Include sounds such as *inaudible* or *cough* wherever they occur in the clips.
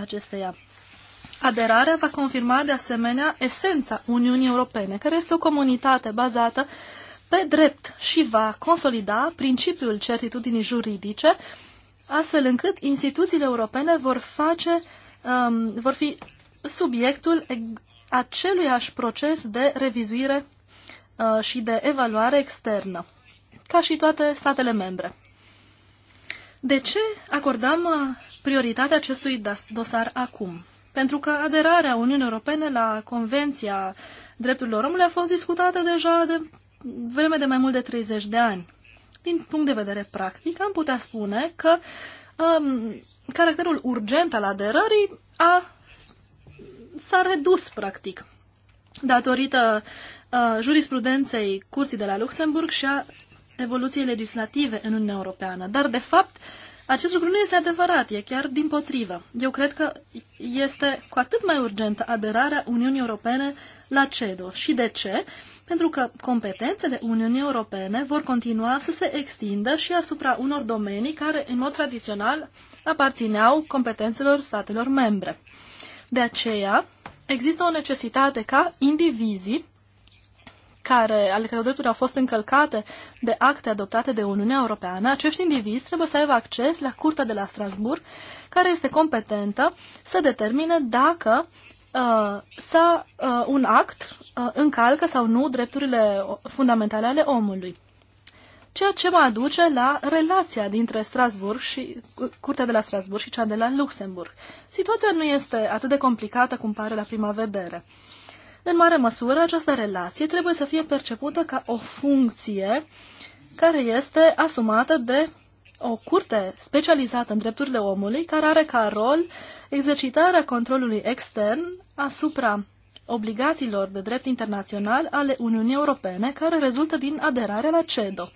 acesteia. Aderarea va confirma de asemenea esența Uniunii Europene, care este o comunitate bazată pe drept și va consolida principiul certitudinii juridice, astfel încât instituțiile europene vor face, um, vor fi subiectul aceluiași proces de revizuire uh, și de evaluare externă, ca și toate statele membre. De ce acordam uh, prioritatea acestui dosar acum. Pentru că aderarea Uniunii Europene la Convenția Drepturilor Omului a fost discutată deja de vreme de mai mult de 30 de ani. Din punct de vedere practic, am putea spune că um, caracterul urgent al aderării a, s-a redus practic datorită uh, jurisprudenței Curții de la Luxemburg și a evoluției legislative în Uniunea Europeană. Dar, de fapt, uh, acest lucru nu este adevărat, e chiar din potrivă. Eu cred că este cu atât mai urgentă aderarea Uniunii Europene la CEDO. Și de ce? Pentru că competențele Uniunii Europene vor continua să se extindă și asupra unor domenii care, în mod tradițional, aparțineau competențelor statelor membre. De aceea, există o necesitate ca indivizii care, ale căror drepturi au fost încălcate de acte adoptate de Uniunea Europeană, acești indivizi trebuie să aibă acces la Curtea de la Strasburg, care este competentă să determine dacă uh, sa, uh, un act uh, încalcă sau nu drepturile fundamentale ale omului. Ceea ce mă aduce la relația dintre Strasburg și uh, curtea de la Strasburg și cea de la Luxemburg. Situația nu este atât de complicată cum pare la prima vedere. Uh, în mare măsură, această relație trebuie să fie percepută ca o funcție care este asumată de o curte specializată în drepturile omului, care are ca rol exercitarea controlului extern asupra obligațiilor de drept internațional ale Uniunii Europene, care rezultă din aderarea la CEDO.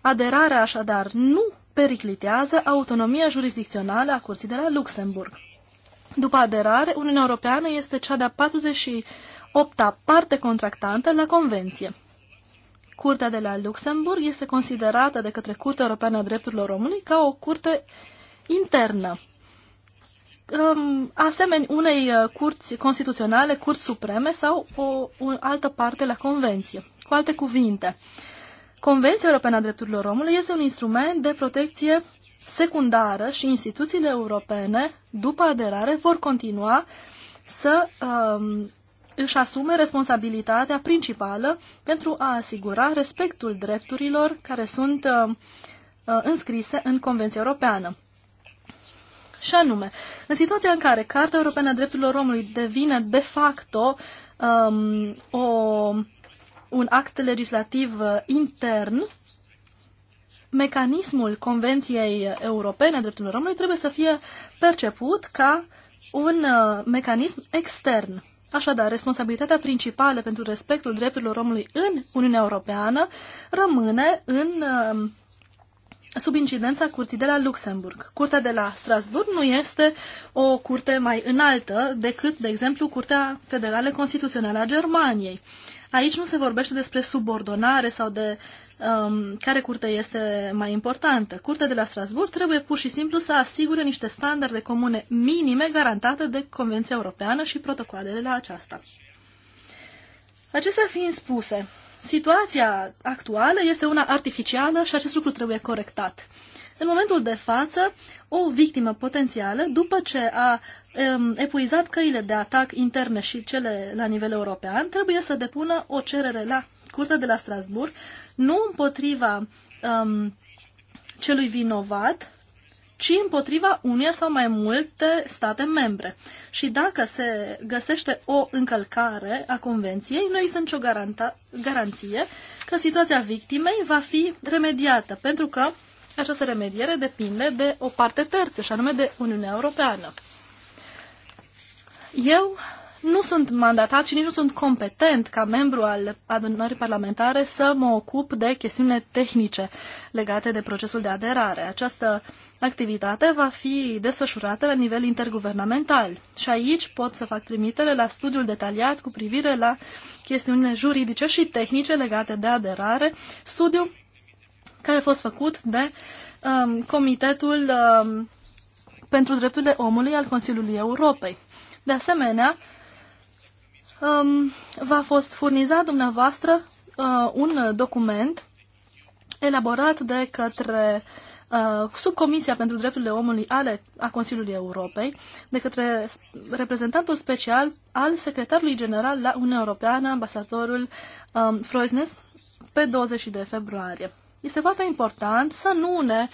Aderarea, așadar, nu periclitează autonomia jurisdicțională a Curții de la Luxemburg. După aderare, Uniunea Europeană este cea de-a 40 opta parte contractantă la convenție. Curtea de la Luxemburg este considerată de către Curtea Europeană a Drepturilor Omului ca o curte internă. Um, asemeni unei uh, curți constituționale, curți supreme sau o, o altă parte la convenție. Cu alte cuvinte, Convenția Europeană a Drepturilor Omului este un instrument de protecție secundară și instituțiile europene, după aderare, vor continua să um, își asume responsabilitatea principală pentru a asigura respectul drepturilor care sunt uh, uh, înscrise în Convenția Europeană. Și anume, în situația în care Carta Europeană a Drepturilor Omului devine de facto um, o, un act legislativ uh, intern, mecanismul Convenției Europene a Drepturilor Omului trebuie să fie perceput ca un uh, mecanism extern Așadar, responsabilitatea principală pentru respectul drepturilor omului în Uniunea Europeană rămâne în, um, sub incidența curții de la Luxemburg. Curtea de la Strasburg nu este o curte mai înaltă decât, de exemplu, Curtea Federală Constituțională a Germaniei. Aici nu se vorbește despre subordonare sau de um, care curte este mai importantă. Curtea de la Strasburg trebuie pur și simplu să asigure niște standarde comune minime garantate de Convenția Europeană și protocoalele la aceasta. Acestea fiind spuse, situația actuală este una artificială și acest lucru trebuie corectat. În momentul de față, o victimă potențială, după ce a um, epuizat căile de atac interne și cele la nivel european, trebuie să depună o cerere la Curtea de la Strasburg, nu împotriva um, celui vinovat, ci împotriva unia sau mai multe state membre. Și dacă se găsește o încălcare a convenției, nu există nicio garanta, garanție că situația victimei va fi remediată, pentru că această remediere depinde de o parte terță, și anume de Uniunea Europeană. Eu nu sunt mandatat și nici nu sunt competent ca membru al adunării parlamentare să mă ocup de chestiunile tehnice legate de procesul de aderare. Această activitate va fi desfășurată la nivel interguvernamental și aici pot să fac trimitere la studiul detaliat cu privire la chestiunile juridice și tehnice legate de aderare, studiu care a fost făcut de um, Comitetul um, pentru Drepturile Omului al Consiliului Europei. De asemenea, um, v-a fost furnizat dumneavoastră uh, un document elaborat de către uh, Subcomisia pentru Drepturile Omului ale, a Consiliului Europei, de către reprezentantul special al secretarului general la Uniunea Europeană, ambasadorul um, Froisnes, pe 22 februarie este foarte important să nu ne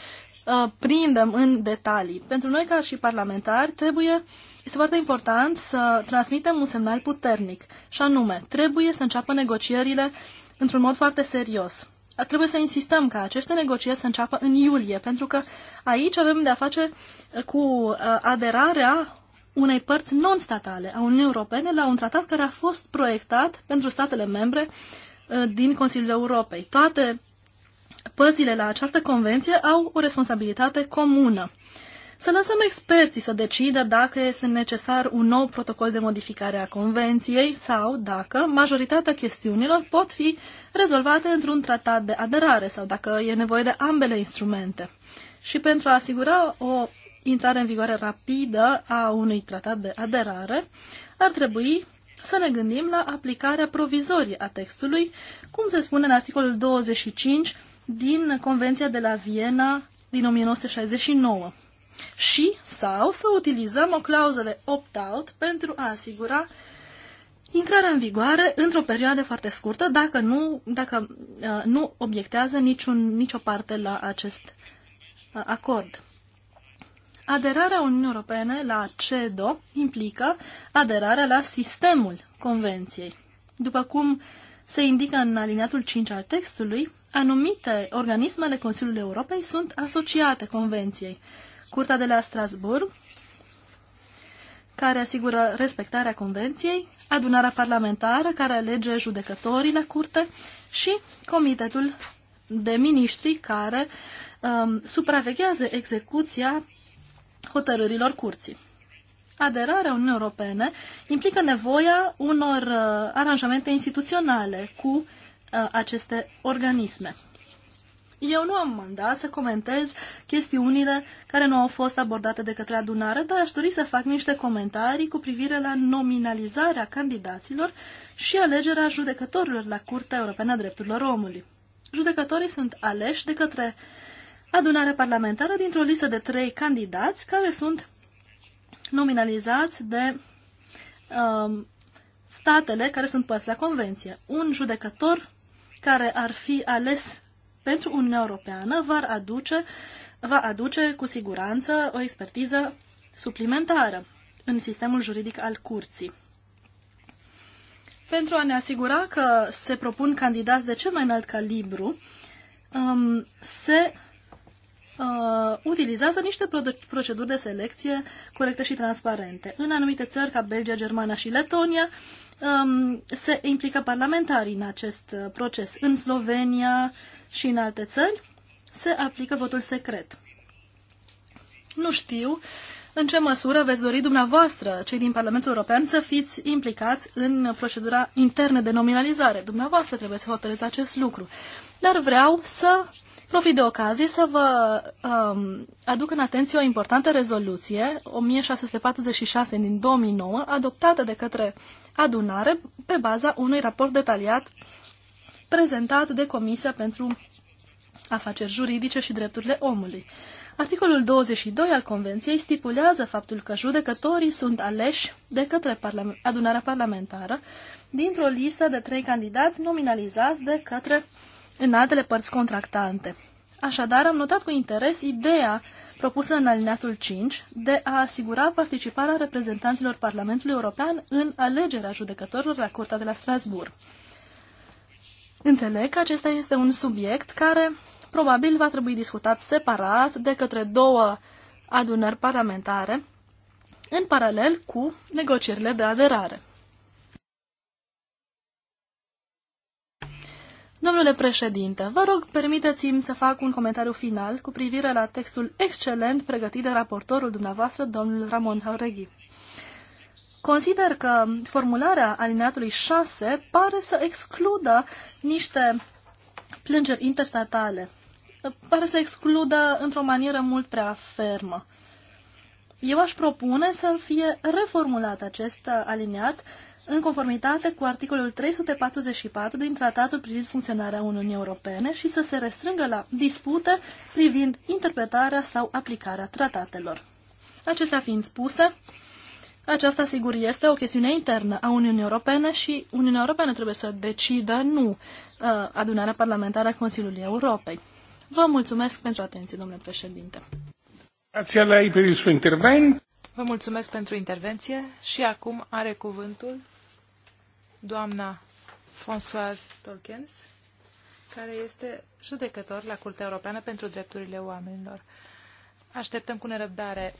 uh, prindem în detalii. Pentru noi, ca și parlamentari, trebuie, este foarte important să transmitem un semnal puternic, și anume, trebuie să înceapă negocierile într-un mod foarte serios. Trebuie să insistăm ca aceste negocieri să înceapă în iulie, pentru că aici avem de-a face uh, cu uh, aderarea unei părți non-statale a Uniunii Europene la un tratat care a fost proiectat pentru statele membre uh, din Consiliul Europei. Toate părțile la această convenție au o responsabilitate comună. Să lăsăm experții să decidă dacă este necesar un nou protocol de modificare a convenției sau dacă majoritatea chestiunilor pot fi rezolvate într-un tratat de aderare sau dacă e nevoie de ambele instrumente. Și pentru a asigura o intrare în vigoare rapidă a unui tratat de aderare, ar trebui să ne gândim la aplicarea provizorie a textului, cum se spune în articolul 25 din Convenția de la Viena din 1969 și sau să utilizăm o clauzele opt-out pentru a asigura intrarea în vigoare într-o perioadă foarte scurtă dacă nu, dacă, uh, nu obiectează niciun, nicio parte la acest uh, acord. Aderarea Uniunii Europene la CEDO implică aderarea la sistemul Convenției. După cum se indică în aliniatul 5 al textului, anumite organisme ale Consiliului Europei sunt asociate Convenției. Curtea de la Strasburg, care asigură respectarea Convenției, adunarea parlamentară, care alege judecătorii la curte și Comitetul de Ministri, care um, supraveghează execuția hotărârilor curții. Aderarea Uniunii Europene implică nevoia unor uh, aranjamente instituționale cu aceste organisme. Eu nu am mandat să comentez chestiunile care nu au fost abordate de către adunare, dar aș dori să fac niște comentarii cu privire la nominalizarea candidaților și alegerea judecătorilor la Curtea Europeană a Drepturilor Omului. Judecătorii sunt aleși de către adunarea parlamentară dintr-o listă de trei candidați care sunt nominalizați de um, statele care sunt părți la convenție. Un judecător care ar fi ales pentru Uniunea Europeană va aduce, va aduce cu siguranță o expertiză suplimentară în sistemul juridic al curții. Pentru a ne asigura că se propun candidați de cel mai înalt calibru, um, se uh, utilizează niște proceduri de selecție corecte și transparente. În anumite țări, ca Belgia, Germania și Letonia, um, se implică parlamentarii în acest uh, proces. În Slovenia și în alte țări se aplică votul secret. Nu știu în ce măsură veți dori dumneavoastră, cei din Parlamentul European, să fiți implicați în procedura internă de nominalizare. Dumneavoastră trebuie să hotărâți acest lucru. Dar vreau să Profit de ocazie să vă um, aduc în atenție o importantă rezoluție, 1646 din 2009, adoptată de către adunare pe baza unui raport detaliat prezentat de Comisia pentru Afaceri Juridice și Drepturile Omului. Articolul 22 al Convenției stipulează faptul că judecătorii sunt aleși de către adunarea parlamentară dintr-o listă de trei candidați nominalizați de către în altele părți contractante. Așadar, am notat cu interes ideea propusă în alineatul 5 de a asigura participarea reprezentanților Parlamentului European în alegerea judecătorilor la Curtea de la Strasburg. Înțeleg că acesta este un subiect care probabil va trebui discutat separat de către două adunări parlamentare, în paralel cu negocierile de aderare. Domnule președinte, vă rog, permiteți-mi să fac un comentariu final cu privire la textul excelent pregătit de raportorul dumneavoastră, domnul Ramon Haureghi. Consider că formularea alineatului 6 pare să excludă niște plângeri interstatale. Pare să excludă într-o manieră mult prea fermă. Eu aș propune să fie reformulat acest aliniat în conformitate cu articolul 344 din Tratatul privind funcționarea Uniunii Europene și să se restrângă la dispute privind interpretarea sau aplicarea tratatelor. Acestea fiind spuse, aceasta, sigur, este o chestiune internă a Uniunii Europene și Uniunea Europeană trebuie să decidă, nu uh, adunarea parlamentară a Consiliului Europei. Vă mulțumesc pentru atenție, domnule președinte. Vă mulțumesc pentru intervenție și acum are cuvântul doamna Françoise Tolkens, care este judecător la Curtea Europeană pentru Drepturile Oamenilor. Așteptăm cu nerăbdare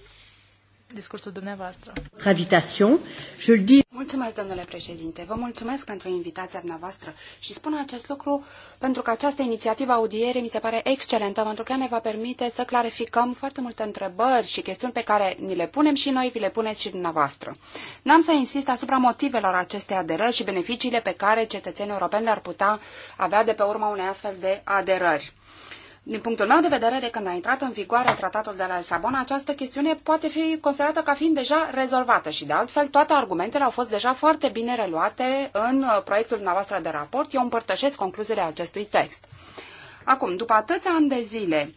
discursul dumneavoastră. Gravitation, je le dis... Mulțumesc, domnule președinte. Vă mulțumesc pentru invitația dumneavoastră și spun acest lucru pentru că această inițiativă audiere mi se pare excelentă, pentru că ne va permite să clarificăm foarte multe întrebări și chestiuni pe care ni le punem și noi, vi le puneți și dumneavoastră. N-am să insist asupra motivelor acestei aderări și beneficiile pe care cetățenii europeni le-ar putea avea de pe urma unei astfel de aderări. Din punctul meu de vedere, de când a intrat în vigoare tratatul de la Lisabona, această chestiune poate fi considerată ca fiind deja rezolvată și, de altfel, toate argumentele au fost deja foarte bine reluate în uh, proiectul dumneavoastră de raport. Eu împărtășesc concluziile acestui text. Acum, după atâția ani de zile,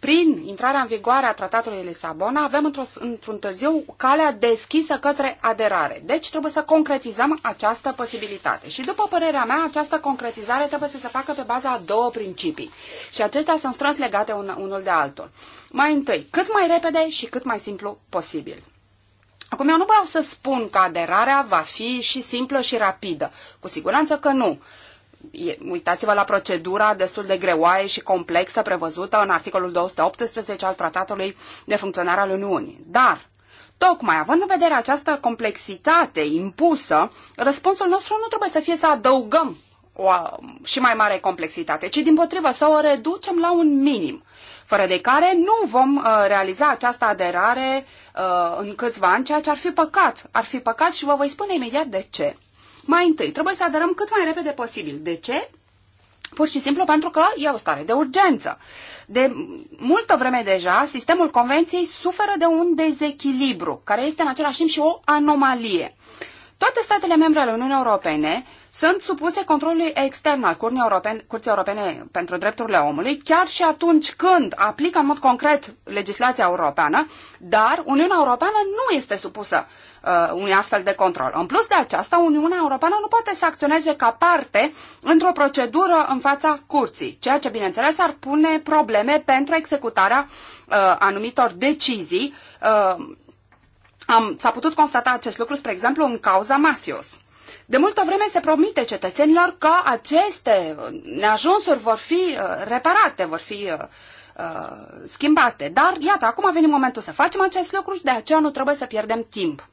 prin intrarea în vigoare a Tratatului Lisabona, avem într-un într târziu calea deschisă către aderare. Deci trebuie să concretizăm această posibilitate. Și după părerea mea, această concretizare trebuie să se facă pe baza a două principii. Și acestea sunt strâns legate un, unul de altul. Mai întâi, cât mai repede și cât mai simplu posibil. Acum, eu nu vreau să spun că aderarea va fi și simplă și rapidă. Cu siguranță că nu. Uh, uitați-vă la procedura destul de greoaie și complexă prevăzută în articolul 218 al Tratatului de Funcționare al Uniunii. Dar, tocmai având în vedere această complexitate impusă, răspunsul nostru nu trebuie să fie să adăugăm o și mai mare complexitate, ci din potrivă să o reducem la un minim, fără de care nu vom uh, realiza această aderare uh, în câțiva ani, ceea ce ar fi păcat. Ar fi păcat și vă voi spune imediat de ce. Mai întâi, trebuie să aderăm cât mai repede posibil. De ce? Pur și simplu pentru că e o stare de urgență. De multă vreme deja, sistemul convenției suferă de un dezechilibru, care este în același timp și o anomalie. Toate statele membre ale Uniunii Europene sunt supuse controlului extern al Curții Europene, Curții Europene pentru Drepturile Omului, chiar și atunci când aplică în mod concret legislația europeană, dar Uniunea Europeană nu este supusă uh, unui astfel de control. În plus de aceasta, Uniunea Europeană nu poate să acționeze ca parte într-o procedură în fața curții, ceea ce, bineînțeles, ar pune probleme pentru executarea uh, anumitor decizii. Uh, am, s-a putut constata acest lucru, spre exemplu, în cauza Matthews. De multă vreme se promite cetățenilor că aceste neajunsuri vor fi uh, reparate, vor fi uh, uh, schimbate. Dar, iată, acum a venit momentul să facem acest lucru și de aceea nu trebuie să pierdem timp.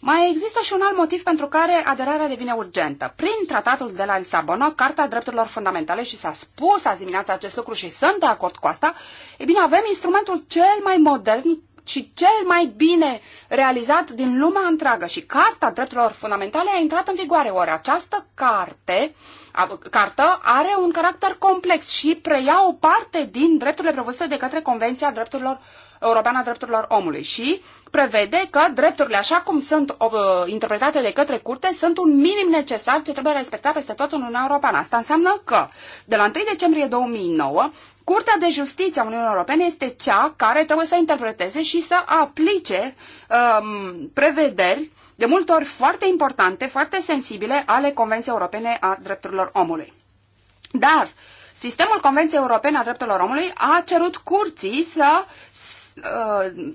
Mai există și un alt motiv pentru care aderarea devine urgentă. Prin tratatul de la Lisabona, Carta Drepturilor Fundamentale, și s-a spus azi dimineața acest lucru și sunt de acord cu asta, e bine, avem instrumentul cel mai modern ci cel mai bine realizat din lumea întreagă. Și Carta Drepturilor Fundamentale a intrat în vigoare. Ori această carte, a, cartă are un caracter complex și preia o parte din drepturile prevăzute de către Convenția Drepturilor Fundamentale Europeană a Drepturilor Omului și prevede că drepturile, așa cum sunt uh, interpretate de către curte, sunt un minim necesar ce trebuie respectat peste tot în Uniunea Europeană. Asta înseamnă că de la 1 decembrie 2009 Curtea de Justiție a Uniunii Europene este cea care trebuie să interpreteze și să aplice um, prevederi de multe ori foarte importante, foarte sensibile ale Convenției Europene a Drepturilor Omului. Dar sistemul Convenției Europene a Drepturilor Omului a cerut curții să uh,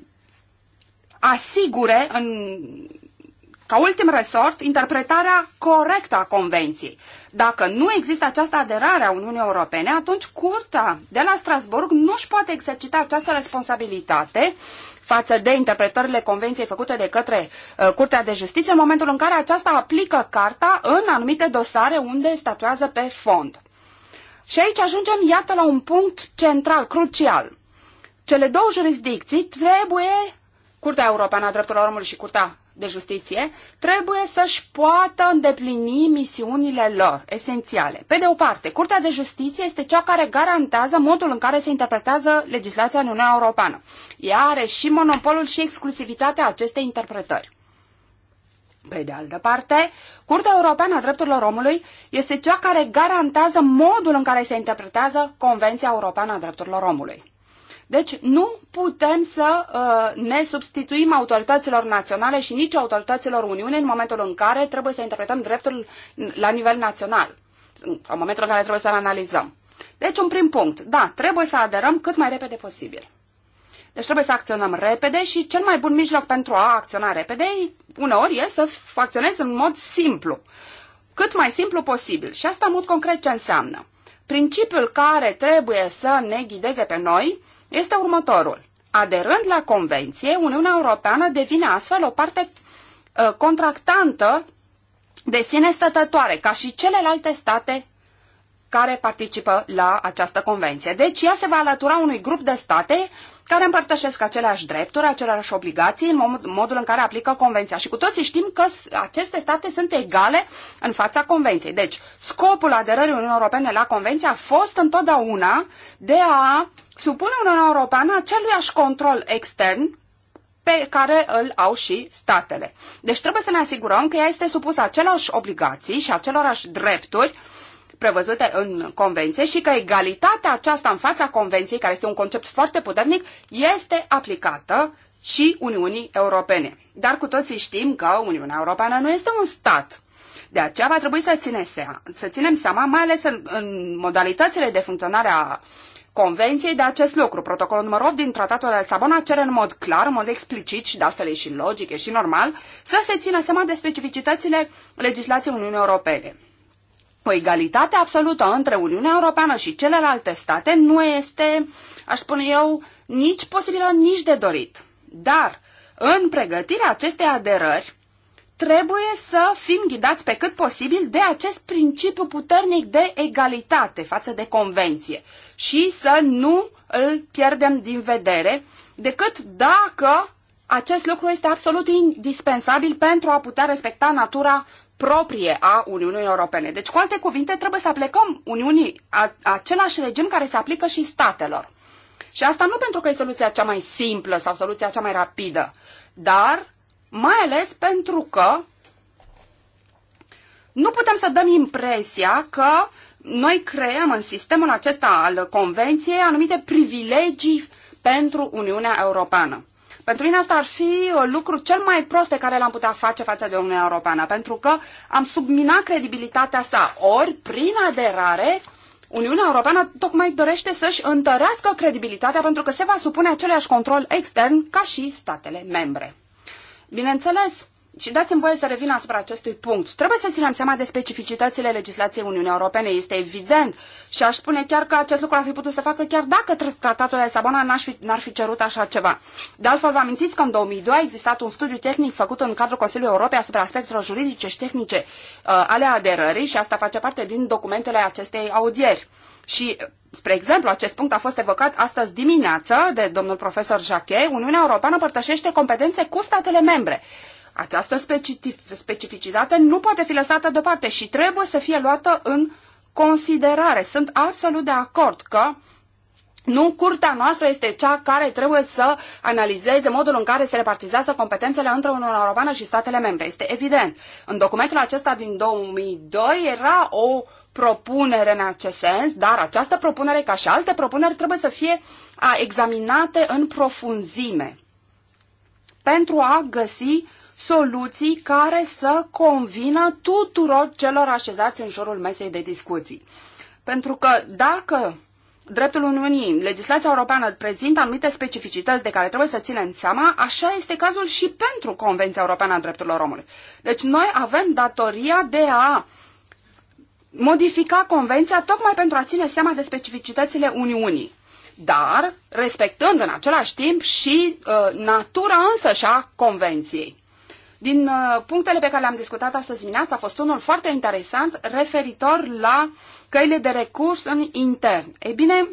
asigure în, ca ultim resort interpretarea corectă a convenției. Dacă nu există această aderare a Uniunii Europene, atunci Curtea de la Strasburg nu își poate exercita această responsabilitate față de interpretările convenției făcute de către uh, Curtea de Justiție în momentul în care aceasta aplică carta în anumite dosare unde statuează pe fond. Și aici ajungem, iată, la un punct central, crucial cele două jurisdicții trebuie, Curtea Europeană a Drepturilor Omului și Curtea de Justiție, trebuie să-și poată îndeplini misiunile lor esențiale. Pe de o parte, Curtea de Justiție este cea care garantează modul în care se interpretează legislația în Uniunea Europeană. Ea are și monopolul și exclusivitatea acestei interpretări. Pe de altă parte, Curtea Europeană a Drepturilor Omului este cea care garantează modul în care se interpretează Convenția Europeană a Drepturilor Omului. Deci nu putem să uh, ne substituim autorităților naționale și nici autorităților Uniunii în momentul în care trebuie să interpretăm dreptul la nivel național sau în momentul în care trebuie să-l analizăm. Deci, un prim punct. Da, trebuie să aderăm cât mai repede posibil. Deci trebuie să acționăm repede și cel mai bun mijloc pentru a acționa repede uneori e să acționezi în mod simplu. Cât mai simplu posibil. Și asta în mod concret ce înseamnă. Principiul care trebuie să ne ghideze pe noi este următorul. Aderând la Convenție, Uniunea Europeană devine astfel o parte uh, contractantă de sine stătătoare, ca și celelalte state care participă la această convenție. Deci ea se va alătura unui grup de state care împărtășesc aceleași drepturi, aceleași obligații în modul în care aplică convenția. Și cu toții știm că aceste state sunt egale în fața convenției. Deci, scopul aderării Uniunii Europene la convenție a fost întotdeauna de a supune Uniunea Europeană aceluiași control extern pe care îl au și statele. Deci trebuie să ne asigurăm că ea este supusă acelorași obligații și acelorași drepturi uh, prevăzute în convenție și că egalitatea aceasta în fața convenției, care este un concept foarte puternic, este aplicată și Uniunii Europene. Dar cu toții știm că Uniunea Europeană nu este un stat. De aceea va trebui să, ține seama, să ținem seama, mai ales în, în modalitățile de funcționare a Convenției de acest lucru. Protocolul numărul 8 din Tratatul de Sabona cere în mod clar, în mod explicit și de altfel și logic, e și normal, să se țină seama de specificitățile legislației Uniunii Europene o egalitate absolută între Uniunea Europeană și celelalte state nu este, aș spune eu, nici posibilă, nici de dorit. Dar, în pregătirea acestei aderări, trebuie să fim ghidați pe cât posibil de acest principiu puternic de egalitate față de convenție și să nu îl pierdem din vedere decât dacă acest lucru este absolut indispensabil pentru a putea respecta natura proprie a Uniunii Europene. Deci, cu alte cuvinte, trebuie să aplicăm Uniunii a, același regim care se aplică și statelor. Și asta nu pentru că e soluția cea mai simplă sau soluția cea mai rapidă, dar mai ales pentru că nu putem să dăm impresia că noi creăm în sistemul acesta al Convenției anumite privilegii pentru Uniunea Europeană. Pentru mine asta ar fi lucru cel mai prost pe care l-am putea face față de Uniunea Europeană, pentru că am subminat credibilitatea sa. Ori, prin aderare, Uniunea Europeană tocmai dorește să-și întărească credibilitatea pentru că se va supune aceleași control extern ca și statele membre. Bineînțeles, și dați-mi voie să revin asupra acestui punct. Trebuie să ținem seama de specificitățile legislației Uniunii Europene, este evident. Și aș spune chiar că acest lucru ar fi putut să facă chiar dacă tratatul de Sabona n-ar fi, fi cerut așa ceva. De altfel, vă amintiți că în 2002 a existat un studiu tehnic făcut în cadrul Consiliului Europei asupra aspectelor juridice și tehnice uh, ale aderării și asta face parte din documentele acestei audieri. Și Spre exemplu, acest punct a fost evocat astăzi dimineață de domnul profesor Jacquet. Uniunea Europeană părtășește competențe cu statele membre. Această specificitate nu poate fi lăsată deoparte și trebuie să fie luată în considerare. Sunt absolut de acord că nu curtea noastră este cea care trebuie să analizeze modul în care se repartizează competențele între Uniunea Europeană și statele membre. Este evident. În documentul acesta din 2002 era o propunere în acest sens, dar această propunere, ca și alte propuneri, trebuie să fie examinate în profunzime pentru a găsi soluții care să convină tuturor celor așezați în jurul mesei de discuții. Pentru că dacă dreptul Uniunii, legislația europeană prezintă anumite specificități de care trebuie să ținem seama, așa este cazul și pentru Convenția Europeană a Drepturilor Omului. Deci noi avem datoria de a modifica Convenția tocmai pentru a ține seama de specificitățile Uniunii dar respectând în același timp și uh, natura și a convenției. Din uh, punctele pe care le-am discutat astăzi dimineața a fost unul foarte interesant referitor la căile de recurs în intern. Ei bine,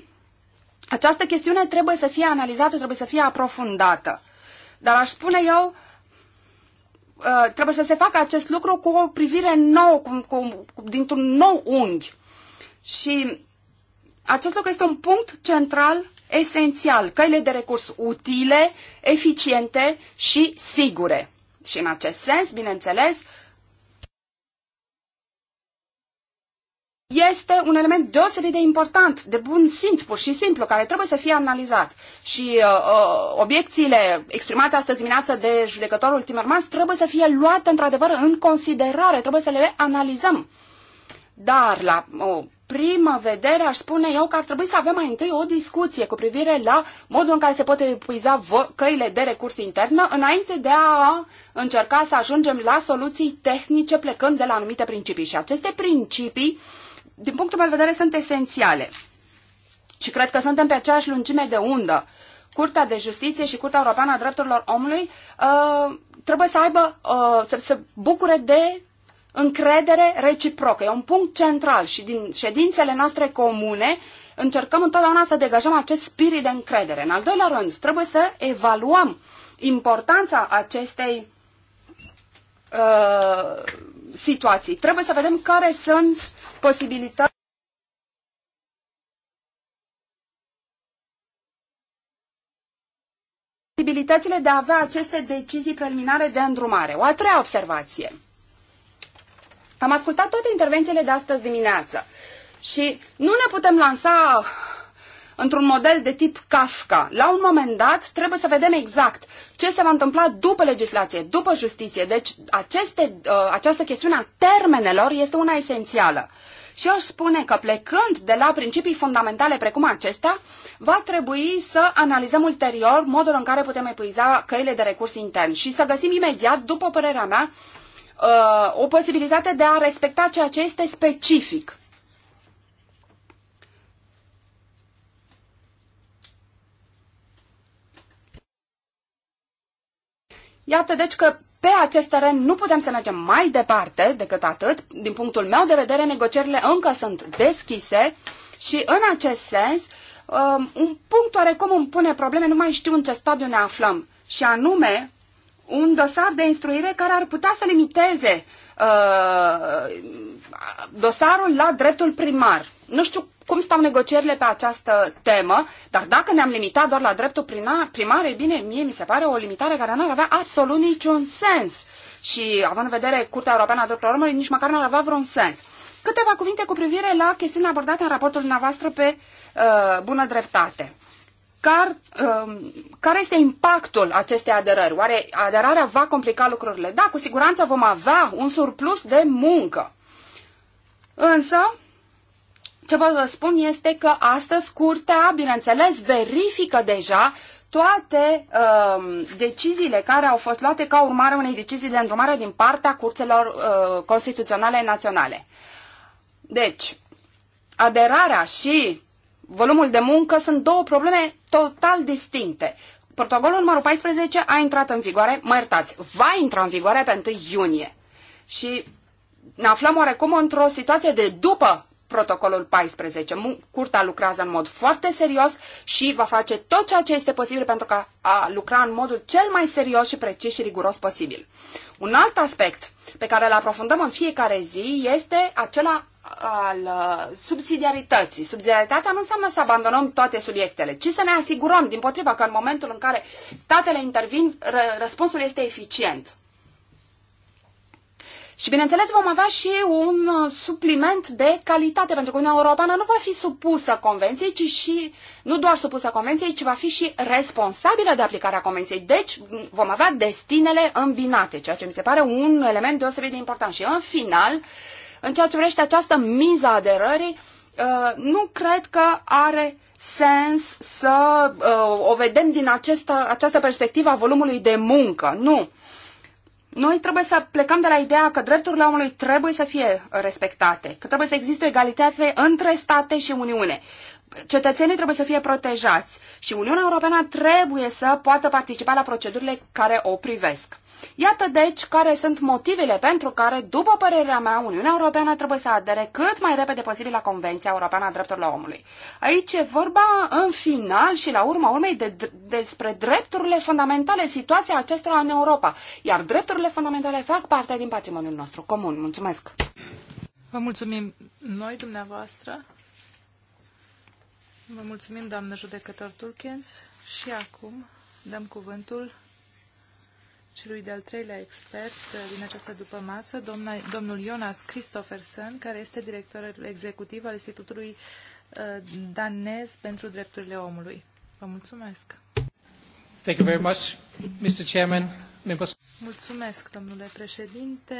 această chestiune trebuie să fie analizată, trebuie să fie aprofundată. Dar aș spune eu, uh, trebuie să se facă acest lucru cu o privire nouă, cu, cu, dintr-un nou unghi. Și acest lucru este un punct central esențial, căile de recurs utile, eficiente și sigure. Și în acest sens, bineînțeles, este un element deosebit de important, de bun simț, pur și simplu, care trebuie să fie analizat. Și uh, uh obiecțiile exprimate astăzi dimineață de judecătorul Timmermans trebuie să fie luate într-adevăr în considerare, trebuie să le analizăm. Dar la o uh, primă vedere aș spune eu că ar trebui să avem mai întâi o discuție cu privire la modul în care se pot epuiza căile de recurs internă înainte de a încerca să ajungem la soluții tehnice plecând de la anumite principii. Și aceste principii, din punctul meu de vedere, sunt esențiale. Și cred că suntem pe aceeași lungime de undă. Curtea de Justiție și Curtea Europeană a Drepturilor Omului uh, trebuie să aibă, uh, să se bucure de încredere reciprocă. E un punct central și din ședințele noastre comune încercăm întotdeauna să degajăm acest spirit de încredere. În al doilea rând, trebuie să evaluăm importanța acestei uh, situații. Trebuie să vedem care sunt posibilitățile de a avea aceste decizii preliminare de îndrumare. O a treia observație. Am ascultat toate intervențiile de astăzi dimineață și nu ne putem lansa într-un model de tip Kafka. La un moment dat trebuie să vedem exact ce se va întâmpla după legislație, după justiție. Deci aceste, uh, această chestiune a termenelor este una esențială. Și aș spune că plecând de la principii fundamentale precum acestea, va trebui să analizăm ulterior modul în care putem epuiza căile de recurs intern și să găsim imediat, după părerea mea, uh, o posibilitate de a respecta ceea ce este specific. Iată deci că pe acest teren nu putem să mergem mai departe decât atât. Din punctul meu de vedere, negocierile încă sunt deschise și în acest sens, um, un punct oarecum îmi pune probleme, nu mai știu în ce stadiu ne aflăm. Și anume, un dosar de instruire care ar putea să limiteze uh, dosarul la dreptul primar. Nu știu cum stau negocierile pe această temă, dar dacă ne-am limitat doar la dreptul primar, primar e bine, mie mi se pare o limitare care n-ar avea absolut niciun sens. Și având în vedere Curtea Europeană a Drepturilor Omului, nici măcar n-ar avea vreun sens. Câteva cuvinte cu privire la chestiunea abordată în raportul dumneavoastră pe uh, bună dreptate car, um, care este impactul acestei aderări? Oare aderarea va complica lucrurile? Da, cu siguranță vom avea un surplus de muncă. Însă, ce vă spun este că astăzi curtea, bineînțeles, verifică deja toate um, deciziile care au fost luate ca urmare unei decizii de îndrumare din partea curțelor uh, constituționale naționale. Deci, aderarea și volumul de muncă sunt două probleme total distincte. Protocolul numărul 14 a intrat în vigoare, mă iertați, va intra în vigoare pe 1 iunie. Și ne aflăm oarecum într-o situație de după protocolul 14. Curta lucrează în mod foarte serios și va face tot ceea ce este posibil pentru ca a lucra în modul cel mai serios și precis și riguros posibil. Un alt aspect pe care îl aprofundăm în fiecare zi este acela al uh, subsidiarității. Subsidiaritatea nu înseamnă să abandonăm toate subiectele, ci să ne asigurăm, din potriva, că în momentul în care statele intervin, răspunsul este eficient. Și bineînțeles vom avea și un uh, supliment de calitate, pentru că Uniunea Europeană nu va fi supusă convenției, ci și, nu doar supusă convenției, ci va fi și responsabilă de aplicarea convenției. Deci vom avea destinele îmbinate, ceea ce mi se pare un element deosebit de important. Și în final, uh, în ceea ce privește această miză aderării, uh, nu cred că are sens să uh, o vedem din această, această perspectivă a volumului de muncă. Nu. Noi trebuie să plecăm de la ideea că drepturile omului trebuie să fie respectate, că trebuie să existe o egalitate între state și Uniune cetățenii trebuie să fie protejați și Uniunea Europeană trebuie să poată participa la procedurile care o privesc. Iată deci care sunt motivele pentru care, după părerea mea, Uniunea Europeană trebuie să adere cât mai repede posibil la Convenția Europeană a Drepturilor Omului. Aici e vorba, în final și la urma urmei, de, despre drepturile fundamentale, situația acestora în Europa. Iar drepturile fundamentale fac parte din patrimoniul nostru comun. Mulțumesc! Vă mulțumim noi, dumneavoastră. Vă mulțumim, doamnă judecător Turkens. Și acum dăm cuvântul celui de-al treilea expert din această dupămasă, domna, domnul Jonas Christoffersen, care este director executiv al Institutului uh, danez pentru drepturile omului. Vă mulțumesc. Thank you very much, Mr. Chairman. Mulțumesc, domnule președinte,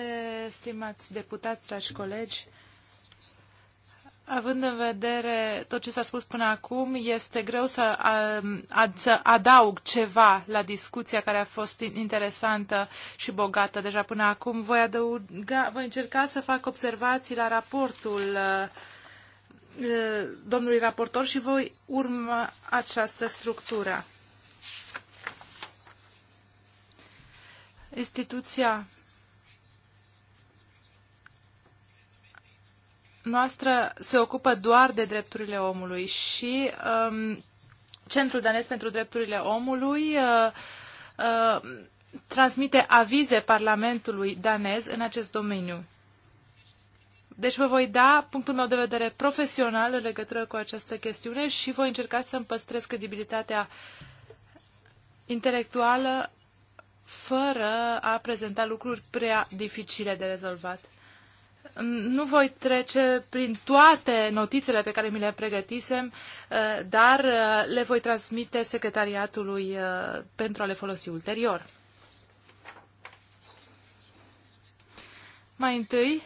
stimați deputați, dragi colegi. Având în vedere tot ce s-a spus până acum, este greu să, a, a, să adaug ceva la discuția care a fost interesantă și bogată deja până acum. Voi, adăuga, voi încerca să fac observații la raportul uh, uh, domnului raportor și voi urma această structură. Instituția noastră se ocupă doar de drepturile omului și um, Centrul Danes pentru Drepturile Omului uh, uh, transmite avize Parlamentului danez în acest domeniu. Deci vă voi da punctul meu de vedere profesional în legătură cu această chestiune și voi încerca să îmi păstrez credibilitatea intelectuală fără a prezenta lucruri prea dificile de rezolvat. Nu voi trece prin toate notițele pe care mi le pregătisem, uh, dar uh, le voi transmite secretariatului uh, pentru a le folosi ulterior. Mai întâi,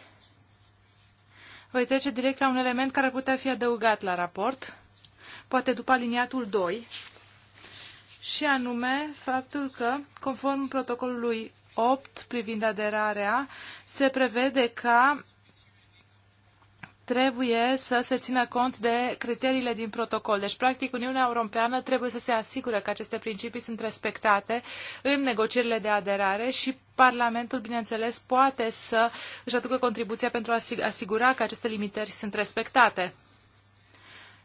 voi trece direct la un element care putea fi adăugat la raport, poate după aliniatul 2, și anume faptul că, conform protocolului 8 privind aderarea, se prevede că trebuie să se țină cont de criteriile din protocol. Deci, practic, Uniunea Europeană trebuie să se asigure că aceste principii sunt respectate în negocierile de aderare și Parlamentul, bineînțeles, poate să își aducă contribuția pentru a asigura că aceste limitări sunt respectate.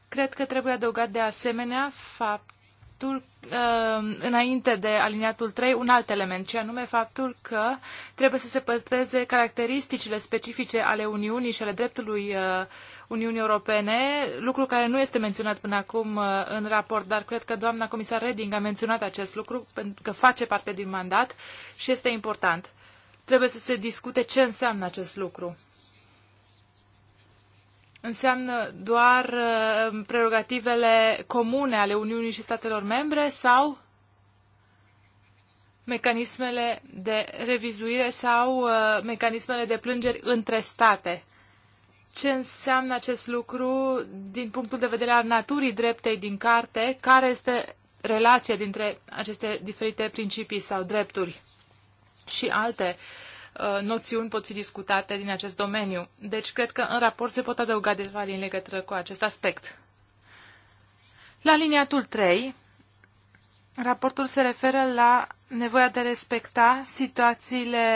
Cred că trebuie adăugat de asemenea faptul faptul, uh, înainte de aliniatul 3, un alt element, ce anume faptul că trebuie să se păstreze caracteristicile specifice ale Uniunii și ale dreptului uh, Uniunii Europene, lucru care nu este menționat până acum uh, în raport, dar cred că doamna comisar Reding a menționat acest lucru pentru că face parte din mandat și este important. Trebuie să se discute ce înseamnă acest lucru înseamnă doar uh, prerogativele comune ale Uniunii și statelor membre sau mecanismele de revizuire sau uh, mecanismele de plângeri între state. Ce înseamnă acest lucru din punctul de vedere al naturii dreptei din carte? Care este relația dintre aceste diferite principii sau drepturi și alte uh, Uh, noțiuni pot fi discutate din acest domeniu. Deci cred că în raport se pot adăuga detalii în legătură cu acest aspect. La liniatul 3, raportul se referă la nevoia de a respecta situațiile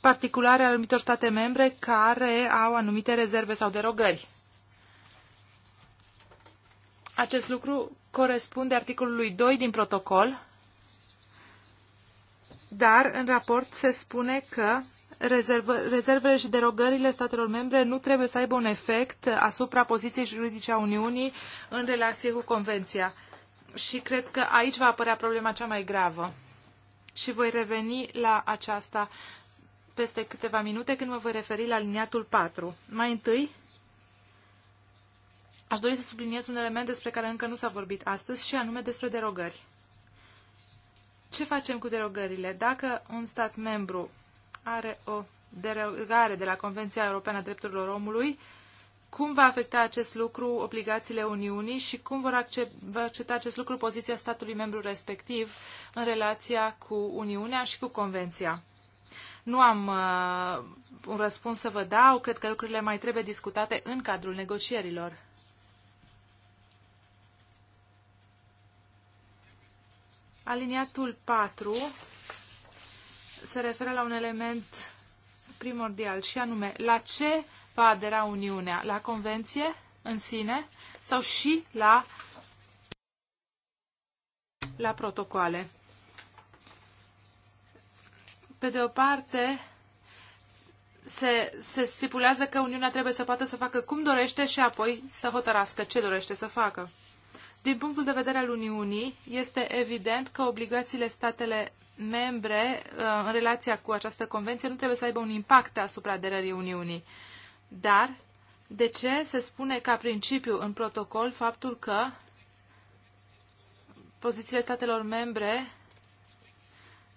particulare ale anumitor state membre care au anumite rezerve sau derogări. Acest lucru corespunde articolului 2 din protocol, dar în raport se spune că rezervă, rezervele și derogările statelor membre nu trebuie să aibă un efect asupra poziției juridice a Uniunii în relație cu Convenția. Și cred că aici va apărea problema cea mai gravă. Și voi reveni la aceasta peste câteva minute când mă voi referi la liniatul 4. Mai întâi, aș dori să subliniez un element despre care încă nu s-a vorbit astăzi și anume despre derogări. Ce facem cu derogările? Dacă un stat membru are o derogare de la Convenția Europeană a Drepturilor Omului, cum va afecta acest lucru obligațiile Uniunii și cum vor accepta, accepta acest lucru poziția statului membru respectiv în relația cu Uniunea și cu Convenția? Nu am uh, un răspuns să vă dau, cred că lucrurile mai trebuie discutate în cadrul negocierilor. Aliniatul 4 se referă la un element primordial și anume la ce va adera Uniunea? La convenție în sine sau și la, la protocoale? Pe de o parte, se, se stipulează că Uniunea trebuie să poată să facă cum dorește și apoi să hotărască ce dorește să facă. Din punctul de vedere al Uniunii, este evident că obligațiile statele membre uh, în relația cu această convenție nu trebuie să aibă un impact asupra aderării Uniunii. Dar de ce se spune ca principiu în protocol faptul că pozițiile statelor membre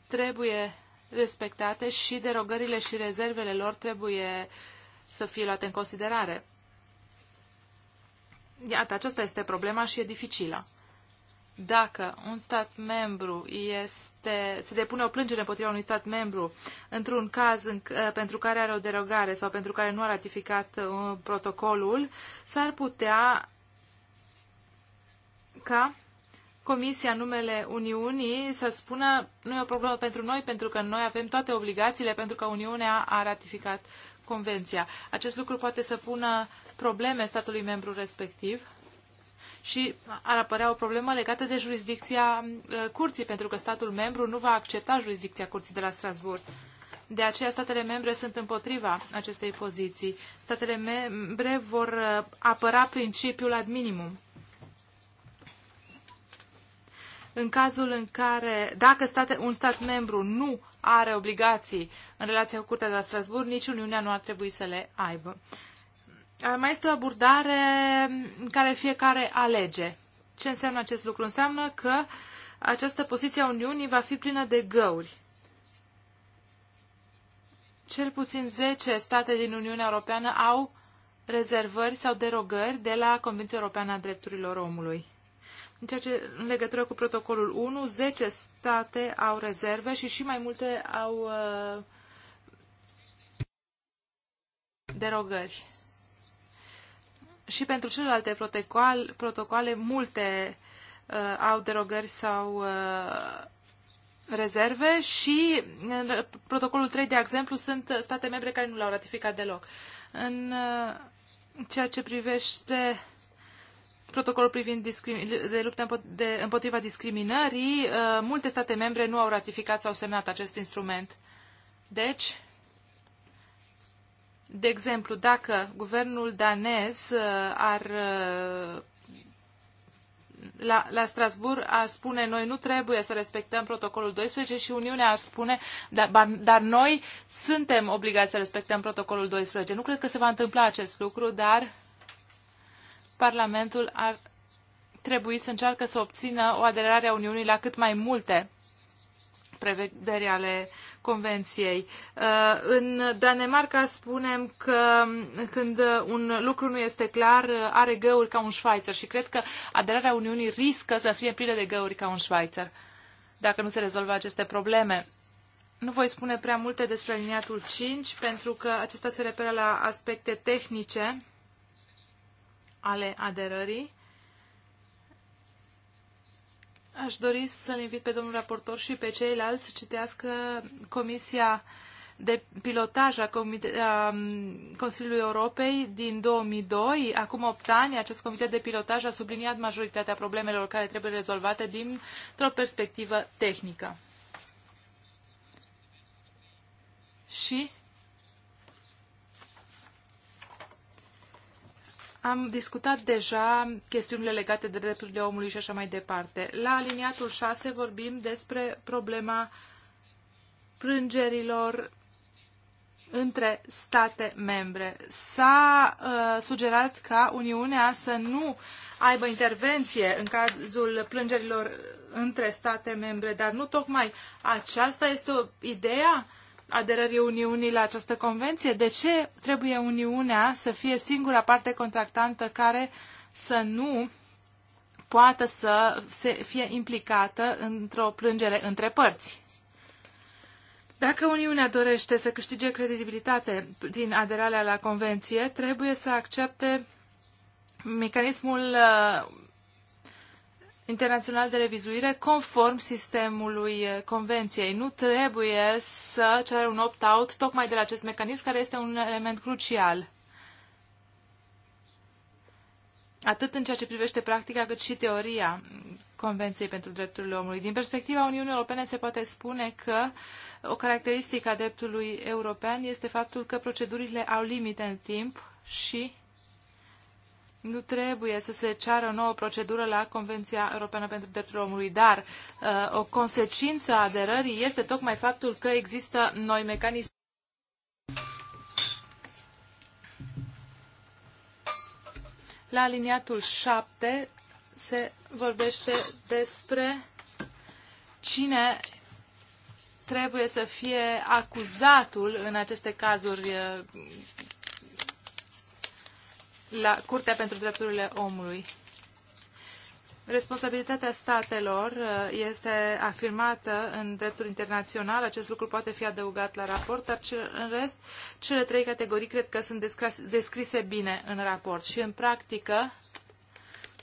trebuie respectate și derogările și rezervele lor trebuie să fie luate în considerare? Iată, aceasta este problema și e dificilă. Dacă un stat membru este, se depune o plângere împotriva unui stat membru într-un caz în, eh, pentru care are o derogare sau pentru care nu a ratificat uh, protocolul, s-ar putea ca Comisia numele Uniunii să spună nu e o problemă pentru noi pentru că noi avem toate obligațiile pentru că Uniunea a ratificat convenția. Acest lucru poate să pună probleme statului membru respectiv și ar apărea o problemă legată de jurisdicția uh, curții, pentru că statul membru nu va accepta jurisdicția curții de la Strasbourg. De aceea, statele membre sunt împotriva acestei poziții. Statele membre vor uh, apăra principiul ad minimum. În cazul în care, dacă state, un stat membru nu are obligații în relația cu Curtea de la Strasburg, nici Uniunea nu ar trebui să le aibă mai este o abordare în care fiecare alege. Ce înseamnă acest lucru? Înseamnă că această poziție a Uniunii va fi plină de găuri. Cel puțin 10 state din Uniunea Europeană au rezervări sau derogări de la Convenția Europeană a Drepturilor Omului. În, ceea ce, în legătură cu protocolul 1, 10 state au rezerve și și mai multe au uh, derogări și pentru celelalte protocol, protocoale, multe uh, au derogări sau uh, rezerve și în uh, protocolul 3, de exemplu, sunt uh, state membre care nu l-au ratificat deloc. În uh, ceea ce privește protocolul privind de luptă de, împotriva discriminării, uh, multe state membre nu au ratificat sau semnat acest instrument. Deci, de exemplu, dacă guvernul danez uh, ar uh, la, la Strasbourg a spune noi nu trebuie să respectăm protocolul 12 și Uniunea spune dar, dar noi suntem obligați să respectăm protocolul 12. Nu cred că se va întâmpla acest lucru, dar Parlamentul ar trebui să încearcă să obțină o aderare a Uniunii la cât mai multe prevederi ale convenției. Uh, în Danemarca spunem că când un lucru nu este clar, are găuri ca un șvaițăr și cred că aderarea Uniunii riscă să fie plină de găuri ca un șvaițăr dacă nu se rezolvă aceste probleme. Nu voi spune prea multe despre liniatul 5, pentru că acesta se referă la aspecte tehnice ale aderării. Aș dori să-l invit pe domnul raportor și pe ceilalți să citească Comisia de pilotaj a, Consiliului Europei din 2002. Acum 8 ani, acest comitet de pilotaj a subliniat majoritatea problemelor care trebuie rezolvate dintr-o perspectivă tehnică. Și Am discutat deja chestiunile legate de drepturile omului și așa mai departe. La aliniatul 6 vorbim despre problema plângerilor între state membre. S-a uh, sugerat ca Uniunea să nu aibă intervenție în cazul plângerilor între state membre, dar nu tocmai aceasta este o ideea aderării Uniunii la această convenție? De ce trebuie Uniunea să fie singura parte contractantă care să nu poată să se fie implicată într-o plângere între părți? Dacă Uniunea dorește să câștige credibilitate din aderarea la convenție, trebuie să accepte mecanismul uh, internațional de revizuire conform sistemului eh, convenției. Nu trebuie să cere un opt-out tocmai de la acest mecanism care este un element crucial. Atât în ceea ce privește practica, cât și teoria Convenției pentru Drepturile Omului. Din perspectiva Uniunii Europene se poate spune că o caracteristică a dreptului european este faptul că procedurile au limite în timp și nu trebuie să se ceară o nouă procedură la Convenția Europeană pentru Drepturile Omului, dar uh, o consecință a aderării este tocmai faptul că există noi mecanisme. La aliniatul 7 se vorbește despre cine trebuie să fie acuzatul în aceste cazuri uh, la Curtea pentru Drepturile Omului. Responsabilitatea statelor uh, este afirmată în dreptul internațional, acest lucru poate fi adăugat la raport, dar în rest, cele trei categorii cred că sunt descrise bine în raport și în practică,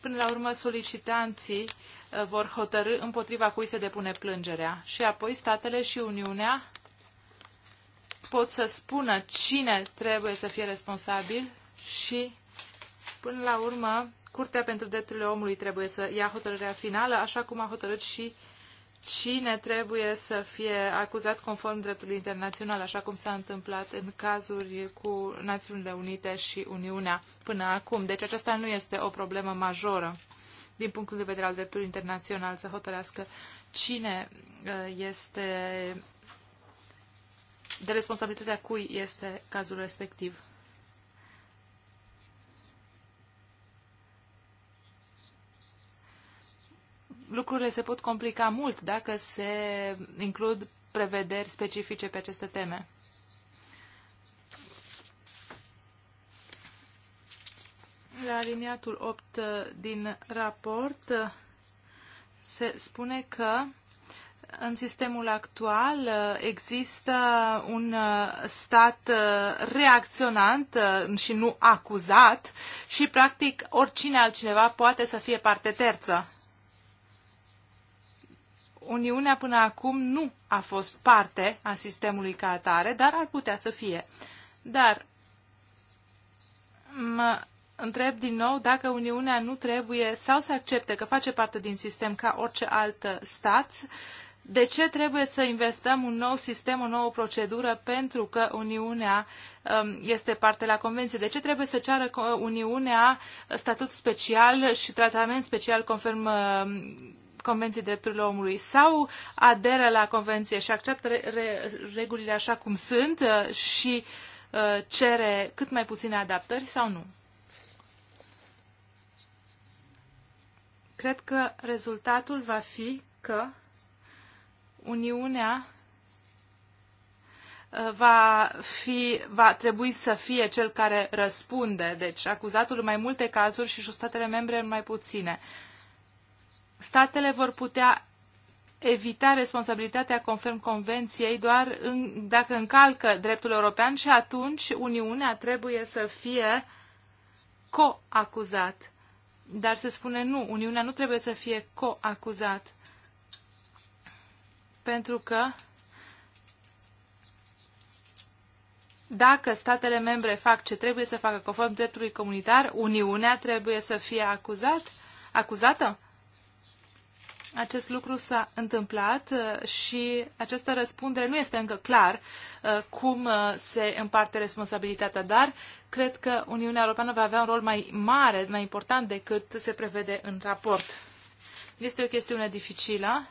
până la urmă, solicitanții uh, vor hotărâ împotriva cui se depune plângerea și apoi statele și Uniunea pot să spună cine trebuie să fie responsabil și Până la urmă, Curtea pentru Drepturile Omului trebuie să ia hotărârea finală, așa cum a hotărât și cine trebuie să fie acuzat conform dreptului internațional, așa cum s-a întâmplat în cazuri cu Națiunile Unite și Uniunea până acum. Deci aceasta nu este o problemă majoră din punctul de vedere al dreptului internațional să hotărească cine uh, este de responsabilitatea cui este cazul respectiv. lucrurile se pot complica mult dacă se includ prevederi specifice pe aceste teme. La aliniatul 8 uh, din raport uh, se spune că în sistemul actual uh, există un stat reacționant și nu acuzat și, practic, oricine altcineva poate să fie parte terță. Uniunea până acum nu a fost parte a sistemului ca atare, dar ar putea să fie. Dar mă întreb din nou dacă Uniunea nu trebuie sau să accepte că face parte din sistem ca orice alt stat, de ce trebuie să investăm un nou sistem, o nouă procedură pentru că Uniunea um, este parte la Convenție? De ce trebuie să ceară Uniunea statut special și tratament special conform um, Convenției Drepturilor Omului sau aderă la Convenție și acceptă re- re- regulile așa cum sunt uh, și uh, cere cât mai puține adaptări sau nu? Cred că rezultatul va fi că Uniunea uh, va, fi, va trebui să fie cel care răspunde, deci acuzatul în mai multe cazuri și statele membre în mai puține statele vor putea evita responsabilitatea conform convenției doar în, dacă încalcă dreptul european și atunci Uniunea trebuie să fie coacuzat. Dar se spune nu, Uniunea nu trebuie să fie coacuzat. Pentru că dacă statele membre fac ce trebuie să facă conform dreptului comunitar, Uniunea trebuie să fie acuzat, acuzată? acest lucru s-a întâmplat uh, și această răspundere nu este încă clar uh, cum uh, se împarte responsabilitatea, dar cred că Uniunea Europeană va avea un rol mai mare, mai important decât se prevede în raport. Este o chestiune dificilă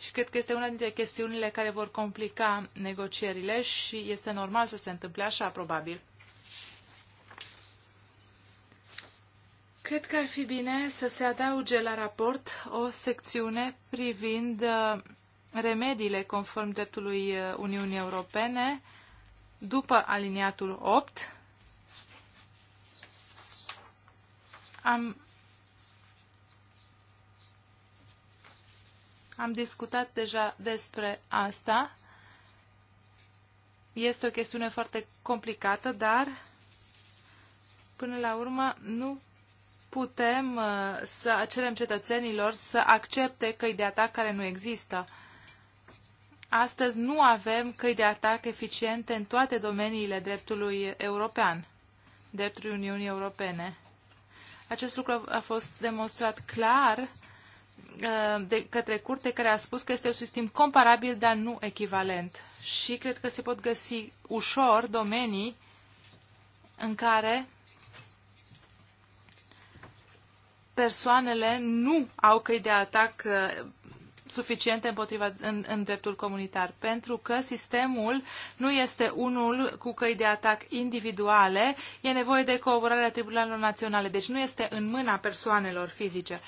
și cred că este una dintre chestiunile care vor complica negocierile și este normal să se întâmple așa, probabil. Cred că ar fi bine să se adauge la raport o secțiune privind uh, remediile conform dreptului uh, Uniunii Europene după aliniatul 8. Am, am discutat deja despre asta. Este o chestiune foarte complicată, dar până la urmă nu putem uh, să cerem cetățenilor să accepte căi de atac care nu există. Astăzi nu avem căi de atac eficiente în toate domeniile dreptului european, dreptului Uniunii Europene. Acest lucru a fost demonstrat clar uh, de către curte care a spus că este un sistem comparabil, dar nu echivalent. Și cred că se pot găsi ușor domenii în care persoanele nu au căi de atac uh, suficiente împotriva, în, în dreptul comunitar, pentru că sistemul nu este unul cu căi de atac individuale, e nevoie de cooperarea tribunalelor naționale, deci nu este în mâna persoanelor fizice.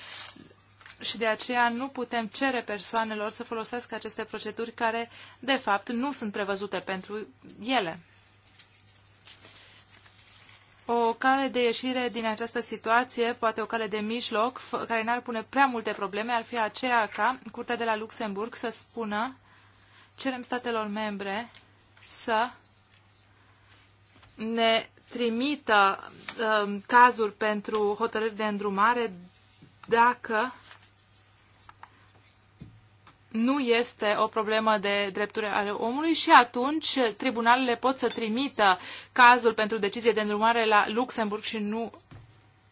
Și de aceea nu putem cere persoanelor să folosească aceste proceduri care, de fapt, nu sunt prevăzute pentru ele o cale de ieșire din această situație, poate o cale de mijloc, care n-ar pune prea multe probleme, ar fi aceea ca Curtea de la Luxemburg să spună cerem statelor membre să ne trimită uh, cazuri pentru hotărâri de îndrumare dacă nu este o problemă de drepturi ale omului și atunci tribunalele pot să trimită cazul pentru decizie de îndrumare la Luxemburg și nu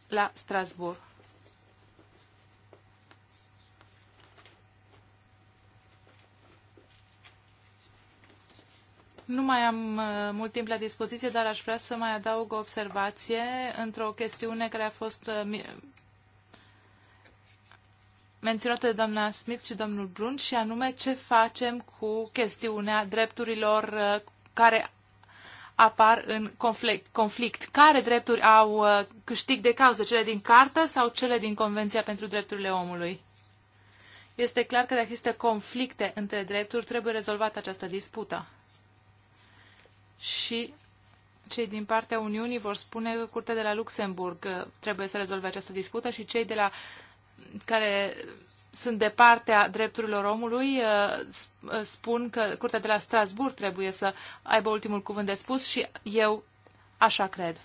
la Strasburg. Nu mai am uh, mult timp la dispoziție, dar aș vrea să mai adaug o observație într-o chestiune care a fost uh, menționată de doamna Smith și domnul Brun, și anume ce facem cu chestiunea drepturilor uh, care apar în conflict. conflict. Care drepturi au uh, câștig de cauză? Cele din cartă sau cele din Convenția pentru Drepturile Omului? Este clar că dacă există conflicte între drepturi, trebuie rezolvată această dispută. Și cei din partea Uniunii vor spune că Curtea de la Luxemburg uh, trebuie să rezolve această dispută și cei de la uh, care sunt de partea drepturilor omului uh, spun că Curtea de la Strasburg trebuie să aibă ultimul cuvânt de spus și eu așa cred.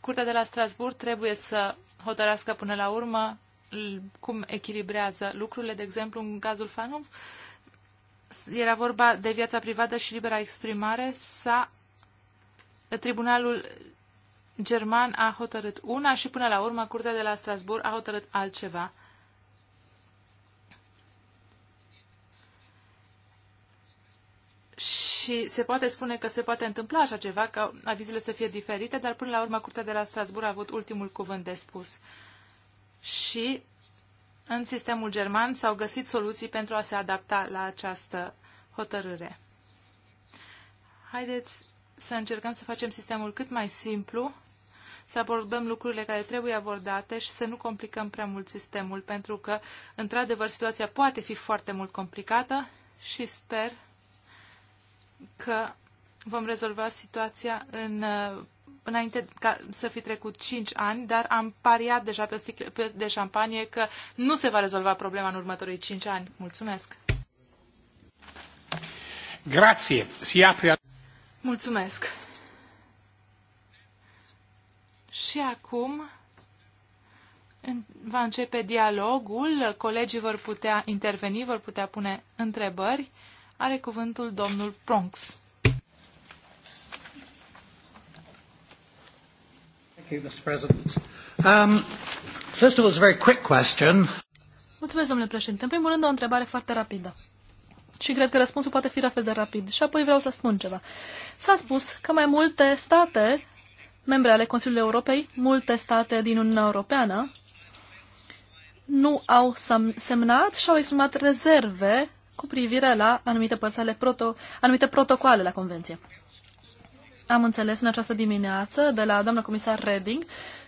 Curtea de la Strasburg trebuie să hotărască până la urmă cum echilibrează lucrurile. De exemplu, în cazul Fanum, era vorba de viața privată și libera exprimare, s Tribunalul german a hotărât una și până la urmă Curtea de la Strasbourg a hotărât altceva. Și se poate spune că se poate întâmpla așa ceva, că avizele să fie diferite, dar până la urmă Curtea de la Strasbourg a avut ultimul cuvânt de spus. Și în sistemul german s-au găsit soluții pentru a se adapta la această hotărâre. Haideți să încercăm să facem sistemul cât mai simplu să abordăm lucrurile care trebuie abordate și să nu complicăm prea mult sistemul, pentru că, într-adevăr, situația poate fi foarte mult complicată și sper că vom rezolva situația în, înainte ca să fi trecut 5 ani, dar am pariat deja pe o sticlă de șampanie că nu se va rezolva problema în următorii 5 ani. Mulțumesc! Grazie! Si apre... Mulțumesc! Și acum va începe dialogul, colegii vor putea interveni, vor putea pune întrebări. Are cuvântul domnul Pronx. Mulțumesc, domnule președinte. În primul rând, o întrebare foarte rapidă. Și cred că răspunsul poate fi la fel de rapid. Și apoi vreau să spun ceva. S-a spus că mai multe state membre ale Consiliului Europei, multe state din Uniunea Europeană nu au semnat și au exprimat rezerve cu privire la anumite părți ale proto, anumite protocoale la Convenție. Am înțeles în această dimineață de la doamna comisar Reding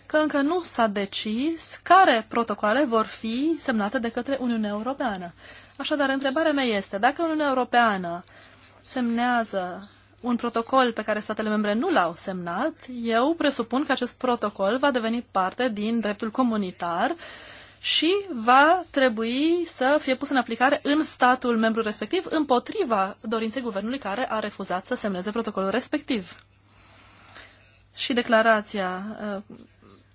că încă nu s-a decis care protocoale vor fi semnate de către Uniunea Europeană. Așadar, întrebarea mea este, dacă Uniunea Europeană semnează un protocol pe care statele membre nu l-au semnat, eu presupun că acest protocol va deveni parte din dreptul comunitar și va trebui să fie pus în aplicare în statul membru respectiv împotriva dorinței guvernului care a refuzat să semneze protocolul respectiv. Și declarația, uh,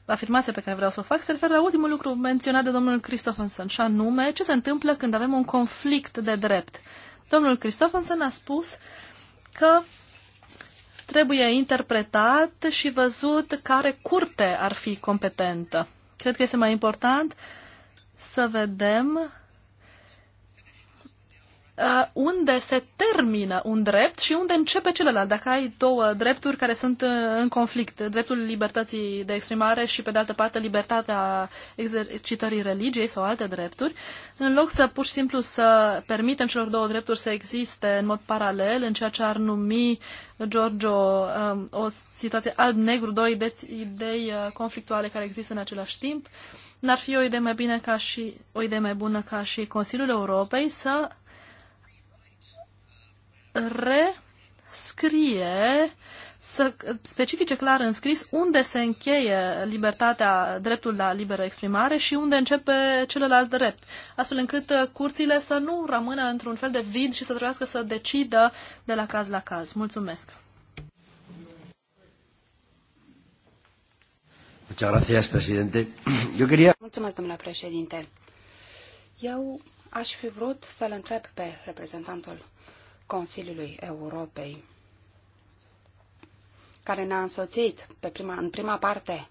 afirmația pe care vreau să o fac, se referă la ultimul lucru menționat de domnul Christopherson, și anume ce se întâmplă când avem un conflict de drept. Domnul Christopherson a spus că trebuie interpretat și văzut care curte ar fi competentă. Cred că este mai important să vedem Uh, unde se termină un drept și unde începe celălalt. Dacă ai două drepturi care sunt uh, în conflict, dreptul libertății de exprimare și, pe de altă parte, libertatea exercitării religiei sau alte drepturi, în loc să pur și simplu să permitem celor două drepturi să existe în mod paralel, în ceea ce ar numi Giorgio um, o situație alb-negru, două idei uh, conflictuale care există în același timp, n-ar fi o idee mai bine ca și o idee mai bună ca și Consiliul Europei să rescrie, să specifice clar în scris unde se încheie libertatea, dreptul la liberă exprimare și unde începe celălalt drept, astfel încât uh, curțile să nu rămână într-un fel de vid și să trebuiască să decidă de la caz la caz. Mulțumesc! *clears throat* Mulțumesc, domnule președinte. Eu aș fi vrut să-l întreb pe reprezentantul Consiliului Europei, care ne-a însoțit pe prima, în prima parte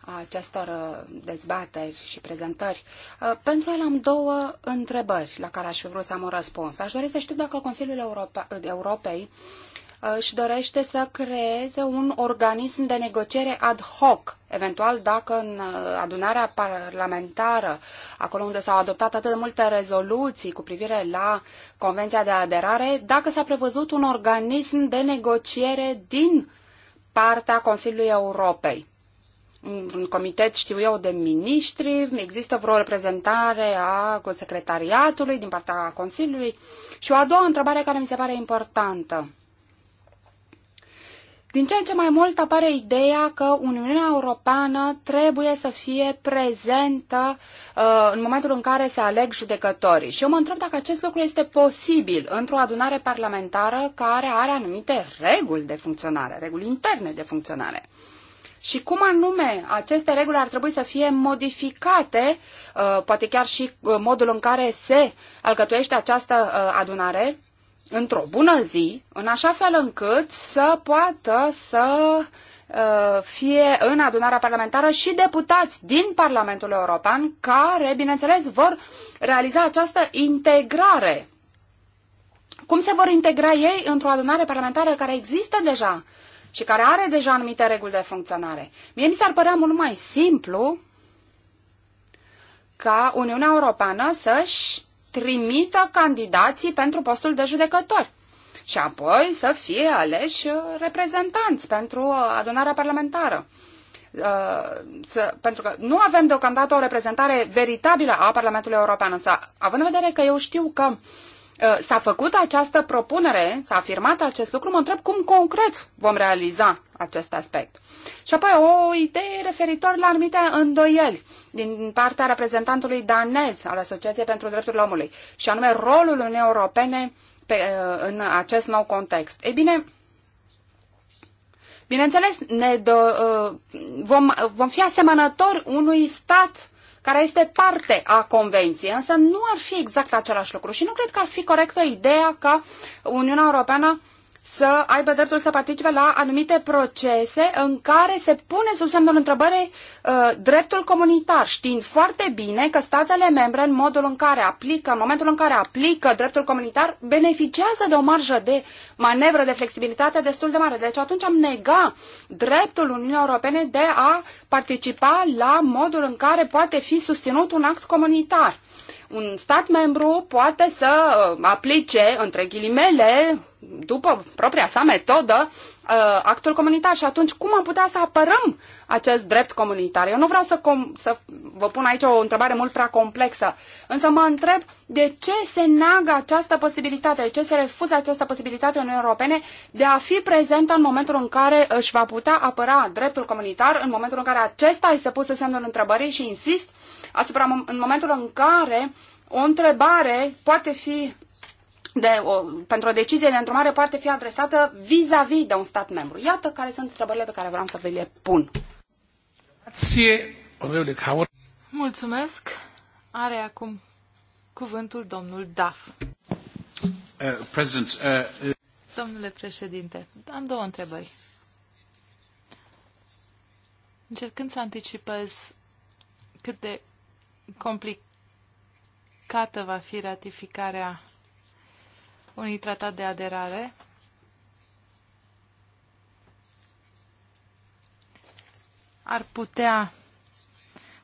a acestor uh, dezbateri și prezentări. Uh, pentru el am două întrebări la care aș fi vrut să am un răspuns. Aș dori să știu dacă Consiliul Europa, Europei își uh, dorește să creeze un organism de negociere ad hoc, eventual dacă în uh, adunarea parlamentară, acolo unde s-au adoptat atât de multe rezoluții cu privire la Convenția de aderare, dacă s-a prevăzut un organism de negociere din partea Consiliului Europei un comitet, știu eu, de miniștri, există vreo reprezentare a secretariatului din partea Consiliului? Și o a doua întrebare care mi se pare importantă. Din ce în ce mai mult apare ideea că Uniunea Europeană trebuie să fie prezentă uh, în momentul în care se aleg judecătorii. Și eu mă întreb dacă acest lucru este posibil într-o adunare parlamentară care are anumite reguli de funcționare, reguli interne de funcționare. Și cum anume aceste reguli ar trebui să fie modificate, uh, poate chiar și uh, modul în care se alcătuiește această uh, adunare, într-o bună zi, în așa fel încât să poată să uh, fie în adunarea parlamentară și deputați din Parlamentul European care, bineînțeles, vor realiza această integrare. Cum se vor integra ei într-o adunare parlamentară care există deja și care are deja anumite reguli de funcționare? Mie mi s-ar părea mult mai simplu ca Uniunea Europeană să-și trimită candidații pentru postul de judecător și apoi să fie aleși uh, reprezentanți pentru uh, adunarea parlamentară. Uh, să, pentru că nu avem deocamdată o reprezentare veritabilă a Parlamentului European, însă având în vedere că eu știu că uh, Uh, s-a făcut această propunere, s-a afirmat acest lucru, mă întreb cum concret vom realiza acest aspect. Și apoi o idee referitor la anumite îndoieli din partea reprezentantului danez al Asociației pentru Drepturile Omului, și anume rolul Uniunii Europene pe, uh, în acest nou context. Ei bine, bineînțeles, ne do, uh, vom, vom fi asemănători unui stat care este parte a convenției, însă nu ar fi exact același lucru și nu cred că ar fi corectă ideea că Uniunea Europeană să aibă dreptul să participe la anumite procese în care se pune sub semnul întrebării uh, dreptul comunitar, știind foarte bine că statele membre, în modul în care aplică, în momentul în care aplică dreptul comunitar, beneficiază de o marjă de manevră, de flexibilitate destul de mare. Deci atunci am nega dreptul Uniunii Europene de a participa la modul în care poate fi susținut un act comunitar un stat membru poate să uh, aplice, între ghilimele, după propria sa metodă, uh, actul comunitar. Și atunci, cum am putea să apărăm acest drept comunitar? Eu nu vreau să, com- să vă pun aici o întrebare mult prea complexă, însă mă întreb de ce se neagă această posibilitate, de ce se refuză această posibilitate Uniunii Europene de a fi prezentă în momentul în care își va putea apăra dreptul comunitar, în momentul în care acesta este pus în semnul întrebării și insist asupra, în momentul în care o întrebare poate fi de, o, pentru o decizie de mare parte fi adresată vis-a-vis -vis de un stat membru. Iată care sunt întrebările pe care vreau să vă le pun. Mulțumesc. Are acum cuvântul domnul Daf. Uh, uh, uh- Domnule președinte, am două întrebări. Încercând să anticipez cât de complicată va fi ratificarea unui tratat de aderare. Ar putea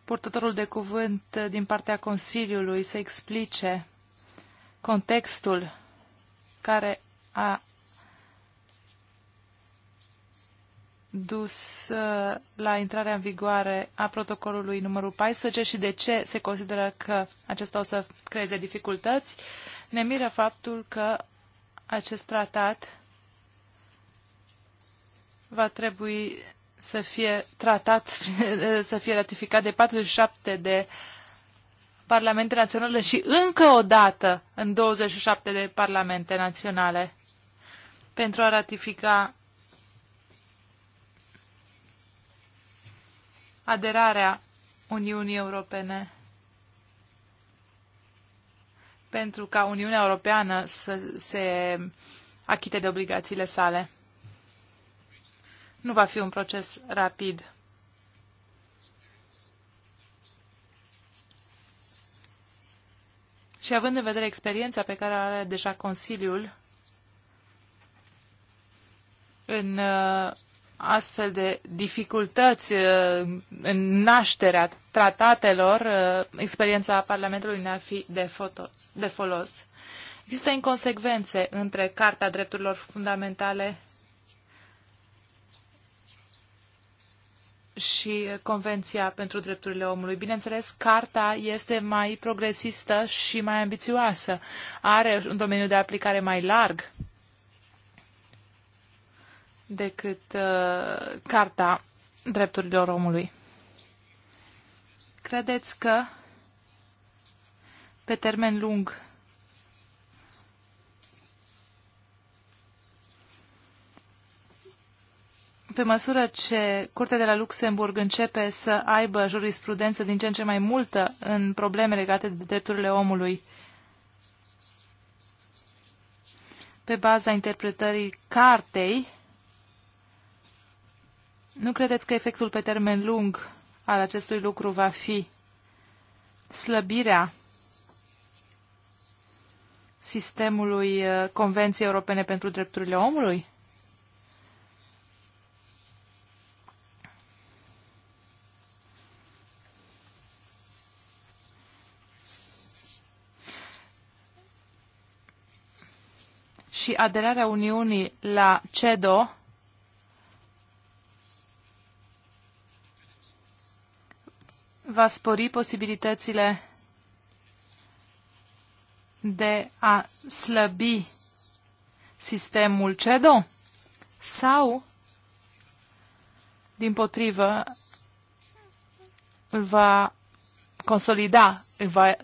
purtătorul de cuvânt din partea Consiliului să explice contextul care a dus uh, la intrarea în vigoare a protocolului numărul 14 și de ce se consideră că acesta o să creeze dificultăți, ne miră faptul că acest tratat va trebui să fie tratat, *laughs* să fie ratificat de 47 de parlamente naționale și încă o dată în 27 de parlamente naționale pentru a ratifica aderarea Uniunii Europene pentru ca Uniunea Europeană să se achite de obligațiile sale. Nu va fi un proces rapid. Și având în vedere experiența pe care o are deja Consiliul în uh, astfel de dificultăți uh, în nașterea tratatelor, uh, experiența Parlamentului ne-ar fi de, fotos, de folos. Există inconsecvențe între Carta Drepturilor Fundamentale și Convenția pentru Drepturile Omului. Bineînțeles, carta este mai progresistă și mai ambițioasă. Are un domeniu de aplicare mai larg decât uh, Carta Drepturilor Omului. Credeți că pe termen lung pe măsură ce Curtea de la Luxemburg începe să aibă jurisprudență din ce în ce mai multă în probleme legate de drepturile omului, pe baza interpretării cartei, nu credeți că efectul pe termen lung al acestui lucru va fi slăbirea sistemului uh, Convenției Europene pentru Drepturile Omului? Și aderarea Uniunii la CEDO va spori posibilitățile de a slăbi sistemul CEDO sau, din potrivă, îl va consolida, îl va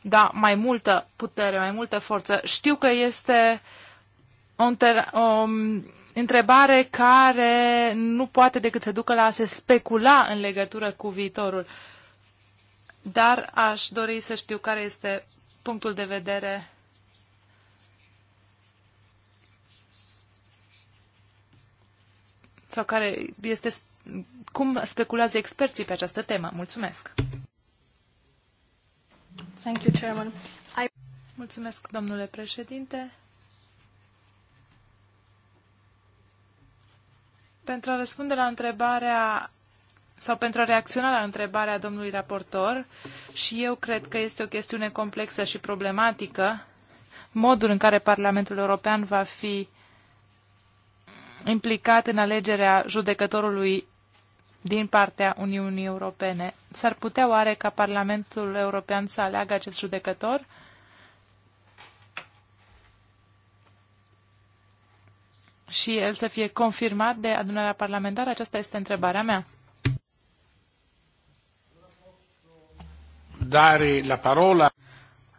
da mai multă putere, mai multă forță. Știu că este un, întrebare care nu poate decât să ducă la a se specula în legătură cu viitorul. Dar aș dori să știu care este punctul de vedere sau care este cum speculează experții pe această temă. Mulțumesc. Thank you, Chairman. I... Mulțumesc, domnule președinte. Pentru a răspunde la întrebarea sau pentru a reacționa la întrebarea domnului raportor, și eu cred că este o chestiune complexă și problematică, modul în care Parlamentul European va fi implicat în alegerea judecătorului din partea Uniunii Europene. S-ar putea oare ca Parlamentul European să aleagă acest judecător? și el să fie confirmat de adunarea parlamentară? Aceasta este întrebarea mea. Dare la parola.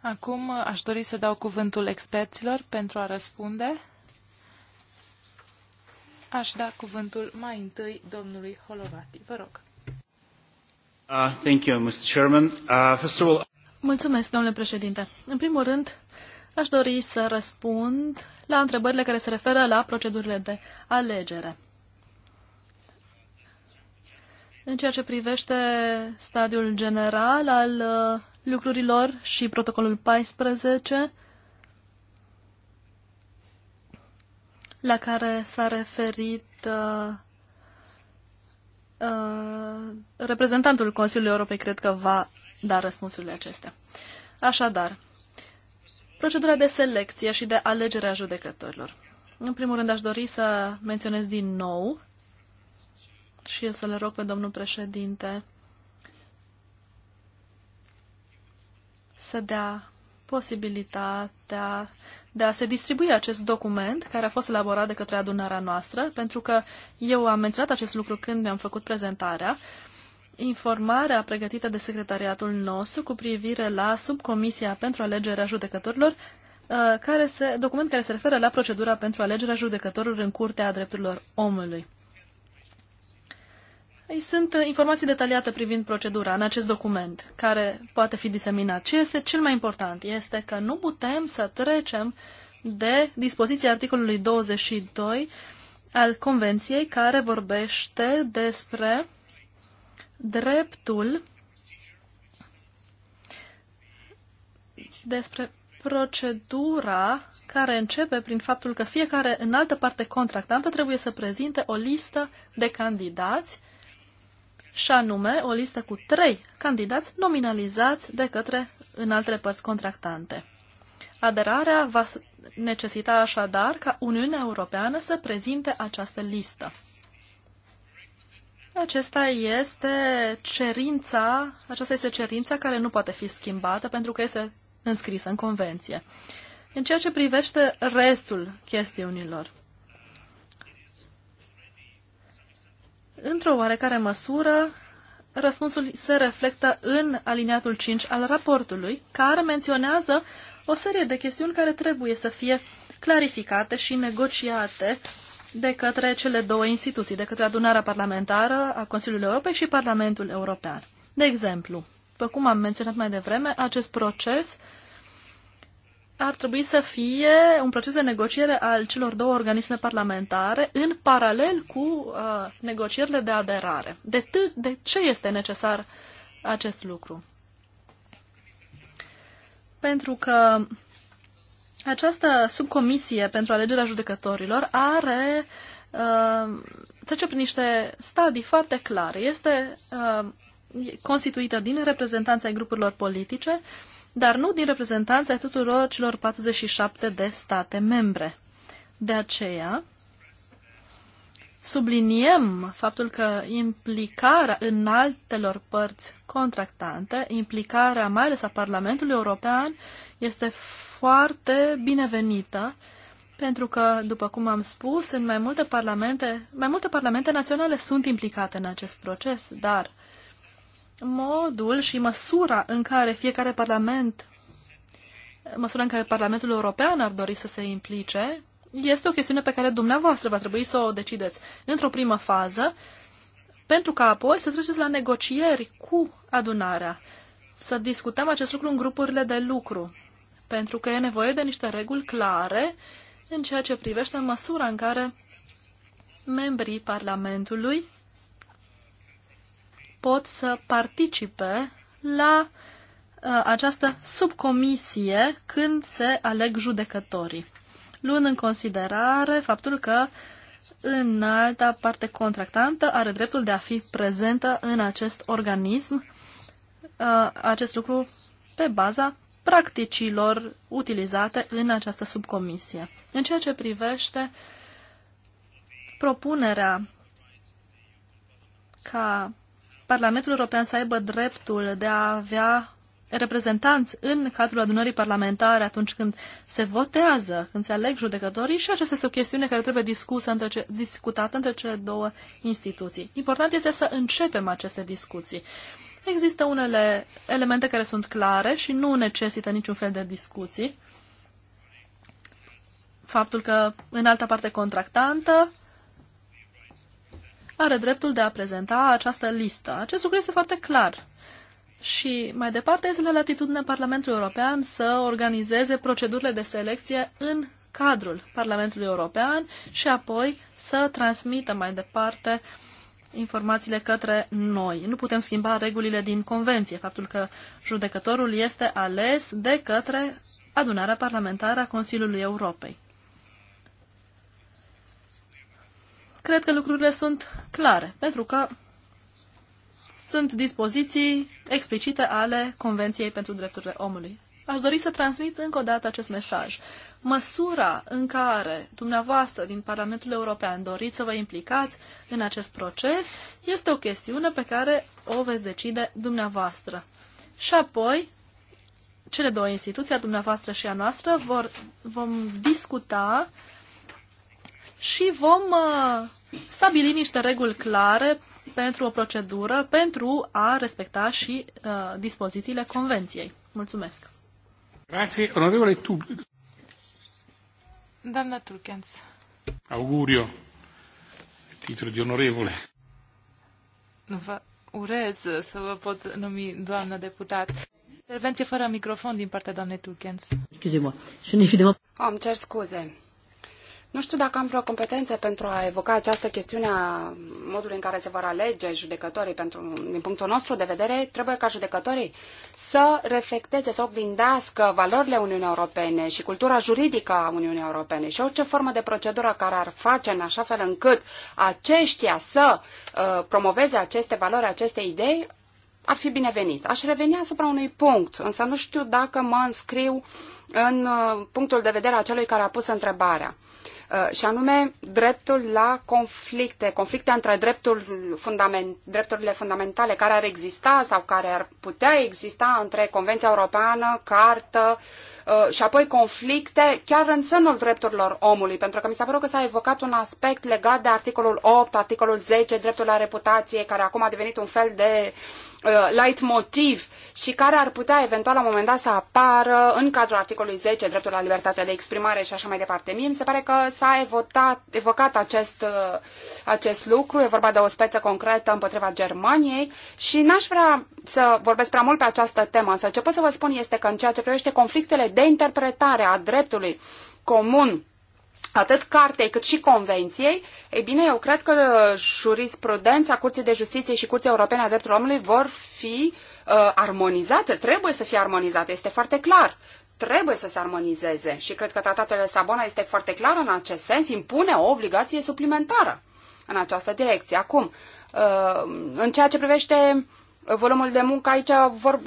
Acum uh, aș dori să dau cuvântul experților pentru a răspunde. Aș da cuvântul mai întâi domnului Holovati. Vă rog. Uh, thank you, Mr. Chairman. Uh, first of all... Mulțumesc, domnule președinte. În primul rând, aș dori să răspund la întrebările care se referă la procedurile de alegere. În ceea ce privește stadiul general al uh, lucrurilor și protocolul 14, la care s-a referit uh, uh, reprezentantul Consiliului Europei, cred că va da răspunsurile acestea. Așadar, procedura de selecție și de alegere a judecătorilor. În primul rând aș dori să menționez din nou și eu să le rog pe domnul președinte să dea posibilitatea de a se distribui acest document care a fost elaborat de către adunarea noastră, pentru că eu am menționat acest lucru când mi-am făcut prezentarea informarea pregătită de secretariatul nostru cu privire la subcomisia pentru alegerea judecătorilor, uh, care se, document care se referă la procedura pentru alegerea judecătorilor în Curtea Drepturilor Omului. Sunt informații detaliate privind procedura în acest document, care poate fi diseminat. Ce este cel mai important este că nu putem să trecem de dispoziția articolului 22 al Convenției, care vorbește despre dreptul despre procedura care începe prin faptul că fiecare în altă parte contractantă trebuie să prezinte o listă de candidați și anume o listă cu trei candidați nominalizați de către în altele părți contractante. Aderarea va necesita așadar ca Uniunea Europeană să prezinte această listă. Acesta este cerința, aceasta este cerința care nu poate fi schimbată pentru că este înscrisă în convenție. În ceea ce privește restul chestiunilor, într-o oarecare măsură, răspunsul se reflectă în aliniatul 5 al raportului, care menționează o serie de chestiuni care trebuie să fie clarificate și negociate de către cele două instituții, de către adunarea parlamentară a Consiliului Europei și Parlamentul European. De exemplu, după cum am menționat mai devreme, acest proces ar trebui să fie un proces de negociere al celor două organisme parlamentare în paralel cu uh, negocierile de aderare. De, de ce este necesar acest lucru? Pentru că această subcomisie pentru alegerea judecătorilor are uh, trece prin niște stadii foarte clare. Este uh, constituită din reprezentanța ai grupurilor politice, dar nu din reprezentanța ai tuturor celor 47 de state membre. De aceea, subliniem faptul că implicarea în altelor părți contractante, implicarea mai ales a Parlamentului European, este foarte binevenită, pentru că, după cum am spus, în mai multe parlamente, mai multe parlamente naționale sunt implicate în acest proces, dar modul și măsura în care fiecare parlament, măsura în care Parlamentul European ar dori să se implice, este o chestiune pe care dumneavoastră va trebui să o decideți într-o primă fază, pentru că apoi să treceți la negocieri cu adunarea, să discutăm acest lucru în grupurile de lucru pentru că e nevoie de niște reguli clare în ceea ce privește măsura în care membrii Parlamentului pot să participe la uh, această subcomisie când se aleg judecătorii, luând în considerare faptul că în alta parte contractantă are dreptul de a fi prezentă în acest organism, uh, acest lucru pe baza practicilor utilizate în această subcomisie. În ceea ce privește propunerea ca Parlamentul European să aibă dreptul de a avea reprezentanți în cadrul adunării parlamentare atunci când se votează, când se aleg judecătorii și aceasta este o chestiune care trebuie discusă între ce, discutată între cele două instituții. Important este să începem aceste discuții. Există unele elemente care sunt clare și nu necesită niciun fel de discuții. Faptul că în alta parte contractantă are dreptul de a prezenta această listă. Acest lucru este foarte clar. Și mai departe este la latitudinea Parlamentului European să organizeze procedurile de selecție în cadrul Parlamentului European și apoi să transmită mai departe uh, informațiile către noi. Nu putem schimba regulile din convenție, faptul că judecătorul este ales de către adunarea parlamentară a Consiliului Europei. Cred că lucrurile sunt clare, pentru că sunt dispoziții explicite ale Convenției pentru Drepturile Omului. Aș dori să transmit încă o dată acest mesaj măsura în care dumneavoastră din Parlamentul European doriți să vă implicați în acest proces este o chestiune pe care o veți decide dumneavoastră. Și apoi, cele două instituții, a dumneavoastră și a noastră, vor, vom discuta și vom uh, stabili niște reguli clare pentru o procedură, pentru a respecta și uh, dispozițiile convenției. Mulțumesc! Grazie, onorevole Doamna Turkens. Augurio, titlu de onorevole. Vă urez să vă pot numi doamnă deputat. Intervenție fără microfon din partea doamnei Turkens. Am cer scuze. Nu știu dacă am vreo competență pentru a evoca această chestiune a modului în care se vor alege judecătorii. Pentru, din punctul nostru de vedere, trebuie ca judecătorii să reflecteze, să oglindească valorile Uniunii Europene și cultura juridică a Uniunii Europene și orice formă de procedură care ar face în așa fel încât aceștia să uh, promoveze aceste valori, aceste idei, ar fi binevenit. Aș reveni asupra unui punct, însă nu știu dacă mă înscriu în uh, punctul de vedere a celui care a pus întrebarea. Uh, Uh, și anume dreptul la conflicte, conflicte între dreptul fundament, drepturile fundamentale care ar exista sau care ar putea exista între Convenția Europeană, Cartă, uh, Uh, și apoi conflicte chiar în sânul drepturilor omului, pentru că mi s-a părut că s-a evocat un aspect legat de articolul 8, articolul 10, dreptul la reputație, care acum a devenit un fel de uh, light motiv și care ar putea eventual la un moment dat să apară în cadrul articolului 10, dreptul la libertate de exprimare și așa mai departe. Mie mi se pare că s-a evocat acest, uh, acest lucru, e vorba de o speță concretă împotriva Germaniei și n-aș vrea să vorbesc prea mult pe această temă, însă ce pot să vă spun este că în ceea ce privește conflictele de interpretare a dreptului comun, atât cartei cât și convenției, ei bine, eu cred că jurisprudența Curții de Justiție și Curții Europene a Drepturilor Omului vor fi uh, armonizate, trebuie să fie armonizate, este foarte clar trebuie să se armonizeze și cred că tratatul de Sabona este foarte clar în acest sens, impune o obligație suplimentară în această direcție. Acum, uh, în ceea ce privește volumul de muncă, aici vor,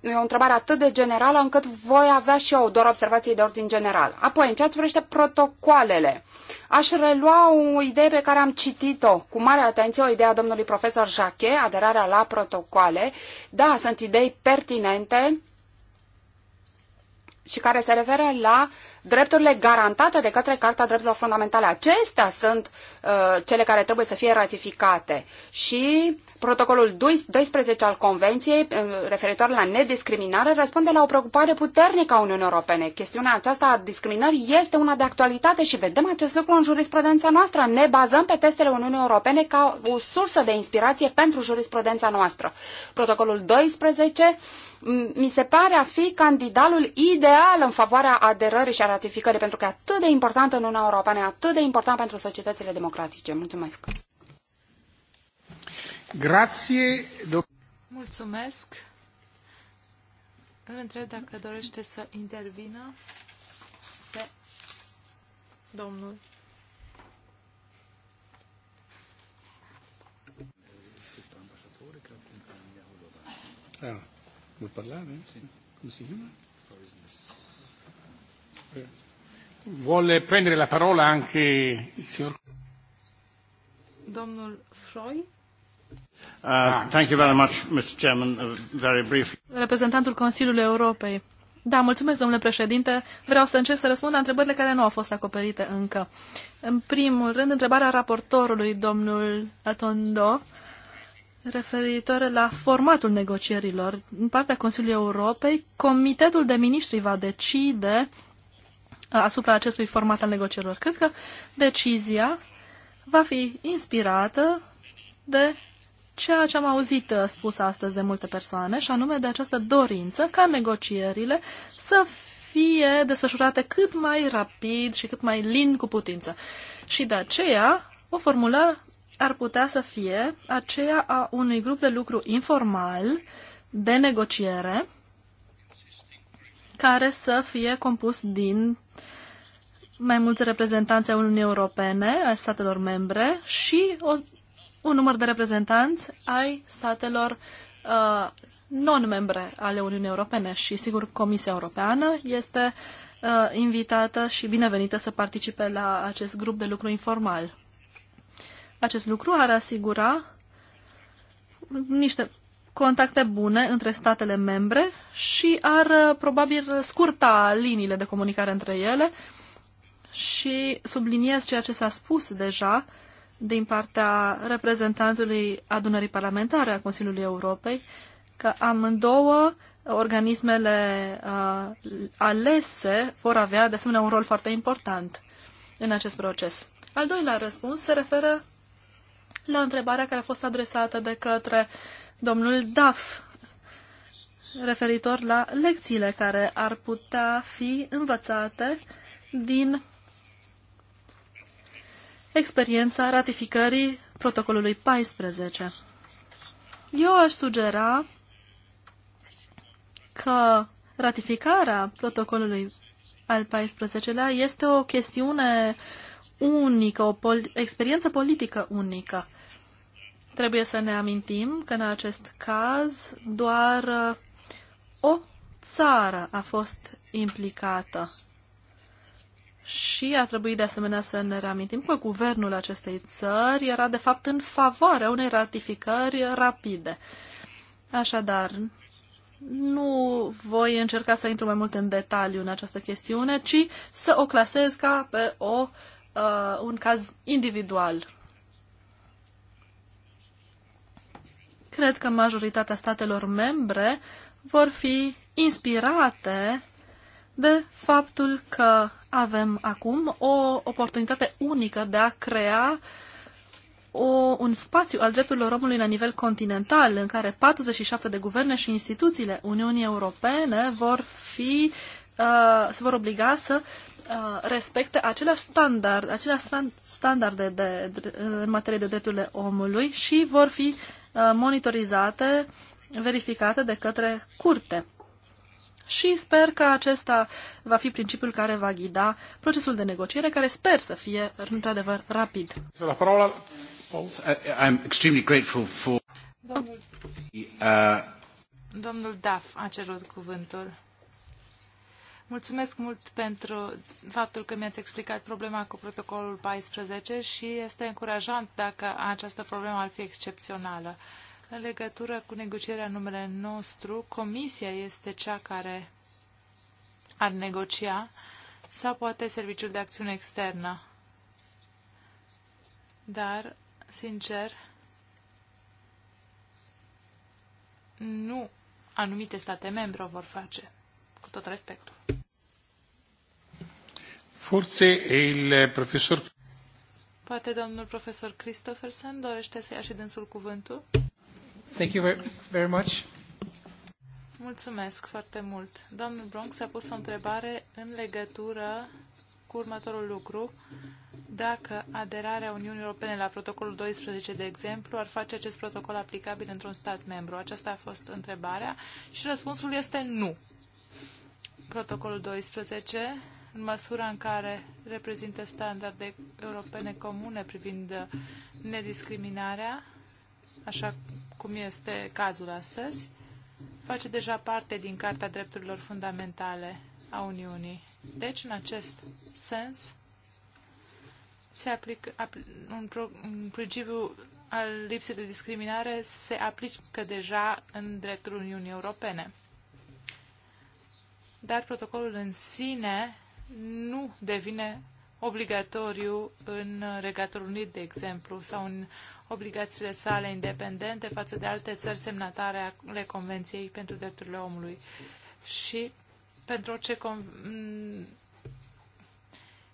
e o întrebare atât de generală încât voi avea și eu doar observații de ordin general. Apoi, în ceea ce privește protocoalele, aș relua o idee pe care am citit-o cu mare atenție, o idee a domnului profesor Jacquet, aderarea la protocoale. Da, sunt idei pertinente și care se referă la drepturile garantate de către Carta Drepturilor Fundamentale. Acestea sunt uh, cele care trebuie să fie ratificate. Și protocolul 12 al Convenției uh, referitor la nediscriminare răspunde la o preocupare puternică a Uniunii Europene. Chestiunea aceasta a discriminării este una de actualitate și vedem acest lucru în jurisprudența noastră. Ne bazăm pe testele Uniunii Europene ca o sursă de inspirație pentru jurisprudența noastră. Protocolul 12 mi se pare a fi candidatul ideal în favoarea aderării și a ratificării, pentru că e atât de importantă în Uniunea Europeană, e atât de important pentru societățile democratice. Mulțumesc! Grație! Mulțumesc! Îl întreb dacă dorește să intervină pe domnul. Ah, vuoi parlare? Sì. Come si chiama? Vuole prendere la parola anche il signor... Domnul Freud? Uh, ah, thank you very much, Mr. Chairman. Uh, very briefly. Reprezentantul Consiliului Europei. Da, mulțumesc, domnule președinte. Vreau să încerc să răspund la întrebările care nu au fost acoperite încă. În primul rând, întrebarea raportorului, domnul Atondo, referitoare la formatul negocierilor. În partea Consiliului Europei, Comitetul de Ministri va decide asupra acestui format al negocierilor. Cred că decizia va fi inspirată de ceea ce am auzit uh, spus astăzi de multe persoane, și anume de această dorință ca negocierile să fie desfășurate cât mai rapid și cât mai lin cu putință. Și de aceea, o formulă ar putea să fie aceea a unui grup de lucru informal de negociere, care să fie compus din mai mulți reprezentanți ai Uniunii Europene, ai statelor membre și o, un număr de reprezentanți ai statelor uh, non-membre ale Uniunii Europene și, sigur, Comisia Europeană este uh, invitată și binevenită să participe la acest grup de lucru informal. Acest lucru ar asigura niște contacte bune între statele membre și ar uh, probabil scurta liniile de comunicare între ele și subliniez ceea ce s-a spus deja din partea reprezentantului adunării parlamentare a Consiliului Europei, că amândouă organismele uh, alese vor avea de asemenea un rol foarte important în acest proces. Al doilea răspuns se referă la întrebarea care a fost adresată de către uh, domnul Duff referitor la lecțiile care ar putea fi învățate din experiența ratificării protocolului 14. Eu aș sugera că ratificarea protocolului al 14-lea este o chestiune unică, o pol- experiență politică unică. Trebuie să ne amintim că în acest caz doar uh, o țară a fost implicată. Și a trebuit de asemenea să ne reamintim că guvernul acestei țări era de fapt în favoarea unei ratificări rapide. Așadar, nu voi încerca să intru mai mult în detaliu în această chestiune, ci să o clasez ca pe o, uh, un caz individual Cred că majoritatea statelor membre vor fi inspirate de faptul că avem acum o oportunitate unică de a crea o, un spațiu al drepturilor omului la nivel continental, în care 47 de guverne și instituțiile Uniunii Europene vor fi, uh, se vor obliga să uh, respecte aceleași standard, aceleași standarde de, de, în materie de drepturile omului și vor fi Uh, monitorizate, verificate de către curte. Și sper că acesta va fi principiul care va ghida procesul de negociere, care sper să fie într-adevăr rapid. La parola, uh, uh, I'm extremely grateful for... Domnul, Domnul Daf a cerut cuvântul. Mulțumesc mult pentru faptul că mi-ați explicat problema cu protocolul 14 și este încurajant dacă această problemă ar fi excepțională. În legătură cu negocierea numele nostru, comisia este cea care ar negocia sau poate serviciul de acțiune externă. Dar, sincer, nu anumite state membre o vor face. Cu tot respectul. Forse il profesor... Poate domnul profesor Christopherson dorește să ia și dânsul cuvântul? Thank you very, very much. Mulțumesc foarte mult. Domnul Bronx a pus o întrebare în legătură cu următorul lucru. Dacă aderarea Uniunii Europene la protocolul 12, de exemplu, ar face acest protocol aplicabil într-un stat membru? Aceasta a fost întrebarea și răspunsul este nu. Protocolul 12 în măsura în care reprezintă standarde europene comune privind nediscriminarea, așa cum este cazul astăzi, face deja parte din Carta Drepturilor Fundamentale a Uniunii. Deci, în acest sens, se aplică apl un, pro, un principiu al lipsei de discriminare se aplică deja în dreptul Uniunii Europene. Dar protocolul în sine nu devine obligatoriu în Regatul Unit, de exemplu, sau în obligațiile sale independente față de alte țări semnatare ale Convenției pentru Drepturile Omului. Și pentru orice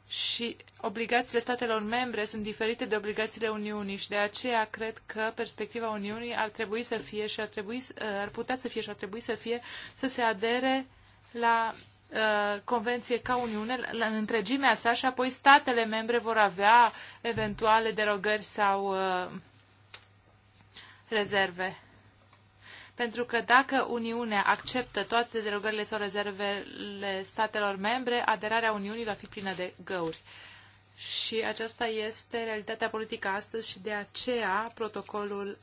și obligațiile statelor membre sunt diferite de obligațiile Uniunii și de aceea cred că perspectiva Uniunii ar trebui să fie și ar, trebui, ar putea să fie și ar trebui să fie să se adere la Uh, convenție ca Uniune în întregimea sa și apoi statele membre vor avea eventuale derogări sau uh, rezerve. Pentru că dacă Uniunea acceptă toate derogările sau rezervele statelor membre, aderarea Uniunii va fi plină de găuri. Și aceasta este realitatea politică astăzi și de aceea protocolul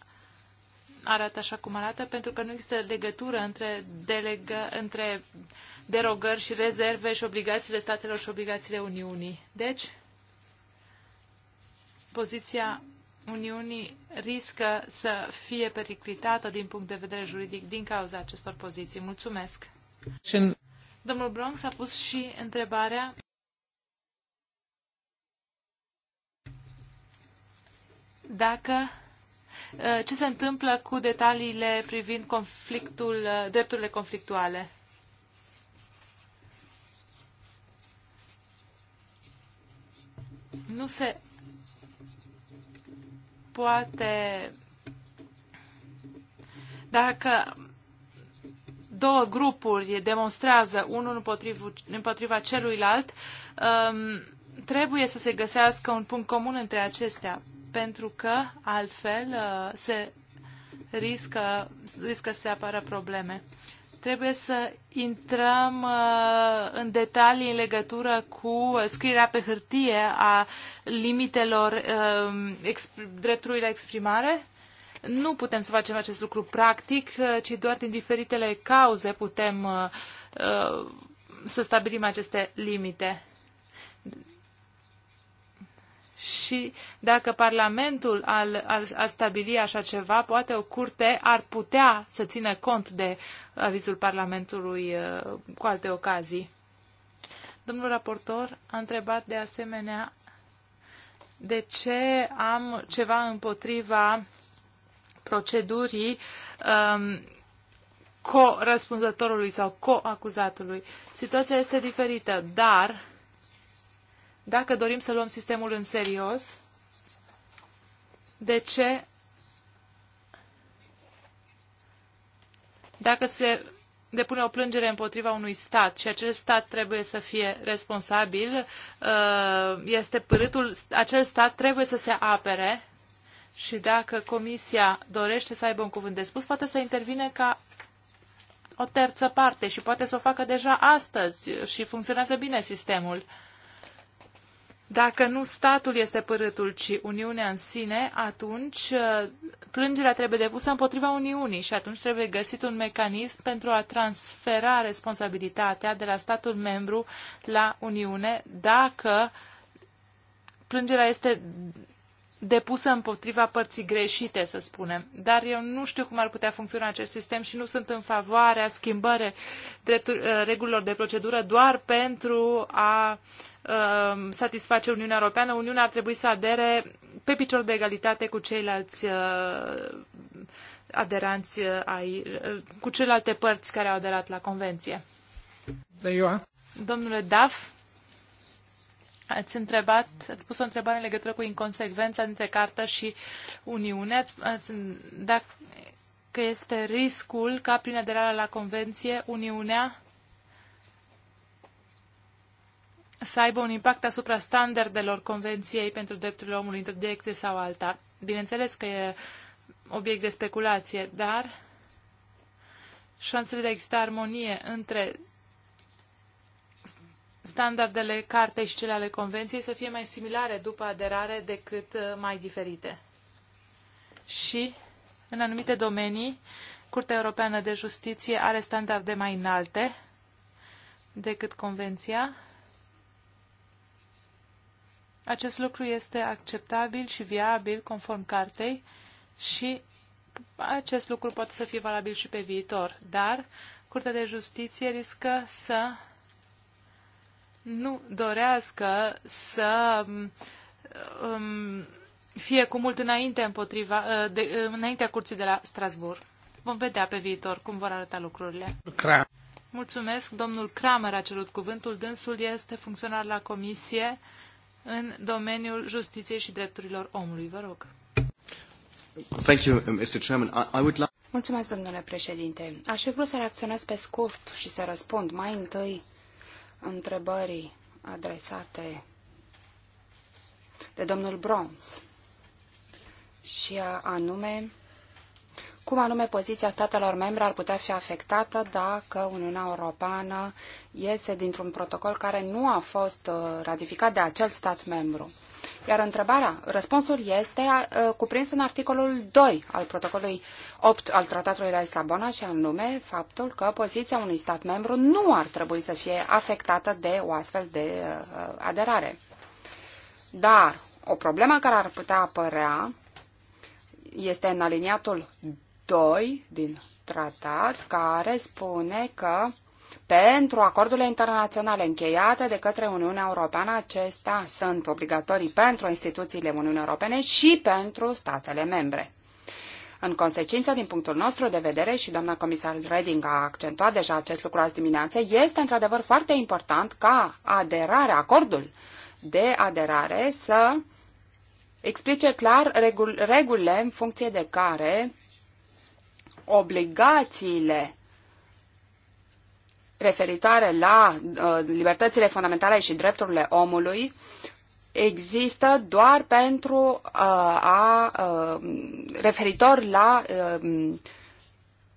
arată așa cum arată, pentru că nu există legătură între, delegă, între uh, derogări și rezerve și obligațiile statelor și obligațiile Uniunii. Deci, poziția Uniunii riscă să fie periclitată din punct de vedere juridic din cauza acestor poziții. Mulțumesc! Domnul Bronx a pus și întrebarea dacă uh, ce se întâmplă cu detaliile privind conflictul, uh, drepturile conflictuale. nu se poate dacă două grupuri demonstrează unul împotriva, împotriva celuilalt, um, trebuie să se găsească un punct comun între acestea, pentru că altfel uh, se riscă, riscă să apară probleme. Trebuie să intrăm uh, în detalii în legătură cu scrierea pe hârtie a limitelor uh, dreptului la exprimare? Nu putem să facem acest lucru practic, uh, ci doar din diferitele cauze putem să stabilim aceste limite și dacă Parlamentul ar, ar, ar stabili așa ceva, poate o curte ar putea să țină cont de avizul Parlamentului uh, cu alte ocazii. Domnul raportor a întrebat de asemenea de ce am ceva împotriva procedurii um, co-răspunzătorului sau co-acuzatului. Situația este diferită, dar dacă dorim să luăm sistemul în serios, de ce dacă se depune o plângere împotriva unui stat și acel stat trebuie să fie responsabil, uh, este părâtul, acel stat trebuie să se apere și dacă comisia dorește să aibă un cuvânt de spus, poate să intervine ca o terță parte și poate să o facă deja astăzi și funcționează bine sistemul. Dacă nu statul este părâtul, ci Uniunea în sine, atunci uh, plângerea trebuie depusă împotriva Uniunii și atunci trebuie găsit un mecanism pentru a transfera responsabilitatea de la statul membru la Uniune dacă plângerea este depusă împotriva părții greșite, să spunem. Dar eu nu știu cum ar putea funcționa acest sistem și nu sunt în favoarea schimbării uh, regulilor de procedură doar pentru a uh, Um, satisface Uniunea Europeană, Uniunea ar trebui să adere pe picior de egalitate cu ceilalți uh, aderanți uh, ai, uh, cu celelalte părți care au aderat la convenție. Da, eu. Domnule Daf, ați întrebat, ați pus o întrebare în legătură cu inconsecvența dintre cartă și Uniune. Ați, ați, dacă este riscul ca prin aderarea la convenție Uniunea să aibă un impact asupra standardelor Convenției pentru Drepturile Omului, într-o direcție sau alta. Bineînțeles că e obiect de speculație, dar șansele de a exista armonie între standardele cartei și cele ale Convenției să fie mai similare după aderare decât uh, mai diferite. Și, în anumite domenii, Curtea Europeană de Justiție are standarde mai înalte decât Convenția acest lucru este acceptabil și viabil conform cartei și acest lucru poate să fie valabil și pe viitor, dar Curtea de Justiție riscă să nu dorească să um, fie cu mult înainte împotriva, uh, de, uh, înaintea curții de la Strasbourg. Vom vedea pe viitor cum vor arăta lucrurile. Cram. Mulțumesc, domnul Kramer a cerut cuvântul. Dânsul este funcționar la comisie în domeniul justiției și drepturilor omului. Vă rog. Thank you, Mr. Chairman. I, I would like... Mulțumesc, domnule președinte. Aș fi vrut să reacționez pe scurt și să răspund mai întâi întrebării adresate de domnul Bronz și anume cum anume poziția statelor membre ar putea fi afectată dacă Uniunea Europeană iese dintr-un protocol care nu a fost uh, ratificat de acel stat membru. Iar întrebarea, răspunsul este uh, cuprins în articolul 2 al protocolului 8 al Tratatului la Lisabona și anume faptul că poziția unui stat membru nu ar trebui să fie afectată de o astfel de uh, aderare. Dar o problemă care ar putea apărea este în aliniatul 2 din tratat care spune că pentru acordurile internaționale încheiate de către Uniunea Europeană, acestea sunt obligatorii pentru instituțiile Uniunii Europene și pentru statele membre. În consecință, din punctul nostru de vedere, și doamna comisar Reding a accentuat deja acest lucru azi dimineață, este într-adevăr foarte important ca aderarea, acordul de aderare să explice clar regulile în funcție de care obligațiile referitoare la uh, libertățile fundamentale și drepturile omului există doar pentru uh, a uh, referitor la uh,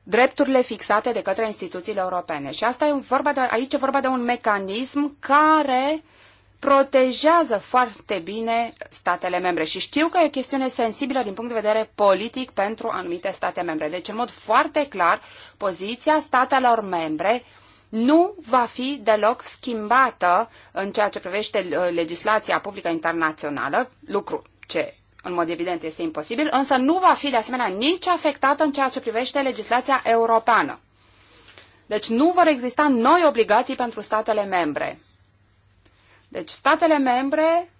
drepturile fixate de către instituțiile europene. Și asta e vorba de, aici e vorba de un mecanism care uh, protejează foarte bine statele membre și știu că e o chestiune sensibilă din punct de vedere politic pentru anumite state membre. Deci, în mod foarte clar, poziția statelor membre nu va fi deloc schimbată în ceea ce privește uh, legislația publică internațională, lucru ce în mod evident este imposibil, însă nu va fi de asemenea nici afectată în ceea ce privește legislația europeană. Deci nu vor exista noi obligații pentru statele membre. Deci statele membre,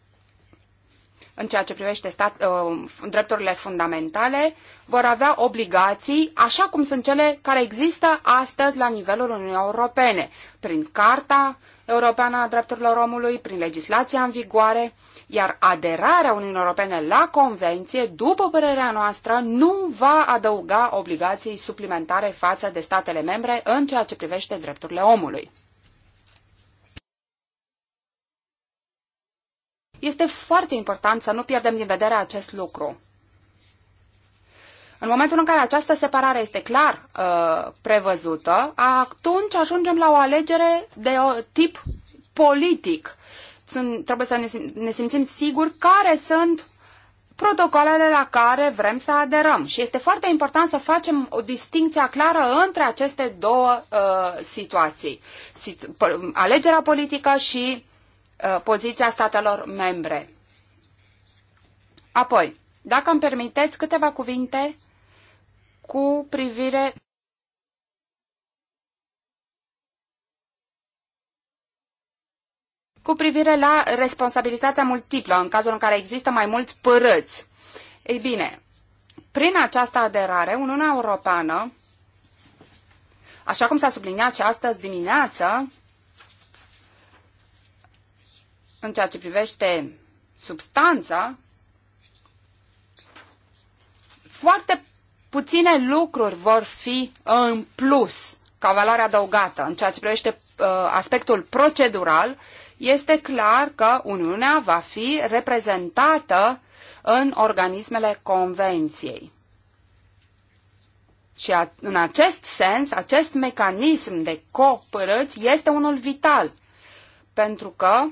în ceea ce privește stat, uh, drepturile fundamentale, vor avea obligații așa cum sunt cele care există astăzi la nivelul Uniunii Europene, prin Carta Europeană a Drepturilor Omului, prin legislația în vigoare, iar aderarea Uniunii Europene la Convenție, după părerea noastră, nu va adăuga obligații suplimentare față de statele membre în ceea ce privește drepturile omului. Este foarte important să nu pierdem din vedere acest lucru. În momentul în care această separare este clar uh, prevăzută, atunci ajungem la o alegere de o tip politic. Sunt, trebuie să ne, ne simțim siguri care sunt protocolele la care vrem să aderăm. Și este foarte important să facem o distinție clară între aceste două uh, situații. Situ- alegerea politică și Uh, poziția statelor membre. Apoi, dacă îmi permiteți câteva cuvinte cu privire cu privire la responsabilitatea multiplă, în cazul în care există mai mulți părăți. Ei bine, prin această aderare, Uniunea Europeană, așa cum s-a subliniat și astăzi dimineață, în ceea ce privește substanța, foarte puține lucruri vor fi uh, în plus ca valoare adăugată. În ceea ce privește uh, aspectul procedural, este clar că Uniunea va fi reprezentată în organismele convenției. Și a, în acest sens, acest mecanism de copărăți este unul vital, pentru că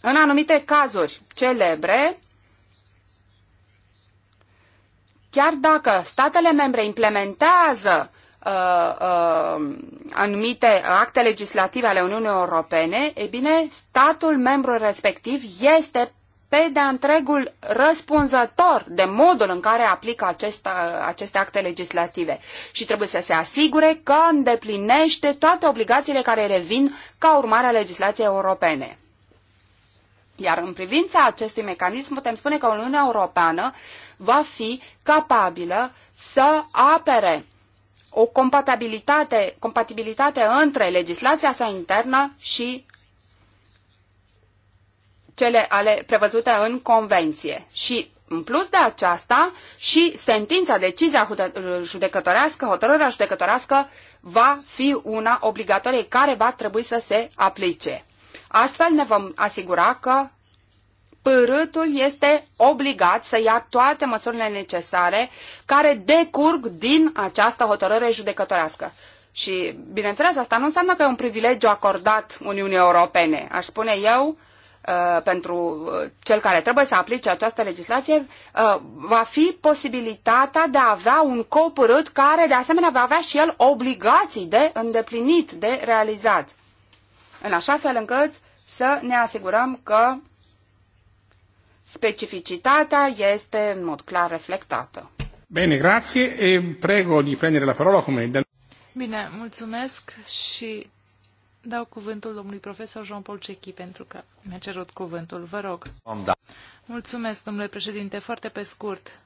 în anumite cazuri celebre, chiar dacă statele membre implementează uh, uh, anumite acte legislative ale Uniunii Europene, e bine, statul membru respectiv este pe de întregul răspunzător de modul în care aplică acest, uh, aceste acte legislative și trebuie să se asigure că îndeplinește toate obligațiile care revin ca urmare a legislației europene. Iar în privința acestui mecanism putem spune că Uniunea Europeană va fi capabilă să apere o compatibilitate, compatibilitate între legislația sa internă și cele ale prevăzute în convenție. Și în plus de aceasta, și sentința, decizia judecătorească, hotărârea judecătorească va fi una obligatorie care va trebui să se aplice. Astfel ne vom asigura că părâtul este obligat să ia toate măsurile necesare care decurg din această hotărâre judecătorească. Și, bineînțeles, asta nu înseamnă că e un privilegiu acordat Uniunii Europene. Aș spune eu, uh, pentru uh, cel care trebuie să aplice această legislație, uh, va fi posibilitatea de a avea un copărât care, de asemenea, va avea și el obligații de îndeplinit, de realizat în așa fel încât să ne asigurăm că specificitatea este în mod clar reflectată. Bine, grație. E, prego di prendere la parola come... Bine, mulțumesc și dau cuvântul domnului profesor Jean-Paul Cechi pentru că mi-a cerut cuvântul. Vă rog. Da. Mulțumesc, domnule președinte. Foarte pe scurt.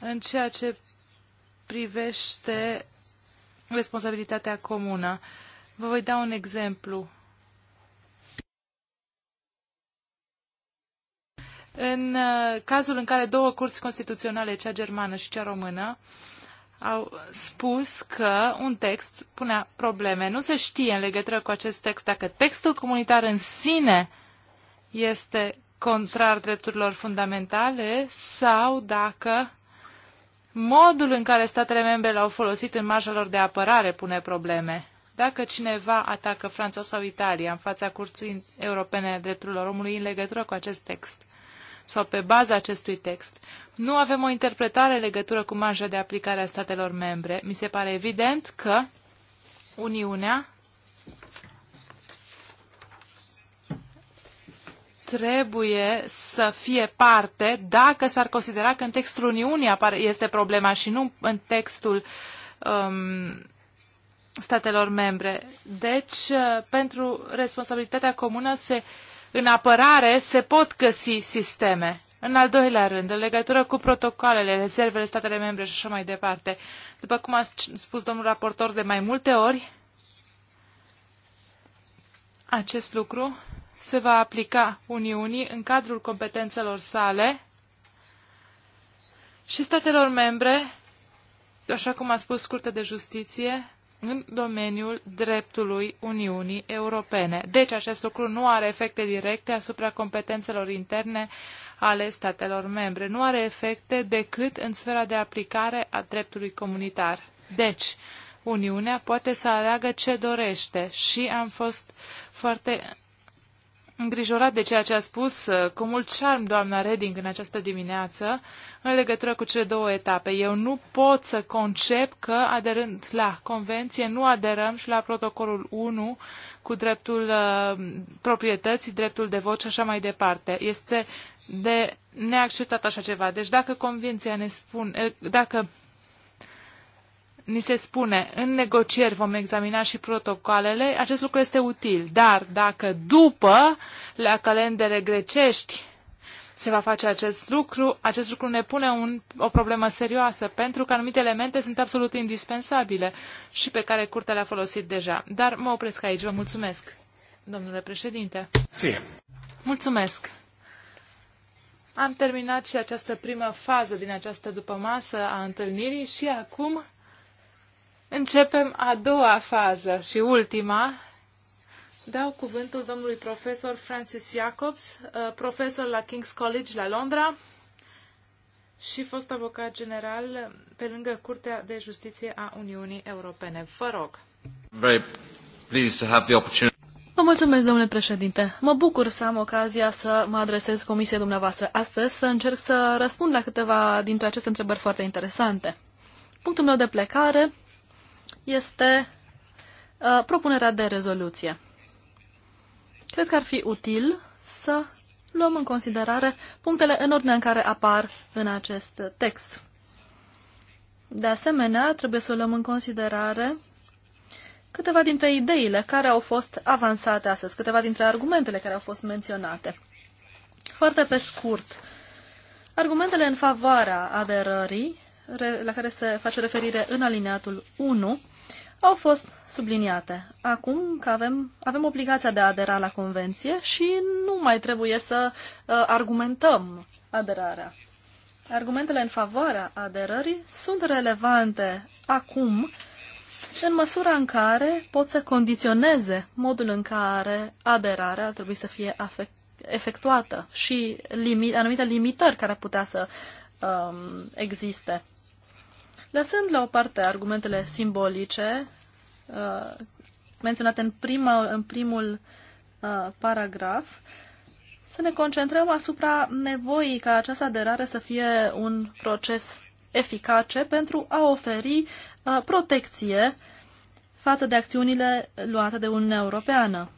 În ceea ce privește responsabilitatea comună, uh, Vă voi da un exemplu. În uh, cazul în care două curți constituționale, cea germană și cea română, au spus că un text punea probleme. Nu se știe în legătură cu acest text dacă textul comunitar în sine este contrar drepturilor fundamentale sau dacă modul în care statele membre l-au folosit în marja lor de apărare pune probleme. Dacă cineva atacă Franța sau Italia în fața Curții Europene a Drepturilor Omului în legătură cu acest text sau pe baza acestui text, nu avem o interpretare în legătură cu marja de aplicare a statelor membre. Mi se pare evident că Uniunea trebuie să fie parte dacă s-ar considera că în textul Uniunii apare, este problema și nu în textul um, statelor membre. Deci, uh, pentru responsabilitatea comună se, în apărare se pot găsi sisteme. În al doilea rând, în legătură cu protocoalele, rezervele, statele membre și așa mai departe, după cum a spus domnul raportor de mai multe ori, acest lucru se va aplica Uniunii în cadrul competențelor sale și statelor membre, așa cum a spus Curtea de Justiție, în domeniul dreptului Uniunii Europene. Deci acest lucru nu are efecte directe asupra competențelor interne ale statelor membre. Nu are efecte decât în sfera de aplicare a dreptului comunitar. Deci, Uniunea poate să aleagă ce dorește și am fost foarte îngrijorat de ceea ce a spus uh, cu mult charm doamna Reding în această dimineață în legătură cu cele două etape. Eu nu pot să concep că aderând la convenție nu aderăm și la protocolul 1 cu dreptul uh, proprietății, dreptul de vot și așa mai departe. Este de neacceptat așa ceva. Deci dacă convenția ne spune, eh, dacă ni se spune, în negocieri vom examina și protocoalele, acest lucru este util. Dar dacă după, la calendere grecești, se va face acest lucru, acest lucru ne pune un, o problemă serioasă, pentru că anumite elemente sunt absolut indispensabile și pe care Curtea le-a folosit deja. Dar mă opresc aici. Vă mulțumesc, domnule președinte. Ție. Mulțumesc. Am terminat și această primă fază din această dupămasă a întâlnirii și acum Începem a doua fază și ultima. Dau cuvântul domnului profesor Francis Jacobs, uh, profesor la King's College la Londra și fost avocat general pe lângă Curtea de Justiție a Uniunii Europene. Vă rog. Very pleased to have the opportunity. Vă mulțumesc, domnule președinte. Mă bucur să am ocazia să mă adresez comisiei dumneavoastră astăzi, să încerc să răspund la câteva dintre aceste întrebări foarte interesante. Punctul meu de plecare este uh, propunerea de rezoluție. Cred că ar fi util să luăm în considerare punctele în ordine în care apar în acest text. De asemenea, trebuie să luăm în considerare câteva dintre ideile care au fost avansate astăzi, câteva dintre argumentele care au fost menționate. Foarte pe scurt, argumentele în favoarea aderării la care se face referire în alineatul 1 au fost subliniate. Acum că avem, avem obligația de a adera la convenție și nu mai trebuie să uh, argumentăm aderarea. Argumentele în favoarea aderării sunt relevante acum în măsura în care pot să condiționeze modul în care aderarea ar trebui să fie efectuată și limi anumite limitări care ar putea să um, existe. Lăsând la o parte argumentele simbolice uh, menționate în, prima, în primul uh, paragraf, să ne concentrăm asupra nevoii ca această aderare să fie un proces eficace pentru a oferi uh, protecție față de acțiunile luate de Uniunea Europeană.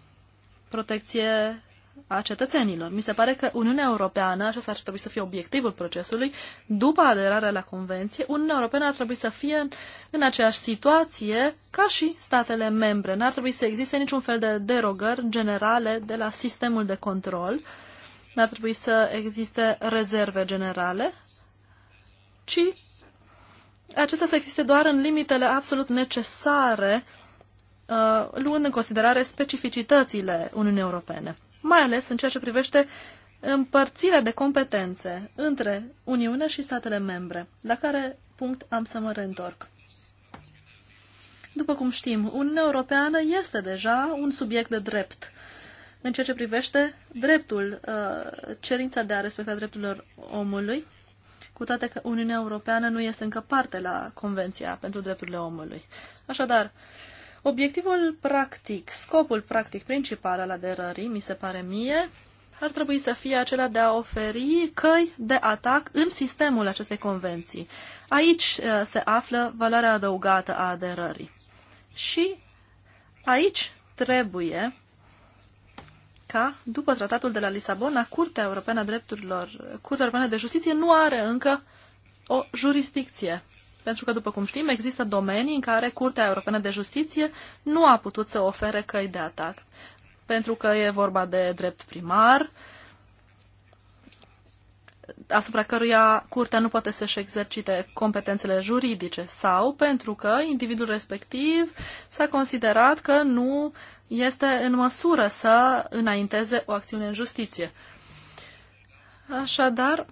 Protecție a cetățenilor. Mi se pare că Uniunea Europeană, acesta ar trebui să fie obiectivul procesului, după aderarea la Convenție, Uniunea Europeană ar trebui să fie în, în aceeași situație ca și statele membre. N-ar trebui să existe niciun fel de derogări generale de la sistemul de control, n-ar trebui să existe rezerve generale, ci acestea să existe doar în limitele absolut necesare, uh, luând în considerare specificitățile Uniunii Europene mai ales în ceea ce privește împărțirea de competențe între Uniune și statele membre, la care punct am să mă reîntorc. După cum știm, Uniunea Europeană este deja un subiect de drept în ceea ce privește dreptul, uh, cerința de a respecta drepturilor omului, cu toate că Uniunea Europeană nu este încă parte la Convenția pentru Drepturile Omului. Așadar, Obiectivul practic, scopul practic principal al aderării, mi se pare mie, ar trebui să fie acela de a oferi căi de atac în sistemul acestei convenții. Aici uh, se află valoarea adăugată a aderării. Și aici trebuie ca, după tratatul de la Lisabona, Curtea Europeană a Drepturilor, Curtea Europeană de Justiție nu are încă o jurisdicție pentru că, după cum știm, există domenii în care Curtea Europeană de Justiție nu a putut să ofere căi de atac. Pentru că e vorba de drept primar, asupra căruia curtea nu poate să-și exercite competențele juridice sau pentru că individul respectiv s-a considerat că nu este în măsură să înainteze o acțiune în justiție. Așadar,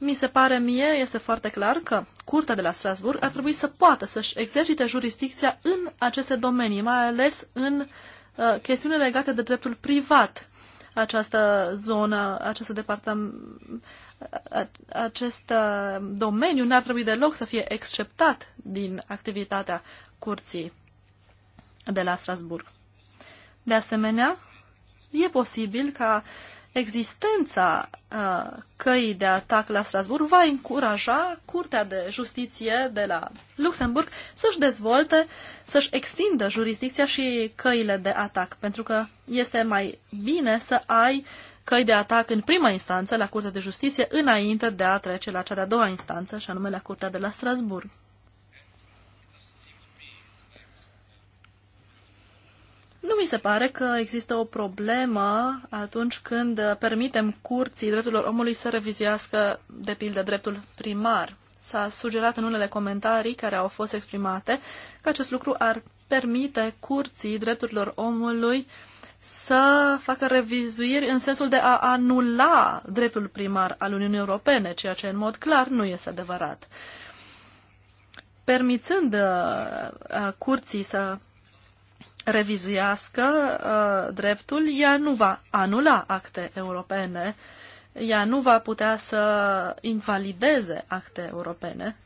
mi se pare mie, este foarte clar că Curtea de la Strasburg ar trebui să poată să-și exercite jurisdicția în aceste domenii, mai ales în uh, chestiuni legate de dreptul privat. Această zonă, acest departament, acest uh, domeniu n-ar trebui deloc să fie exceptat din activitatea Curții de la Strasburg. De asemenea, e posibil ca uh, existența uh, căii de atac la Strasburg va încuraja Curtea de Justiție de la Luxemburg să-și dezvolte, să-și extindă jurisdicția și căile de atac, pentru că este mai bine să ai căi de atac în prima instanță la Curtea de Justiție înainte de a trece la cea de-a doua instanță, și anume la Curtea de la Strasburg. Nu mi se pare că există o problemă atunci când permitem curții drepturilor omului să revizuiască, de pildă, dreptul primar. S-a sugerat în unele comentarii care au fost exprimate că acest lucru ar permite curții drepturilor omului să facă revizuiri în sensul de a anula dreptul primar al Uniunii Europene, ceea ce în mod clar nu este adevărat. Permițând uh, uh, curții să revizuiască uh, dreptul, ea nu va anula acte europene, ea nu va putea să invalideze acte europene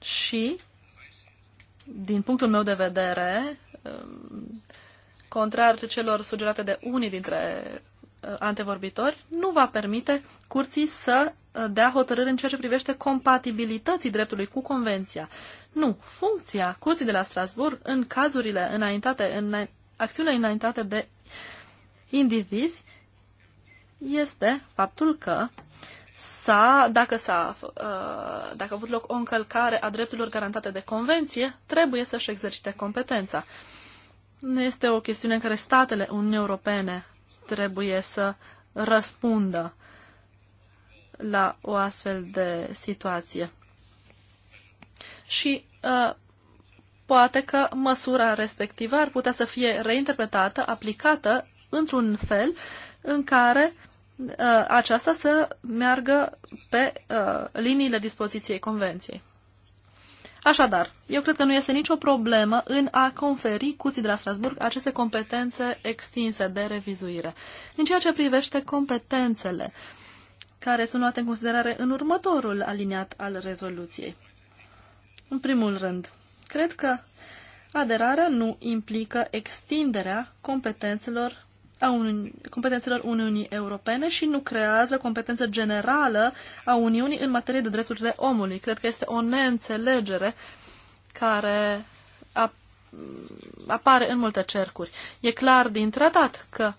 și, din punctul meu de vedere, uh, contrar celor sugerate de unii dintre Uh, antevorbitori nu va permite curții să uh, dea hotărâri în ceea ce privește compatibilității dreptului cu convenția. Nu, funcția curții de la Strasburg în cazurile înaintate, în acțiunile înaintate de indivizi este faptul că s-a, dacă, s-a, uh, dacă a avut loc o încălcare a drepturilor garantate de convenție, trebuie să-și exercite competența. Nu este o chestiune în care statele Uniunii Europene trebuie să răspundă la o astfel de situație. Și uh, poate că măsura respectivă ar putea să fie reinterpretată, aplicată într-un fel în care uh, aceasta să meargă pe uh, liniile dispoziției Convenției. Așadar, eu cred că nu este nicio problemă în a conferi curții de la Strasburg aceste competențe extinse de revizuire. În ceea ce privește competențele care sunt luate în considerare în următorul aliniat al rezoluției. În primul rând, cred că aderarea nu implică extinderea competențelor a Uniunii, competențelor Uniunii Europene și nu creează competență generală a Uniunii în materie de drepturile omului. Cred că este o neînțelegere care apare în multe cercuri. E clar din tratat că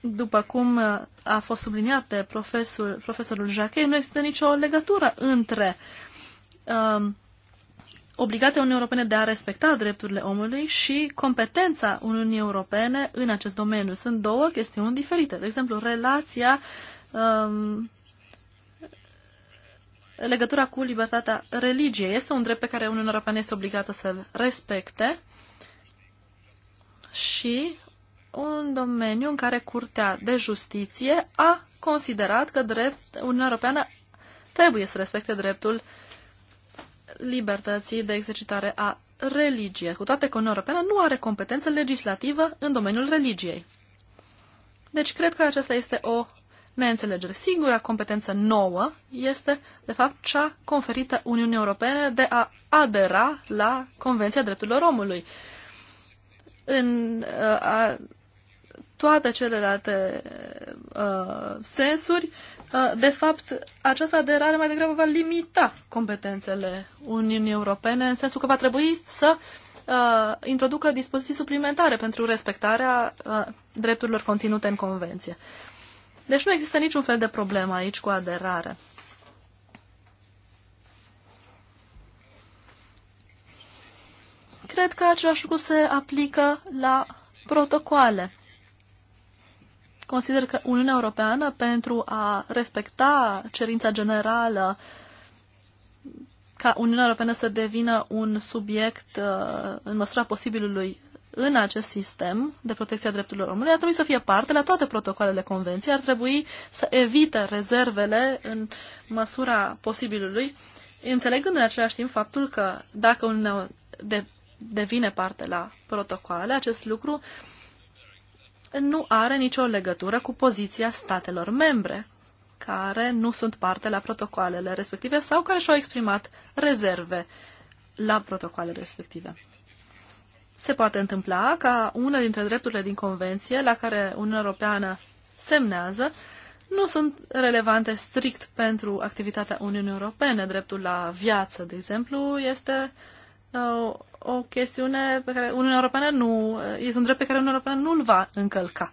după cum a fost subliniat de profesor, profesorul Jacquet, nu există nicio legătură între obligația Uniunii Europene de a respecta drepturile omului și competența Uniunii Europene în acest domeniu. Sunt două chestiuni diferite. De exemplu, relația, um, legătura cu libertatea religiei este un drept pe care Uniunea Europeană este obligată să-l respecte și un domeniu în care Curtea de Justiție a considerat că drept, Uniunea Europeană trebuie să respecte dreptul uh, libertății de exercitare a religiei. cu toate că Uniunea Europeană nu are competență legislativă în domeniul religiei. Deci cred că aceasta este o neînțelegere. Singura competență nouă este, de fapt, cea conferită Uniunii Europene de a adera la Convenția Drepturilor Omului. În uh, a, toate celelalte uh, sensuri, Uh, de fapt, această aderare mai degrabă va limita competențele Uniunii Europene, în sensul că va trebui să uh, introducă dispoziții suplimentare pentru respectarea uh, drepturilor conținute în Convenție. Deci nu există niciun fel de problemă aici cu aderare. Cred că același lucru se aplică la protocoale consider că Uniunea Europeană, pentru a respecta cerința generală ca Uniunea Europeană să devină un subiect uh, în măsura posibilului în acest sistem de protecție a drepturilor omului, ar trebui să fie parte la toate protocoalele convenției, ar trebui să evite rezervele în măsura posibilului, înțelegând în același timp faptul că dacă Uniunea de, devine parte la protocoale, acest lucru uh, nu are nicio legătură cu poziția statelor membre care nu sunt parte la protocoalele respective sau care și-au exprimat rezerve la protocoalele respective. Se poate întâmpla ca una dintre drepturile din convenție la care Uniunea Europeană semnează nu sunt relevante strict pentru activitatea Uniunii Europene. Dreptul la viață, de exemplu, este uh, o chestiune pe care Uniunea Europeană nu, este un drept pe care Uniunea Europeană nu-l va încălca.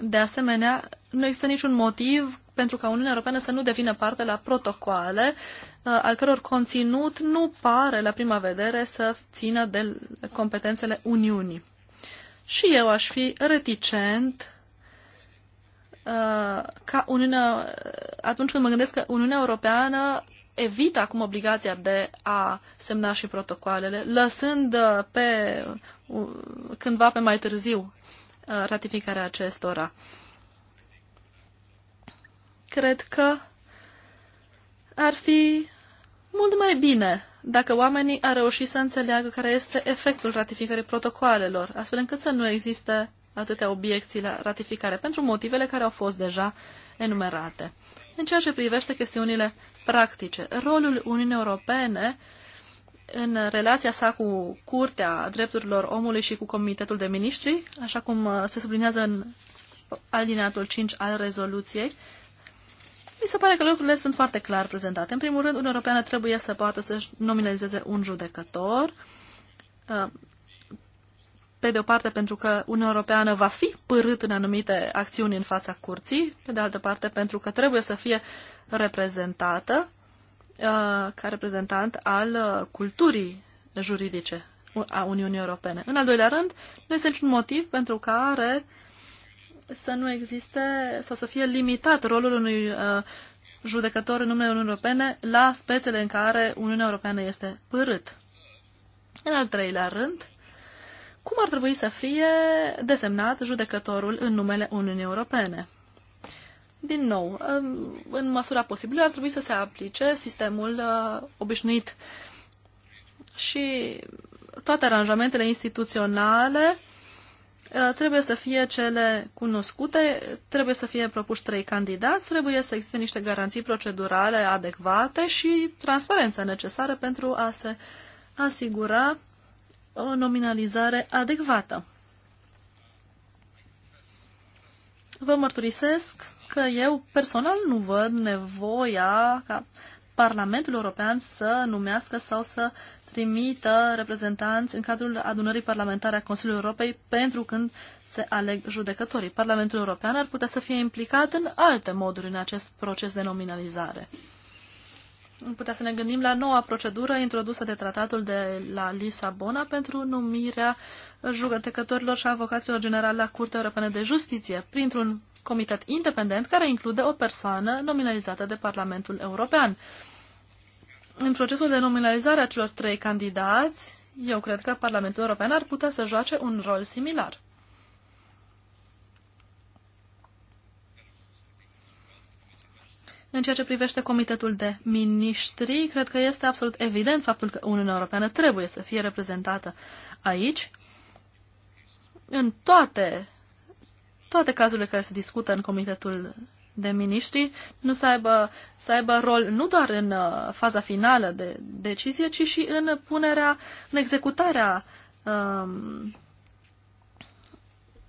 De asemenea, nu există niciun motiv pentru ca Uniunea Europeană să nu devină parte la protocoale uh, al căror conținut nu pare la prima vedere să țină de competențele Uniunii. Și eu aș fi reticent uh, ca Uniunea, atunci când mă gândesc că Uniunea Europeană evită acum obligația de a semna și protocoalele, lăsând uh, pe uh, cândva pe mai târziu uh, ratificarea acestora. Cred că ar fi mult mai bine dacă oamenii ar reuși să înțeleagă care este efectul ratificării protocoalelor, astfel încât să nu existe atâtea obiecții la ratificare, pentru motivele care au fost deja enumerate. În ceea ce privește chestiunile practice. Rolul Uniunii Europene în relația sa cu Curtea Drepturilor Omului și cu Comitetul de Ministri, așa cum uh, se sublinează în alineatul 5 al rezoluției, mi se pare că lucrurile sunt foarte clar prezentate. În primul rând, Uniunea Europeană trebuie să poată să-și nominalizeze un judecător, uh, pe de o parte pentru că Uniunea Europeană va fi părât în anumite acțiuni în fața curții, pe de altă parte pentru că trebuie să fie uh, reprezentată uh, ca reprezentant al uh, culturii juridice a Uniunii Europene. În al doilea rând, nu este niciun motiv pentru care să nu existe sau să fie limitat rolul unui uh, judecător în numele Uniunii Europene la spețele în care Uniunea Europeană este părât. În al treilea rând, cum ar trebui să fie desemnat judecătorul în numele Uniunii Europene? din nou, în măsura posibilă ar trebui să se aplice sistemul uh, obișnuit și toate aranjamentele instituționale uh, trebuie să fie cele cunoscute, trebuie să fie propuși trei candidați, trebuie să existe niște garanții procedurale adecvate și transparența necesară pentru a se asigura o nominalizare adecvată. Vă mărturisesc că eu personal nu văd nevoia ca Parlamentul European să numească sau să trimită reprezentanți în cadrul adunării parlamentare a Consiliului Europei pentru când se aleg judecătorii. Parlamentul European ar putea să fie implicat în alte moduri în acest proces de nominalizare. Putea să ne gândim la noua procedură introdusă de tratatul de la Lisabona pentru numirea judecătorilor și avocaților generali la Curtea Europeană de Justiție printr-un comitet independent care include o persoană nominalizată de Parlamentul European. În procesul de nominalizare a celor trei candidați, eu cred că Parlamentul European ar putea să joace un rol similar. În ceea ce privește Comitetul de Ministri, cred că este absolut evident faptul că Uniunea Europeană trebuie să fie reprezentată aici, în toate toate cazurile care se discută în comitetul de miniștri nu să aibă, să aibă rol nu doar în uh, faza finală de decizie, ci și în punerea, în executarea um,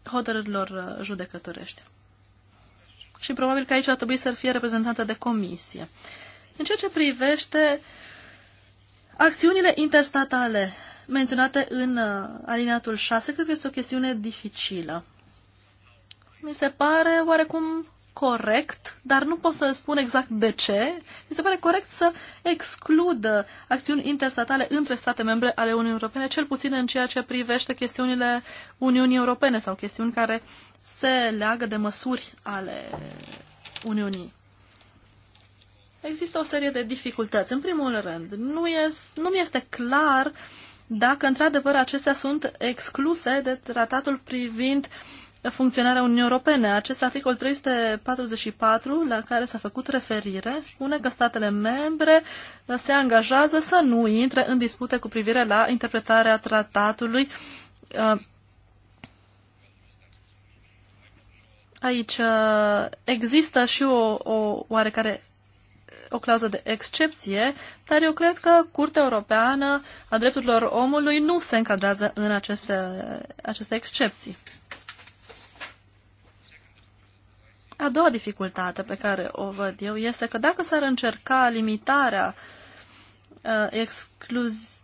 hotărârilor uh, judecătorești. Și probabil că aici ar trebui să fie reprezentată de comisie. În ceea ce privește acțiunile interstatale menționate în uh, alineatul 6, cred că este o chestiune dificilă mi se pare oarecum corect, dar nu pot să spun exact de ce, mi se pare corect să excludă acțiuni interstatale între state membre ale Uniunii Europene, cel puțin în ceea ce privește chestiunile Uniunii Europene sau chestiuni care se leagă de măsuri ale Uniunii. Există o serie de dificultăți. În primul rând, nu, este, nu mi este clar dacă într-adevăr acestea sunt excluse de tratatul privind uh, funcționarea Uniunii Europene. Acest articol 344, la care s-a făcut referire, spune că statele membre se angajează să nu intre în dispute cu privire la interpretarea tratatului. Uh, aici uh, există și o, o oarecare o clauză de excepție, dar eu cred că Curtea Europeană a Drepturilor Omului nu se încadrează în aceste, aceste excepții. A doua dificultate pe care o văd eu este că dacă s-ar încerca limitarea uh, excluz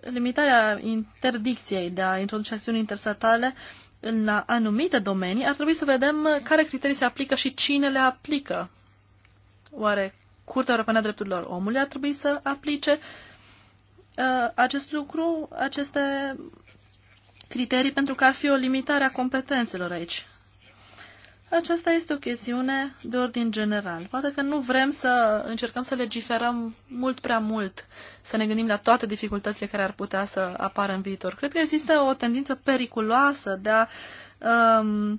limitarea interdicției de a introduce acțiuni interstatale în anumite domenii, ar trebui să vedem care criterii se aplică și cine le aplică. Oare Curtea Europeană a Drepturilor Omului ar trebui să aplice uh, acest lucru, aceste criterii, pentru că ar fi o limitare a competențelor aici. Aceasta este o chestiune de ordin general. Poate că nu vrem să încercăm să legiferăm mult prea mult, să ne gândim la toate dificultățile care ar putea să apară în viitor. Cred că există o tendință periculoasă de a um,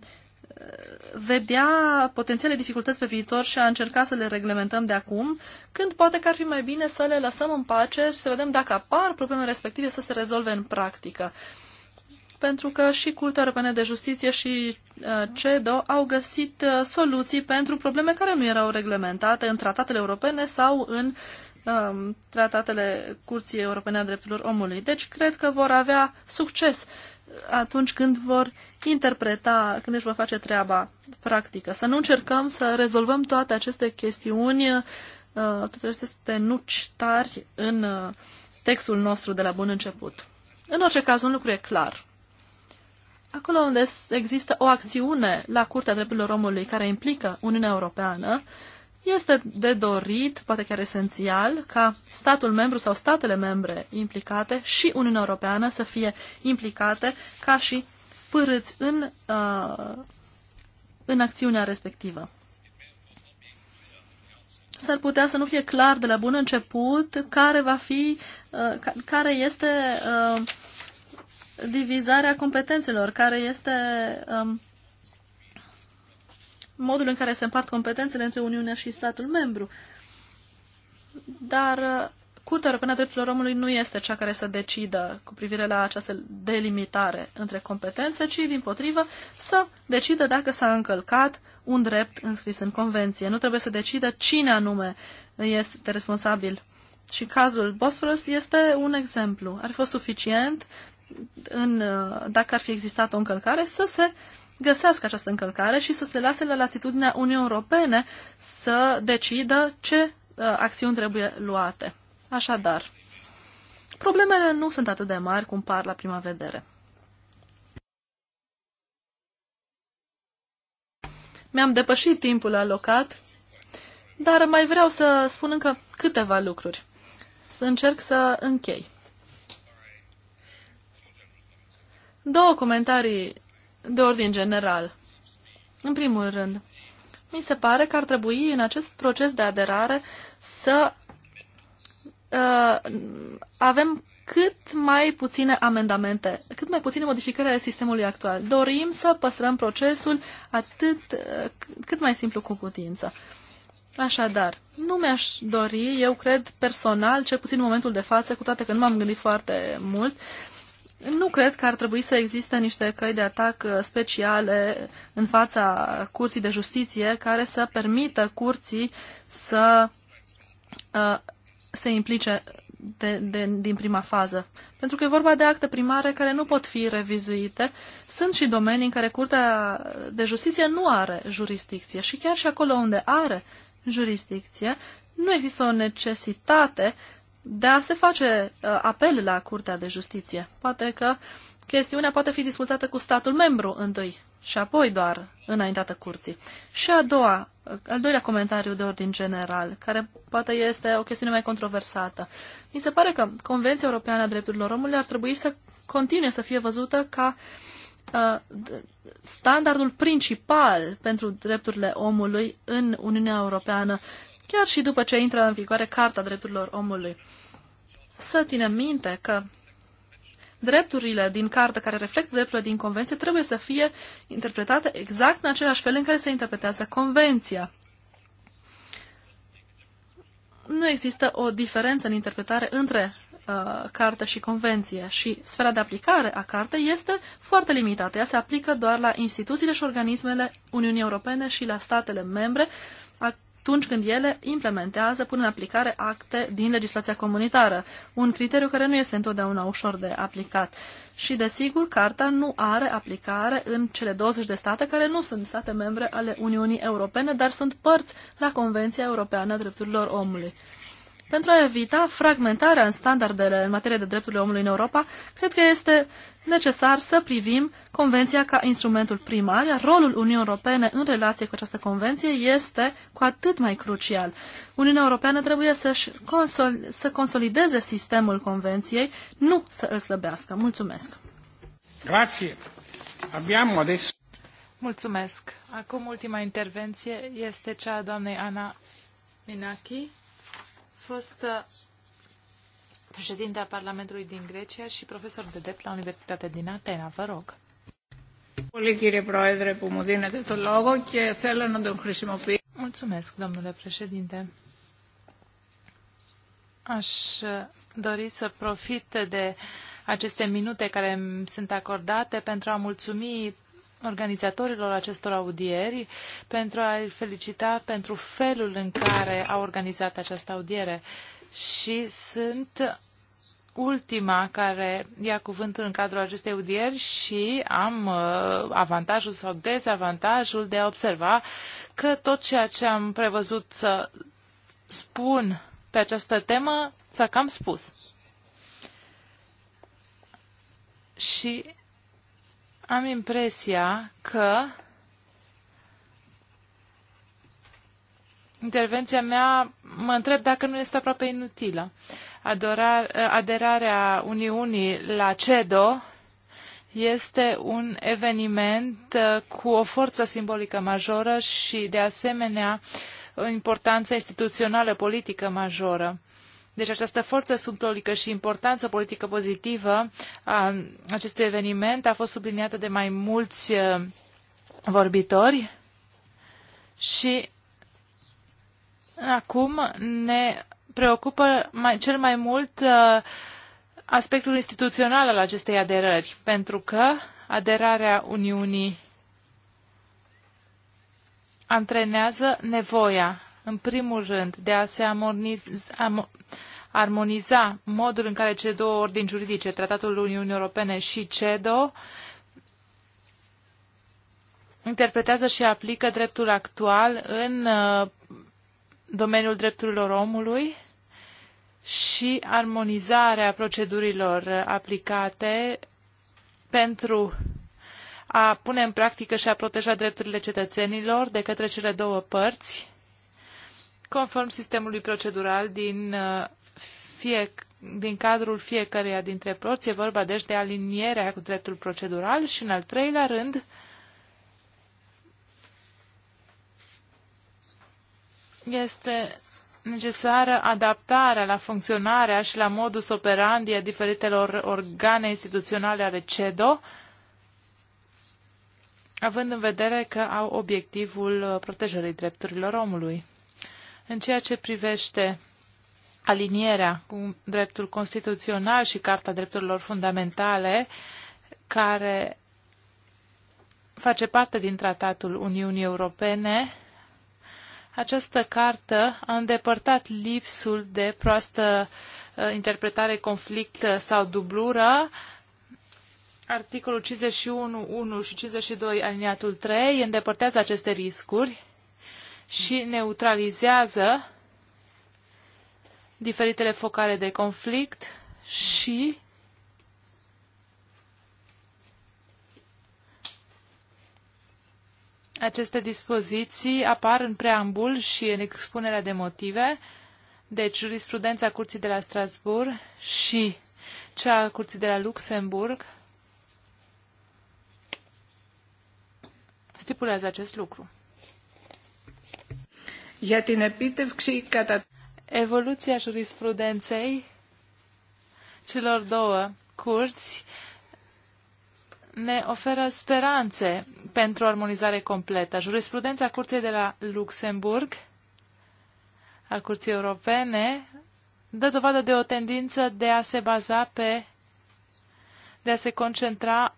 vedea potențiale dificultăți pe viitor și a încerca să le reglementăm de acum, când poate că ar fi mai bine să le lăsăm în pace și să vedem dacă apar problemele respective să se rezolve în practică. Uh, pentru că și Curtea Europeană de Justiție și uh, CEDO au găsit uh, soluții pentru probleme care nu erau reglementate în tratatele europene sau în um, tratatele Curții Europene a Drepturilor Omului. Deci cred că vor avea succes atunci când vor interpreta, când își vor face treaba practică. Să nu încercăm să rezolvăm toate aceste chestiuni, uh, toate aceste nuci tari în textul nostru de la bun început. În orice caz, un lucru e clar acolo unde există o acțiune la Curtea Drepturilor Omului care implică Uniunea Europeană, este de dorit, poate chiar esențial, ca statul membru sau statele membre implicate și Uniunea Europeană să fie implicate ca și părâți în, uh, în acțiunea respectivă. S-ar putea să nu fie clar de la bun început care va fi, uh, care este uh, divizarea competențelor, care este um, modul în care se împart competențele între Uniunea și statul membru. Dar uh, Curtea Europeană a Drepturilor Omului nu este cea care să decidă cu privire la această delimitare între competențe, ci, din potrivă, să decidă dacă s-a încălcat un drept înscris în convenție. Nu trebuie să decidă cine anume este responsabil. Și cazul Bosphorus este un exemplu. Ar fi fost suficient în, uh, dacă ar fi existat o încălcare, să se găsească această încălcare și să se lase la latitudinea Uniunii Europene să decidă ce uh, acțiuni trebuie luate. Așadar, problemele nu sunt atât de mari cum par la prima vedere. Mi-am depășit timpul alocat, dar mai vreau să spun încă câteva lucruri. Să încerc să închei. Două comentarii de ordin general. În primul rând, mi se pare că ar trebui în acest proces de aderare să uh, avem cât mai puține amendamente, cât mai puține modificări ale sistemului actual. Dorim să păstrăm procesul atât, uh, cât mai simplu cu putință. Așadar, nu mi-aș dori, eu cred personal, cel puțin în momentul de față, cu toate că nu m-am gândit foarte mult, nu cred că ar trebui să existe niște căi de atac uh, speciale în fața Curții de Justiție care să permită Curții să uh, se implice de, de, din prima fază. Pentru că e vorba de acte primare care nu pot fi revizuite. Sunt și domenii în care Curtea de Justiție nu are jurisdicție și chiar și acolo unde are jurisdicție, nu există o necesitate a se face uh, apel la Curtea de Justiție. Poate că chestiunea poate fi discutată cu statul membru întâi și apoi doar înaintată curții. Și a doua, al doilea comentariu de ordin general, care poate este o chestiune mai controversată. Mi se pare că Convenția Europeană a Drepturilor Omului ar trebui să continue să fie văzută ca uh, standardul principal pentru drepturile omului în Uniunea Europeană, chiar și după ce intră în vigoare Carta Drepturilor Omului să ținem minte că drepturile din carte care reflectă drepturile din convenție trebuie să fie interpretate exact în același fel în care se interpretează convenția. Nu există o diferență în interpretare între uh, carte și convenție și sfera de aplicare a cartei este foarte limitată. Ea se aplică doar la instituțiile și organismele Uniunii Europene și la statele membre uh, atunci când ele implementează, pun în aplicare acte din legislația comunitară, un criteriu care nu este întotdeauna ușor de aplicat. Și, desigur, carta nu are aplicare în cele 20 de state care nu sunt state membre ale Uniunii Europene, dar sunt părți la Convenția Europeană a Drepturilor Omului pentru a evita fragmentarea în standardele în materie de drepturile omului în Europa, cred că este necesar să privim convenția ca instrumentul primar, iar rolul Uniunii Europene în relație cu această convenție este cu atât mai crucial. Uniunea Europeană trebuie să, consol- să consolideze sistemul convenției, nu să îl slăbească. Mulțumesc! Grazie! Abbiamo adesso... Mulțumesc! Acum ultima intervenție este cea a doamnei Ana Minaki fost uh, președinte a Parlamentului din Grecia și profesor de drept la Universitatea din Atena. Vă rog. Mulțumesc, domnule președinte. Aș uh, dori să profit de aceste minute care sunt acordate pentru a mulțumi organizatorilor acestor audieri pentru a-i felicita pentru felul în care au organizat această audiere și sunt ultima care ia cuvântul în cadrul acestei audieri și am uh, avantajul sau dezavantajul de a observa că tot ceea ce am prevăzut să spun pe această temă s-a cam spus. Și am impresia că intervenția mea mă întreb dacă nu este aproape inutilă. Adorar, aderarea Uniunii la CEDO este un eveniment uh, cu o forță simbolică majoră și, de asemenea, o importanță instituțională politică majoră. Deci această forță symbolică și importanță politică pozitivă a acestui eveniment a fost subliniată de mai mulți uh, vorbitori și acum ne preocupă mai, cel mai mult uh, aspectul instituțional al acestei aderări, pentru că aderarea Uniunii antrenează nevoia, în primul rând, de a se amorniza, armoniza modul în care cele două ordini juridice, Tratatul Uniunii Europene și CEDO, interpretează și aplică dreptul actual în uh, domeniul drepturilor omului și armonizarea procedurilor aplicate pentru a pune în practică și a proteja drepturile cetățenilor de către cele două părți, conform sistemului procedural din uh, fie, din cadrul fiecăreia dintre proți, E vorba deci de alinierea cu dreptul procedural și, în al treilea rând, este necesară adaptarea la funcționarea și la modus operandi a diferitelor organe instituționale ale CEDO, având în vedere că au obiectivul protejării drepturilor omului. În ceea ce privește alinierea cu dreptul constituțional și Carta Drepturilor Fundamentale, care face parte din Tratatul Uniunii Europene, această cartă a îndepărtat lipsul de proastă uh, interpretare, conflict uh, sau dublură. Articolul 51.1 și 52 aliniatul 3 îndepărtează aceste riscuri și neutralizează diferitele focare de conflict și aceste dispoziții apar în preambul și în expunerea de motive, deci jurisprudența Curții de la Strasburg și cea a Curții de la Luxemburg stipulează acest lucru. Για την επίτευξη κατά evoluția jurisprudenței celor două curți ne oferă speranțe pentru o armonizare completă. Jurisprudența Curții de la Luxemburg, a Curții Europene, dă dovadă de o tendință de a se baza pe, de a se concentra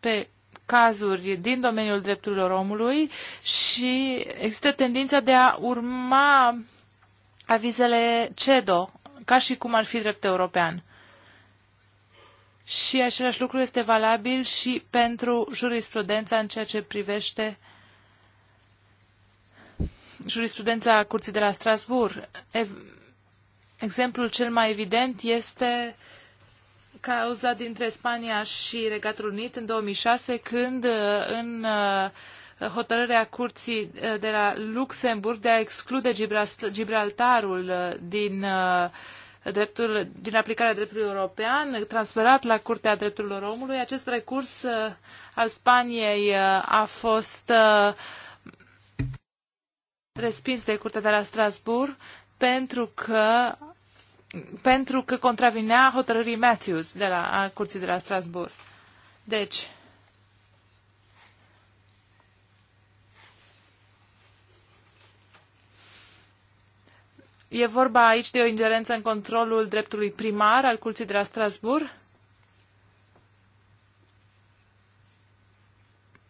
pe cazuri din domeniul drepturilor omului și există tendința de a urma avizele CEDO, ca și cum ar fi drept european. Și același lucru este valabil și pentru jurisprudența în ceea ce privește jurisprudența Curții de la Strasbourg. Exemplul cel mai evident este uh, cauza dintre Spania și Regatul Unit în 2006, când uh, în uh, hotărârea curții uh, de la Luxemburg de a exclude Gibraltarul din dreptul, din aplicarea dreptului european, transferat la Curtea Drepturilor Omului. Acest recurs al Spaniei a fost respins de Curtea de la Strasbourg pentru că pentru că contravinea hotărârii Matthews de la a Curții de la Strasbourg. Deci, E vorba aici de o ingerență în controlul dreptului primar al Curții de la Strasbourg.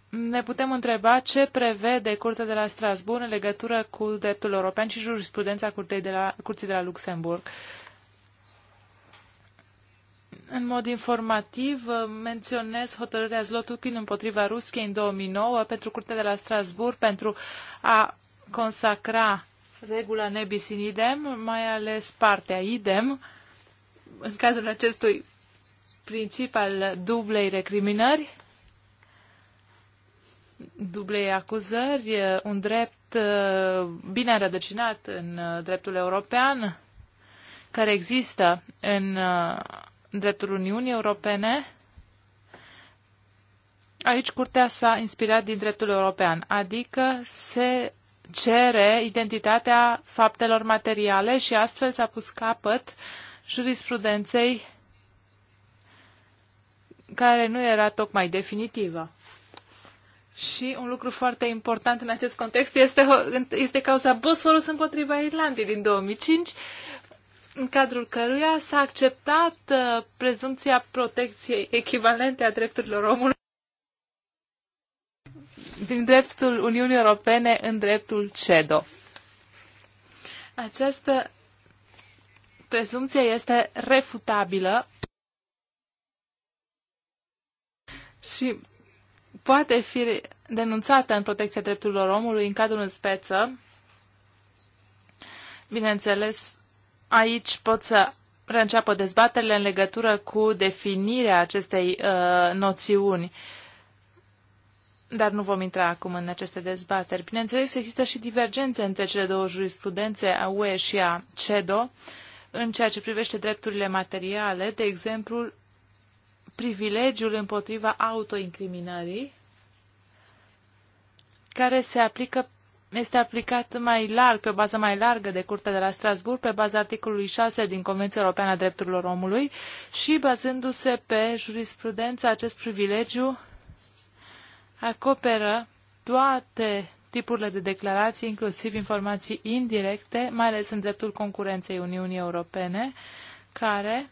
Ne putem întreba ce prevede Curtea de la Strasbourg în legătură cu dreptul european și jurisprudența Curții de la, Curții de la Luxemburg. În mod informativ, menționez hotărârea Zlotukin împotriva Rusiei în 2009 pentru Curtea de la Strasburg pentru a consacra regula nebis in idem, mai ales partea idem, în cadrul acestui princip al dublei recriminări, dublei acuzări, un drept uh, bine rădăcinat în uh, dreptul european, care există în uh, în dreptul Uniunii Europene. Aici curtea s-a inspirat din dreptul european, adică se cere identitatea faptelor materiale și astfel s-a pus capăt jurisprudenței care nu era tocmai definitivă. Și un lucru foarte important în acest context este, este cauza Bosforus împotriva Irlandei din 2005, în cadrul căruia s-a acceptat uh, prezumția protecției echivalente a drepturilor omului din dreptul Uniunii Europene în dreptul CEDO. Această prezumție este refutabilă și poate fi denunțată în protecția drepturilor omului în cadrul în speță, bineînțeles, Aici pot să reînceapă dezbaterile în legătură cu definirea acestei uh, noțiuni. Dar nu vom intra acum în aceste dezbateri. Bineînțeles, există și divergențe între cele două jurisprudențe, a UE și a CEDO, în ceea ce privește drepturile materiale, de exemplu, privilegiul împotriva autoincriminării, care se aplică este aplicat mai larg, pe o bază mai largă de Curtea de la Strasburg, pe baza articolului 6 din Convenția Europeană a Drepturilor Omului și bazându-se pe jurisprudența, acest privilegiu acoperă toate tipurile de declarații, inclusiv informații indirecte, mai ales în dreptul concurenței Uniunii Europene, care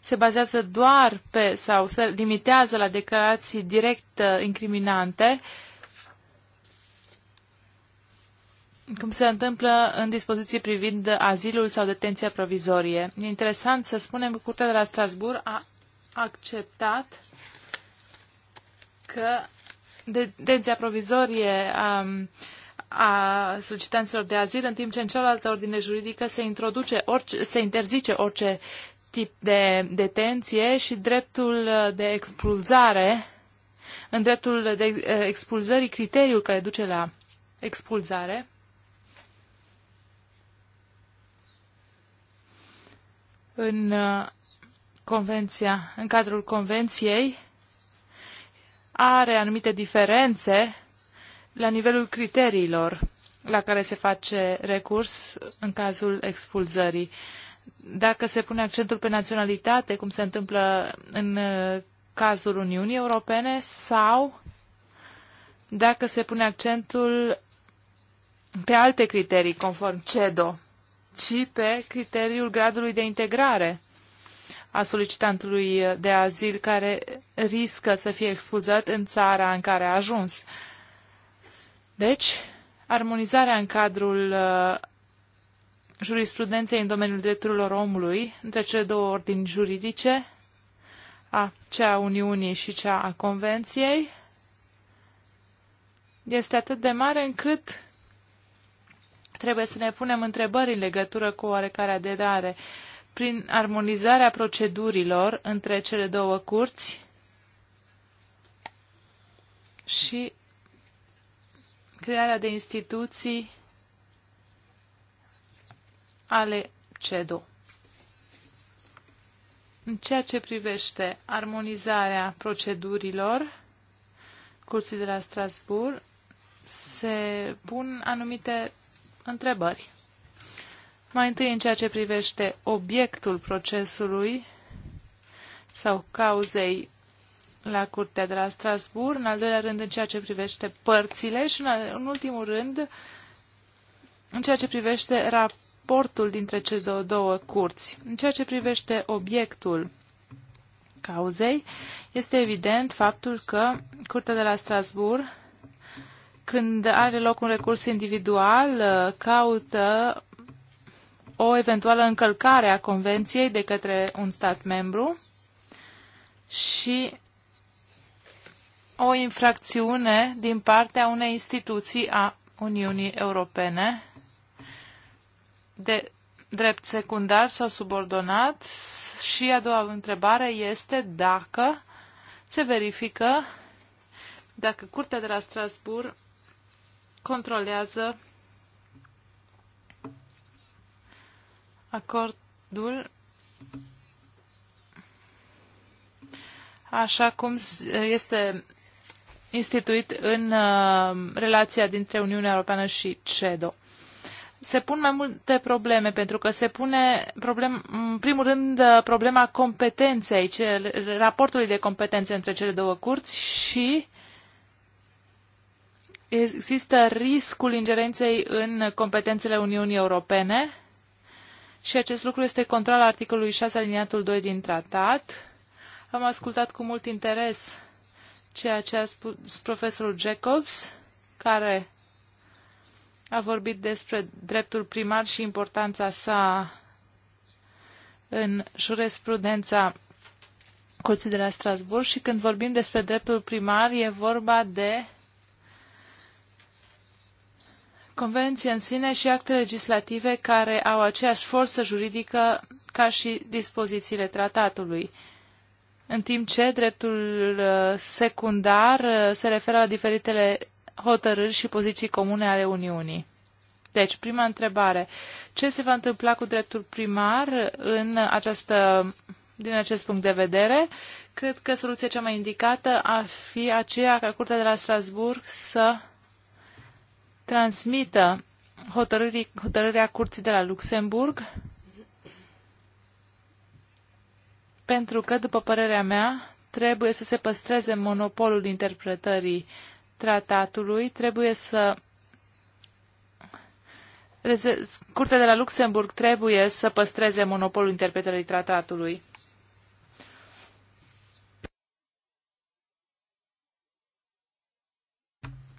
se bazează doar pe sau se limitează la declarații direct uh, incriminante, cum se întâmplă în dispoziții privind azilul sau detenția provizorie. E interesant să spunem că Curtea de la Strasbourg a acceptat că detenția provizorie um, a solicitanților de azil, în timp ce în cealaltă ordine juridică se, introduce orice, se interzice orice tip de detenție și dreptul de expulzare. În dreptul de eh, expulzării, criteriul care duce la expulzare în eh, convenția, în cadrul convenției are anumite diferențe la nivelul criteriilor la care se face recurs în cazul expulzării. Uh, dacă se pune accentul pe naționalitate, cum se întâmplă în uh, cazul Uniunii Europene, sau dacă se pune accentul pe alte criterii, conform CEDO, ci pe criteriul gradului de integrare a solicitantului de azil care riscă să fie expulzat în țara în care a ajuns. Deci, armonizarea în cadrul uh, jurisprudenței în domeniul drepturilor omului între cele două ordini juridice, a cea a Uniunii și cea a Convenției, este atât de mare încât trebuie să ne punem întrebări în legătură cu oarecare aderare. Prin armonizarea procedurilor între cele două curți și crearea de instituții ale CEDO. În ceea ce privește armonizarea procedurilor curții de la Strasbourg, se pun anumite întrebări. Mai întâi, în ceea ce privește obiectul procesului sau cauzei la Curtea de la Strasbourg, în al doilea rând, în ceea ce privește părțile și, în, ultimul rând, în ceea ce privește raportul raportul dintre cele două curți. În ceea ce privește obiectul cauzei, este evident faptul că Curtea de la Strasbourg, când are loc un recurs individual, caută o eventuală încălcare a Convenției de către un stat membru și o infracțiune din partea unei instituții a Uniunii Europene de drept secundar sau subordonat? Și a doua întrebare este dacă se verifică dacă Curtea de la Strasbourg controlează acordul așa cum este instituit în uh, relația dintre Uniunea Europeană și CEDO se pun mai multe probleme, pentru că se pune, problem, în primul rând, problema competenței, cel, raportului de competențe între cele două curți și există riscul ingerenței în competențele Uniunii Europene și acest lucru este control la articolului 6 aliniatul 2 din tratat. Am ascultat cu mult interes ceea ce a spus profesorul Jacobs, care a vorbit despre dreptul primar și importanța sa în jurisprudența Curții de la Strasburg și când vorbim despre dreptul primar e vorba de convenție în sine și acte legislative care au aceeași forță juridică ca și dispozițiile tratatului. În timp ce dreptul uh, secundar uh, se referă la diferitele hotărâri și poziții comune ale Uniunii. Deci, prima întrebare. Ce se va întâmpla cu dreptul primar în această, din acest punct de vedere? Cred că soluția cea mai indicată a fi aceea ca Curtea de la Strasburg să transmită hotărârea Curții de la Luxemburg, pentru că, după părerea mea, trebuie să se păstreze monopolul interpretării uh, tratatului trebuie să Curtea de la Luxemburg trebuie să păstreze monopolul interpretării tratatului.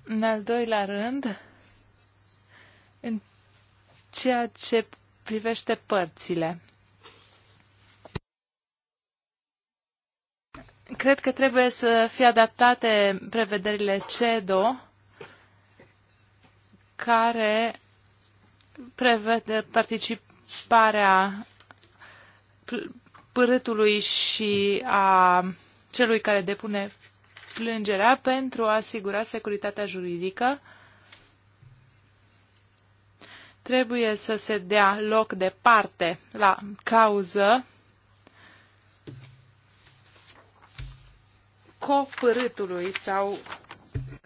În al doilea rând, în ceea ce privește părțile. Cred că trebuie să fie adaptate prevederile CEDO care prevede participarea părâtului și a celui care depune plângerea pentru a asigura securitatea juridică. Trebuie să se dea loc de parte la cauză copărâtului sau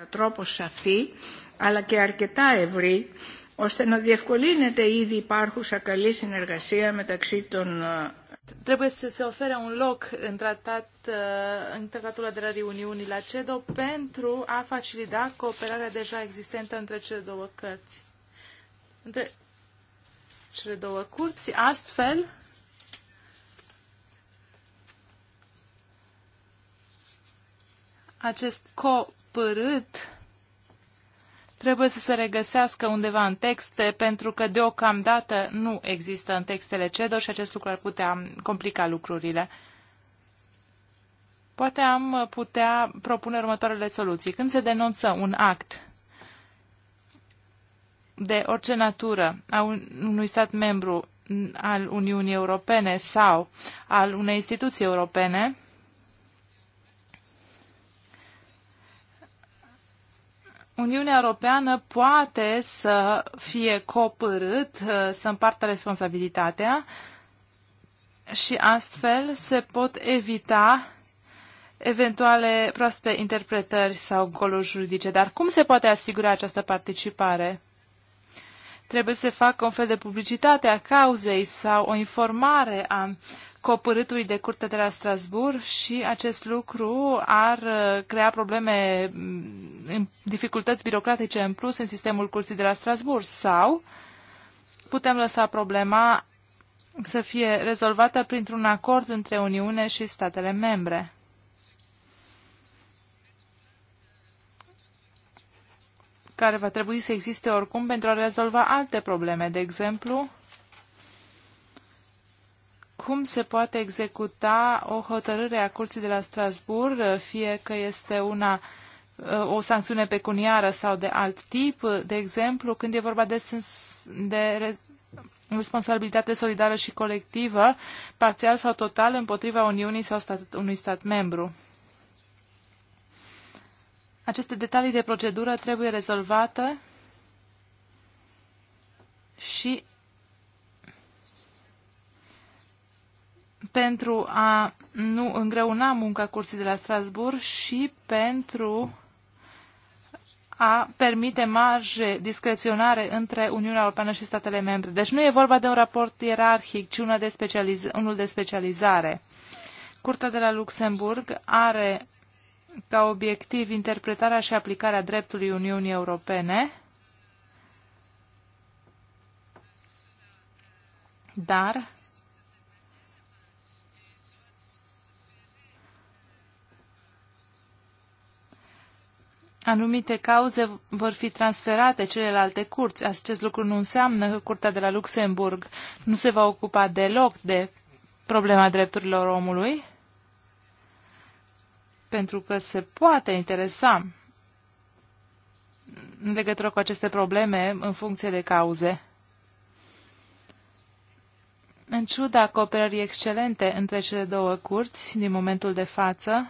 τρόπο σαφή αλλά και αρκετά ευρύ ώστε να διευκολύνεται η ήδη υπάρχουσα καλή συνεργασία μεταξύ των Trebuie să se ofere un loc în, tratat, eh, în tratatul aderării Uniunii la CEDO pentru a facilita cooperarea deja existentă între cele două cărți. Între cele două curți, astfel acest copărât trebuie să se regăsească undeva în texte, pentru că deocamdată nu există în textele CEDO și acest lucru ar putea complica lucrurile. Poate am putea propune următoarele soluții. Când se denunță un act de orice natură a unui stat membru al Uniunii Europene sau al unei instituții europene, Uniunea Europeană poate să fie copărât, uh, să împartă responsabilitatea și astfel se pot evita eventuale proaste interpretări sau goluri juridice. Dar cum se poate asigura această participare? Trebuie să facă un fel de publicitate a cauzei sau o informare a copârâtului de curte de la Strasbourg și acest lucru ar uh, crea probleme, mm, dificultăți birocratice în plus în sistemul curții de la Strasbourg sau putem lăsa problema să fie rezolvată printr-un acord între Uniune și statele membre. care va trebui să existe oricum pentru a rezolva alte probleme, de exemplu, cum se poate executa o hotărâre a Curții de la Strasbourg, fie că este una uh, o sancțiune pecuniară sau de alt tip, de exemplu, când e vorba de, de responsabilitate solidară și colectivă, parțial sau total, împotriva Uniunii sau stat, unui stat membru. Aceste detalii de procedură trebuie rezolvate și pentru a nu îngreuna munca curții de la Strasbourg și pentru a permite marge discreționare între Uniunea Europeană și statele membre. Deci nu e vorba de un raport ierarhic, ci una de specializ- unul de specializare. Curtea de la Luxemburg are ca obiectiv interpretarea și aplicarea dreptului Uniunii Europene, dar anumite cauze vor fi transferate celelalte curți. Acest lucru nu înseamnă că Curtea de la Luxemburg nu se va ocupa deloc de problema drepturilor omului, pentru că se poate interesa în legătură cu aceste probleme în funcție de cauze. În ciuda cooperării excelente între cele două curți din momentul de față,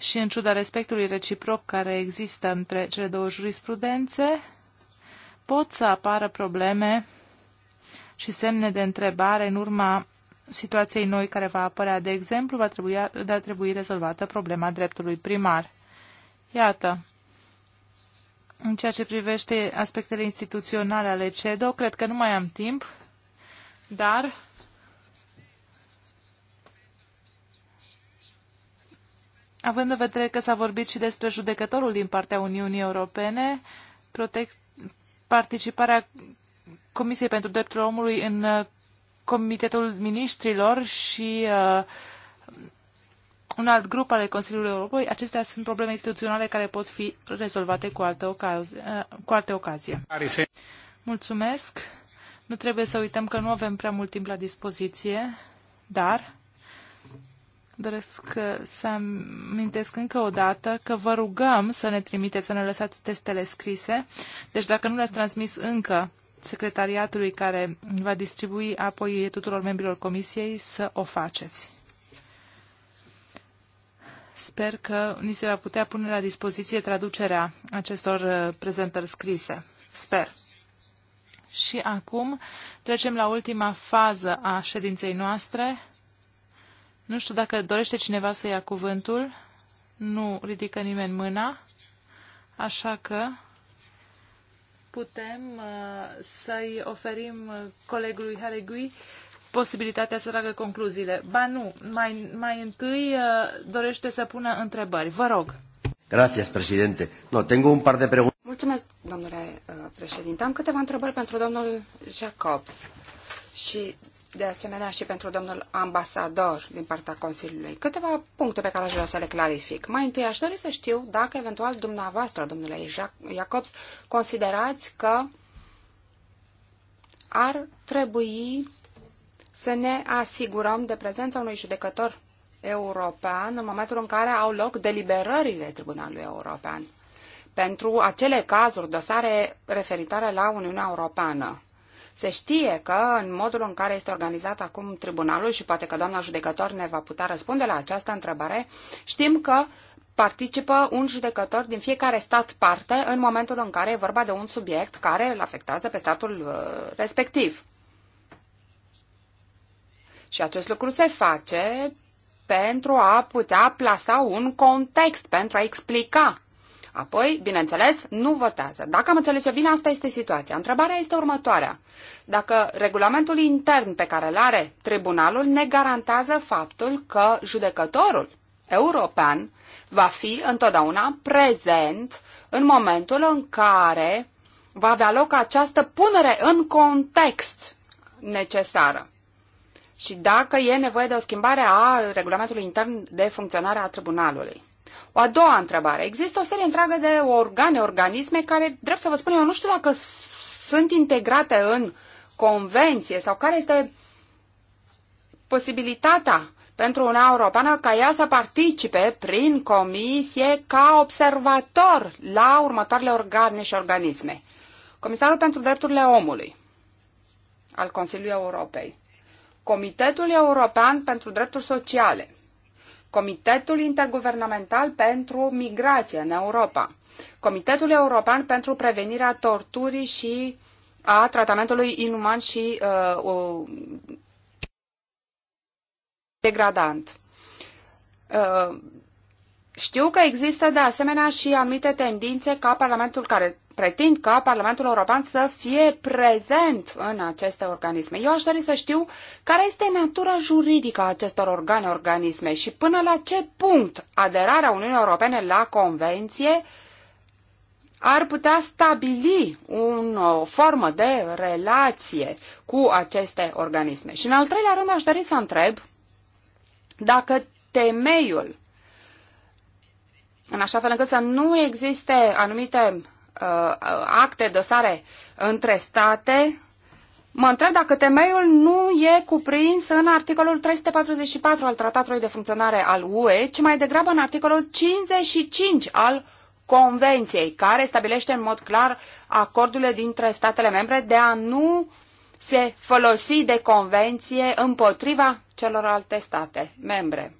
și în ciuda respectului reciproc care există între cele două jurisprudențe, pot să apară probleme și semne de întrebare în urma situației noi care va apărea. De exemplu, va trebui, va trebui rezolvată problema dreptului primar. Iată, în ceea ce privește aspectele instituționale ale CEDO, cred că nu mai am timp, dar Având în vedere că s-a vorbit și despre judecătorul din partea Uniunii Europene, protect, participarea Comisiei pentru Drepturile Omului în uh, Comitetul Ministrilor și uh, un alt grup ale Consiliului Europei, acestea sunt probleme instituționale care pot fi rezolvate cu alte, ocazie, uh, cu alte ocazie. Mulțumesc! Nu trebuie să uităm că nu avem prea mult timp la dispoziție, dar Doresc uh, să amintesc încă o dată că vă rugăm să ne trimiteți, să ne lăsați testele scrise. Deci dacă nu le-ați transmis încă secretariatului care va distribui apoi tuturor membrilor comisiei, să o faceți. Sper că ni se va putea pune la dispoziție traducerea acestor uh, prezentări scrise. Sper. Și acum trecem la ultima fază a ședinței noastre nu știu dacă dorește cineva să ia cuvântul. Nu ridică nimeni mâna. Așa că putem uh, să-i oferim uh, colegului Haregui posibilitatea să tragă concluziile. Ba nu, mai, mai întâi uh, dorește să pună întrebări. Vă rog. Gracias, președinte. No, tengo un par de preguntas. Mulțumesc, domnule uh, președinte. Am câteva întrebări pentru domnul Jacobs. Și de asemenea și pentru domnul ambasador din partea Consiliului. Câteva puncte pe care aș vrea să le clarific. Mai întâi aș dori să știu dacă eventual dumneavoastră, domnule Iacobs, considerați că ar trebui să ne asigurăm de prezența unui judecător european în momentul în care au loc deliberările Tribunalului European pentru acele cazuri, dosare referitoare la Uniunea Europeană. Se știe că în modul în care este organizat acum tribunalul și poate că doamna judecător ne va putea răspunde la această întrebare, știm că participă un judecător din fiecare stat parte în momentul în care e vorba de un subiect care îl afectează pe statul uh, respectiv. Și acest lucru se face pentru a putea plasa un context, pentru a explica Apoi, bineînțeles, nu votează. Dacă am înțeles eu bine, asta este situația. Întrebarea este următoarea. Dacă regulamentul intern pe care îl are tribunalul ne garantează faptul că judecătorul european va fi întotdeauna prezent în momentul în care va avea loc această punere în context necesară. Și dacă e nevoie de o schimbare a regulamentului intern de funcționare a tribunalului. O a doua întrebare. Există o serie întreagă de organe, organisme care, drept să vă spun, eu nu știu dacă sunt integrate în convenție sau care este posibilitatea pentru Uniunea Europeană ca ea să participe prin comisie ca observator la următoarele organe și organisme. Comisarul pentru Drepturile Omului al Consiliului Europei, Comitetul European pentru Drepturi Sociale, Comitetul Interguvernamental pentru Migrație în Europa, Comitetul European pentru Prevenirea Torturii și a Tratamentului Inuman și uh, uh, Degradant. Uh, știu că există de asemenea și anumite tendințe ca Parlamentul care Pretind ca Parlamentul European să fie prezent în aceste organisme. Eu aș dori să știu care este natura juridică a acestor organe, organisme și până la ce punct aderarea Uniunii Europene la Convenție ar putea stabili un, o formă de relație cu aceste organisme. Și în al treilea rând aș dori să întreb dacă temeiul, în așa fel încât să nu existe anumite Uh, acte, dosare între state, mă întreb dacă temeiul nu e cuprins în articolul 344 al Tratatului de Funcționare al UE, ci mai degrabă în articolul 55 al Convenției, care stabilește în mod clar acordurile dintre statele membre de a nu se folosi de convenție împotriva celorlalte state membre.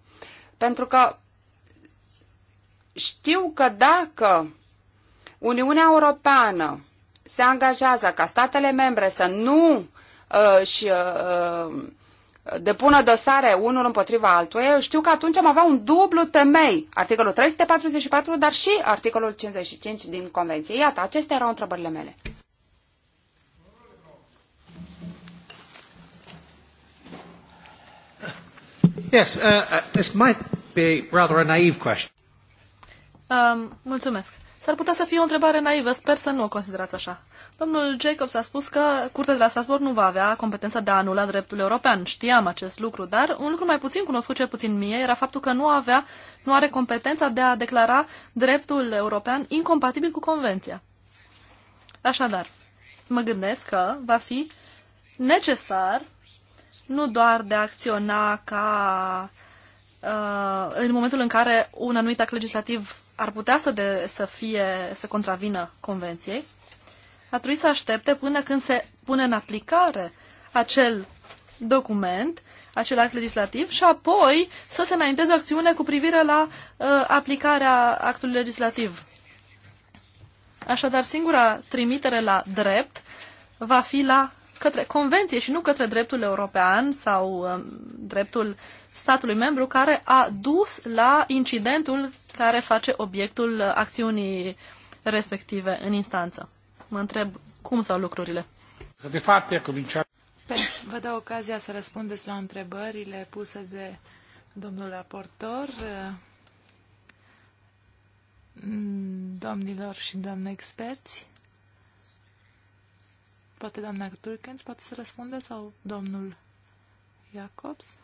Pentru că știu că dacă Uniunea Europeană se angajează ca statele membre să nu uh, uh, uh depună dosare unul împotriva altuia, știu că atunci am avea un dublu temei, articolul 344, dar și articolul 55 din Convenție. Iată, acestea erau întrebările mele. Yes, uh, uh, this might be rather a naive question. Um, mulțumesc. S-ar putea să fie o întrebare naivă, sper să nu o considerați așa. Domnul Jacobs a spus că Curtea de la Strasbourg nu va avea competența de a anula dreptul european. Știam acest lucru, dar un lucru mai puțin cunoscut, cel puțin mie, era faptul că nu avea, nu are competența de a declara dreptul european incompatibil cu Convenția. Așadar, mă gândesc că va fi necesar nu doar de a acționa ca uh, în momentul în care un anumit act legislativ ar putea să, de, să, fie, să contravină convenției, ar trebui să aștepte până când se pune în aplicare acel document, acel act legislativ și apoi să se înainteze o acțiune cu privire la uh, aplicarea actului legislativ. Așadar, singura trimitere la drept va fi la către convenție și nu către dreptul european sau um, dreptul statului membru care a dus la incidentul care face obiectul acțiunii respective în instanță. Mă întreb cum stau lucrurile. Să de fapt, a cominciat... Vă dau ocazia să răspundeți la întrebările puse de domnul raportor, mm, domnilor și doamne experți. Poate doamna Turkens poate să răspundă sau domnul Jacobs?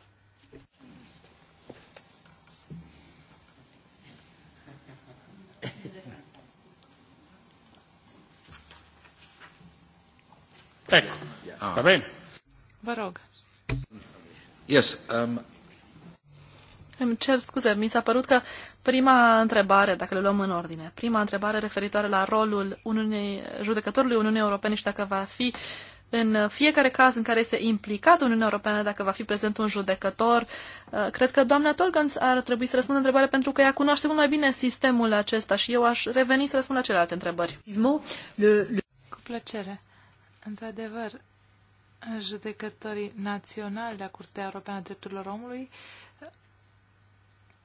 Ecco, ah. va bene. Vă rog. Yes, um... Îmi cer scuze, mi s-a părut că prima întrebare, dacă le luăm în ordine, prima întrebare referitoare la rolul Uniunii, judecătorului Uniunii Europene și dacă va fi în fiecare caz în care este implicat Uniunea Europeană, dacă va fi prezent un judecător, uh, cred că doamna Tolgans ar trebui să răspundă întrebare pentru că ea cunoaște mult mai bine sistemul acesta și eu aș reveni să răspund la celelalte întrebări. Cu plăcere. Într-adevăr, judecătorii naționali de la Curtea Europeană a Drepturilor Omului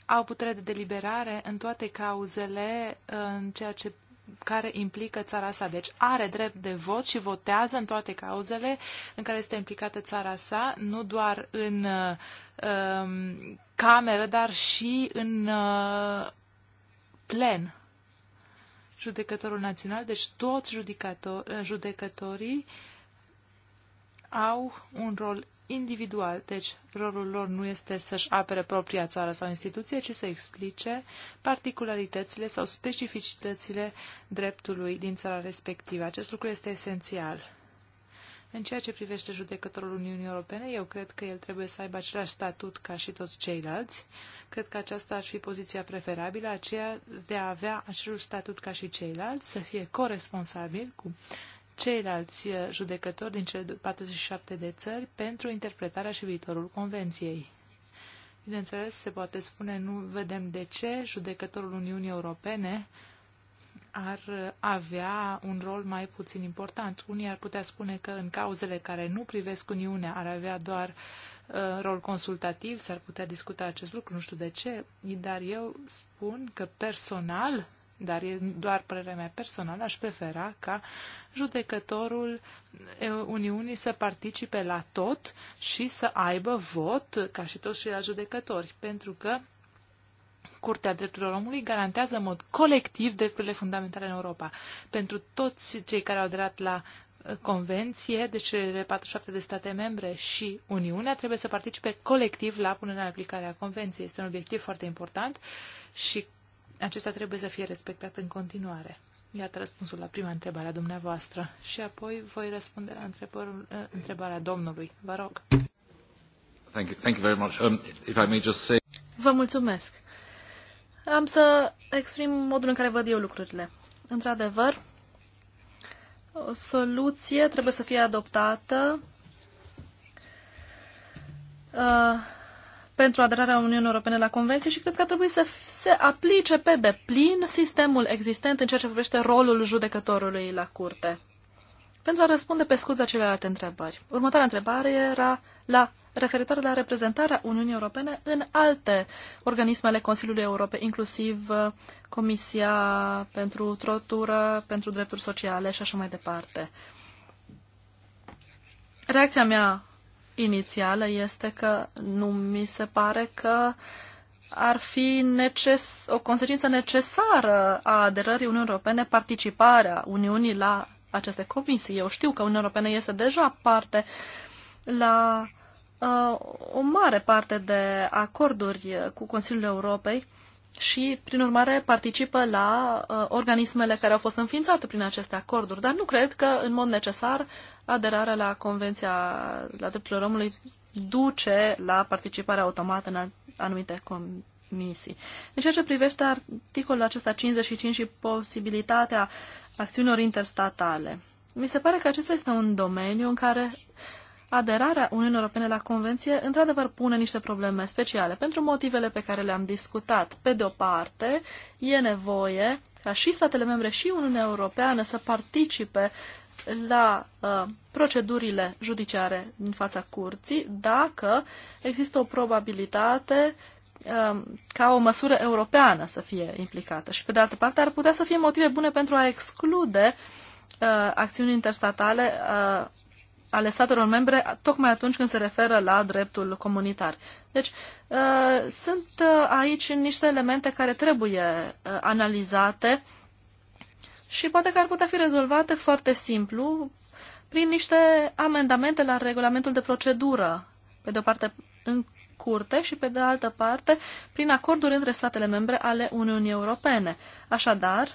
au putere de deliberare în toate cauzele în ceea ce care implică țara sa. Deci are drept de vot și votează în toate cauzele în care este implicată țara sa, nu doar în uh, cameră, dar și în uh, plen judecătorul național, deci toți judecătorii au un rol individual, deci rolul lor nu este să-și apere propria țară sau instituție, ci să explice particularitățile sau specificitățile dreptului din țara respectivă. Acest lucru este esențial. În ceea ce privește judecătorul Uniunii Europene, eu cred că el trebuie să aibă același statut ca și toți ceilalți. Cred că aceasta ar fi poziția preferabilă, aceea de a avea același statut ca și ceilalți, să fie corresponsabil cu ceilalți eh, judecători din cele 47 de țări pentru interpretarea și viitorul Convenției. Bineînțeles, se poate spune, nu vedem de ce judecătorul Uniunii Europene ar avea un rol mai puțin important. Unii ar putea spune că în cauzele care nu privesc Uniunea ar avea doar uh, rol consultativ, s-ar putea discuta acest lucru, nu știu de ce, dar eu spun că personal, dar e doar părerea mea personală, aș prefera ca judecătorul uh, Uniunii să participe la tot și să aibă vot, ca și toți ceilalți judecători, pentru că Curtea Drepturilor Omului garantează în mod colectiv drepturile fundamentale în Europa. Pentru toți cei care au aderat la uh, convenție, deci cele 47 de state membre și Uniunea trebuie să participe colectiv la punerea în aplicare a convenției. Este un obiectiv foarte important și acesta trebuie să fie respectat în continuare. Iată răspunsul la prima întrebare a dumneavoastră și apoi voi răspunde la uh, întrebarea domnului. Vă rog. Um, Vă mulțumesc. Am să exprim modul în care văd eu lucrurile. Într-adevăr, o soluție trebuie să fie adoptată uh, pentru aderarea Uniunii Europene la Convenție și cred că trebuie să se aplice pe deplin sistemul existent în ceea ce privește rolul judecătorului la curte. Pentru a răspunde pe scurt la celelalte întrebări. Următoarea întrebare era la referitor la reprezentarea Uniunii Europene în alte organisme ale Consiliului Europei, inclusiv uh, Comisia pentru Trotură, pentru Drepturi Sociale și așa mai departe. Reacția mea inițială este că nu mi se pare că ar fi neces- o consecință necesară a aderării Uniunii Europene participarea Uniunii la aceste comisii. Eu știu că Uniunea Europeană este deja parte la Uh, o mare parte de acorduri cu Consiliul Europei și, prin urmare, participă la uh, organismele care au fost înființate prin aceste acorduri. Dar nu cred că, în mod necesar, aderarea la Convenția la drepturile omului duce la participarea automată în anumite comisii. În ceea ce privește articolul acesta 55 și posibilitatea acțiunilor interstatale, mi se pare că acesta este un domeniu în care aderarea Uniunii Europene la Convenție într-adevăr pune niște probleme speciale pentru motivele pe care le-am discutat. Pe de o parte, e nevoie ca și statele membre și Uniunea Europeană să participe la uh, procedurile judiciare din fața curții dacă există o probabilitate um, ca o măsură europeană să fie implicată. Și pe de altă parte ar putea să fie motive bune pentru a exclude uh, acțiuni interstatale uh, ale statelor membre tocmai atunci când se referă la dreptul comunitar. Deci uh, sunt uh, aici niște elemente care trebuie uh, analizate și poate că ar putea fi rezolvate foarte simplu prin niște amendamente la regulamentul de procedură, pe de o parte în curte și pe de altă parte prin acorduri între statele membre ale Uniunii Europene. Așadar,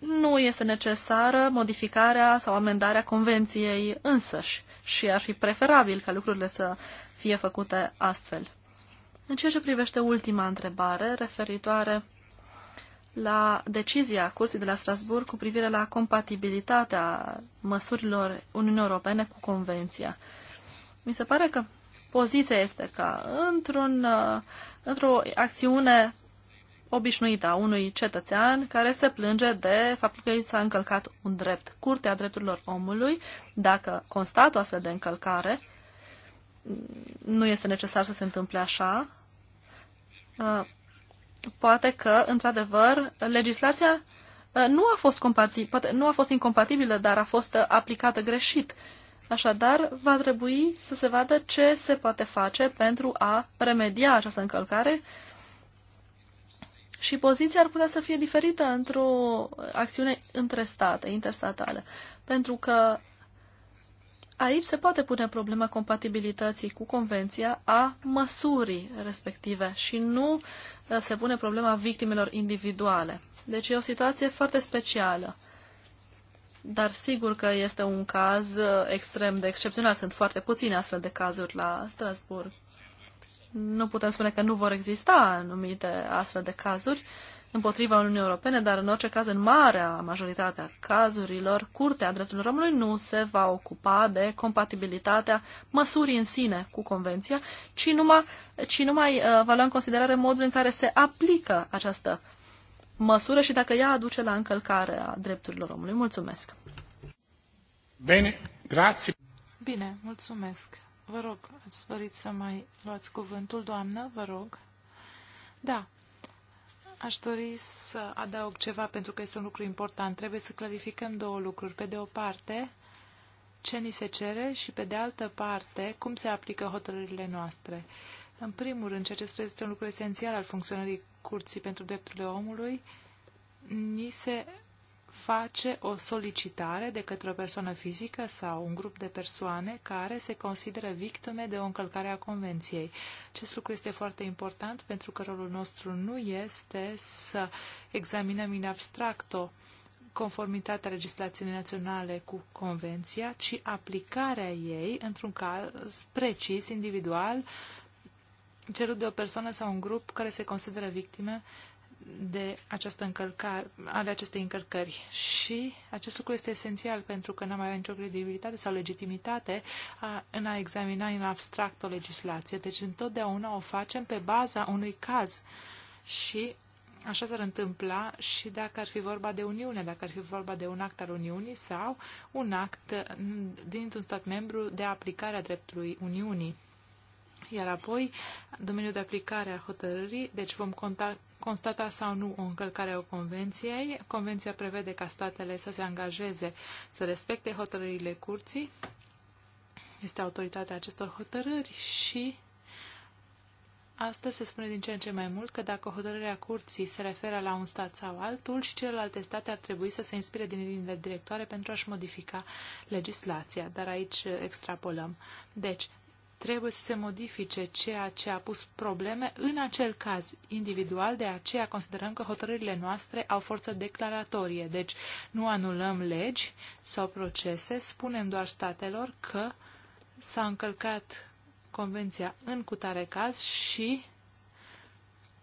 nu este necesară modificarea sau amendarea convenției însăși și ar fi preferabil ca lucrurile să fie făcute astfel. În ceea ce privește ultima întrebare, referitoare la decizia Curții de la Strasburg cu privire la compatibilitatea măsurilor Uniunii Europene cu Convenția. Mi se pare că poziția este că într-un, uh, într-o acțiune obișnuită a unui cetățean care se plânge de faptul că i s-a încălcat un drept. Curtea drepturilor omului, dacă constată o astfel de încălcare, nu este necesar să se întâmple așa, uh, poate că, într-adevăr, legislația uh, nu a fost, compatibil, poate nu a fost incompatibilă, dar a fost uh, aplicată greșit. Așadar, va trebui să se vadă ce se poate face pentru a remedia această încălcare și poziția ar putea să fie diferită într-o acțiune între state, interstatală. Pentru că aici se poate pune problema compatibilității cu convenția a măsurii respective și nu uh, se pune problema victimelor individuale. Deci e o situație foarte specială. Dar sigur că este un caz uh, extrem de excepțional. Sunt foarte puține astfel de cazuri la Strasburg nu putem spune că nu vor exista anumite astfel de cazuri împotriva Uniunii Europene, dar în orice caz, în marea majoritate a cazurilor, Curtea Drepturilor Omului nu se va ocupa de compatibilitatea măsurii în sine cu Convenția, ci numai, ci numai uh, va lua în considerare modul în care se aplică această măsură și dacă ea aduce la încălcare a drepturilor omului. Mulțumesc! Bine, grație! Bine, mulțumesc! Vă rog, ați dorit să mai luați cuvântul, doamnă? Vă rog. Da. Aș dori să adaug ceva pentru că este un lucru important. Trebuie să clarificăm două lucruri. Pe de o parte, ce ni se cere și pe de altă parte, cum se aplică hotărârile noastre. În primul rând, ceea ce este un lucru esențial al funcționării Curții pentru Drepturile Omului, ni se face o solicitare de către o persoană fizică sau un grup de persoane care se consideră victime de o încălcare a Convenției. Acest lucru este foarte important pentru că rolul nostru nu este să examinăm in abstracto conformitatea legislației naționale cu Convenția, ci aplicarea ei într-un caz precis, individual, cerut de o persoană sau un grup care se consideră victime de această încălcare, ale acestei încălcări. Și acest lucru este esențial pentru că n-am avea nicio credibilitate sau legitimitate a, în a examina în abstract o legislație. Deci întotdeauna o facem pe baza unui caz. Și Așa s-ar întâmpla și dacă ar fi vorba de Uniune, dacă ar fi vorba de un act al Uniunii sau un act dintr-un stat membru de aplicare a dreptului Uniunii. Iar apoi, domeniul de aplicare a hotărârii, deci vom conta constata sau nu o încălcare a convenției. Convenția prevede ca statele să se angajeze să respecte hotărârile curții. Este autoritatea acestor hotărâri și Astăzi se spune din ce în ce mai mult că dacă hotărârea curții se referă la un stat sau altul și celelalte state ar trebui să se inspire din liniile directoare pentru a-și modifica legislația, dar aici extrapolăm. Deci, trebuie să se modifice ceea ce a pus probleme în acel caz individual, de aceea considerăm că hotărârile noastre au forță declaratorie, deci nu anulăm legi sau procese, spunem doar statelor că s-a încălcat convenția în cutare caz și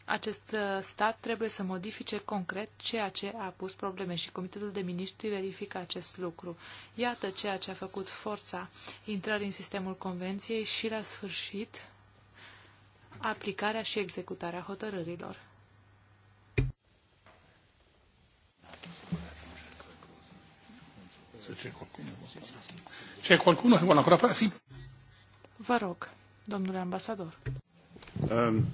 acest uh, stat trebuie să modifice concret ceea ce a pus probleme și Comitetul de Ministri verifică acest lucru. Iată ceea ce a făcut forța intrării în sistemul Convenției și, la sfârșit, aplicarea și executarea hotărârilor. Eh? Vă rog, domnule ambasador. Um,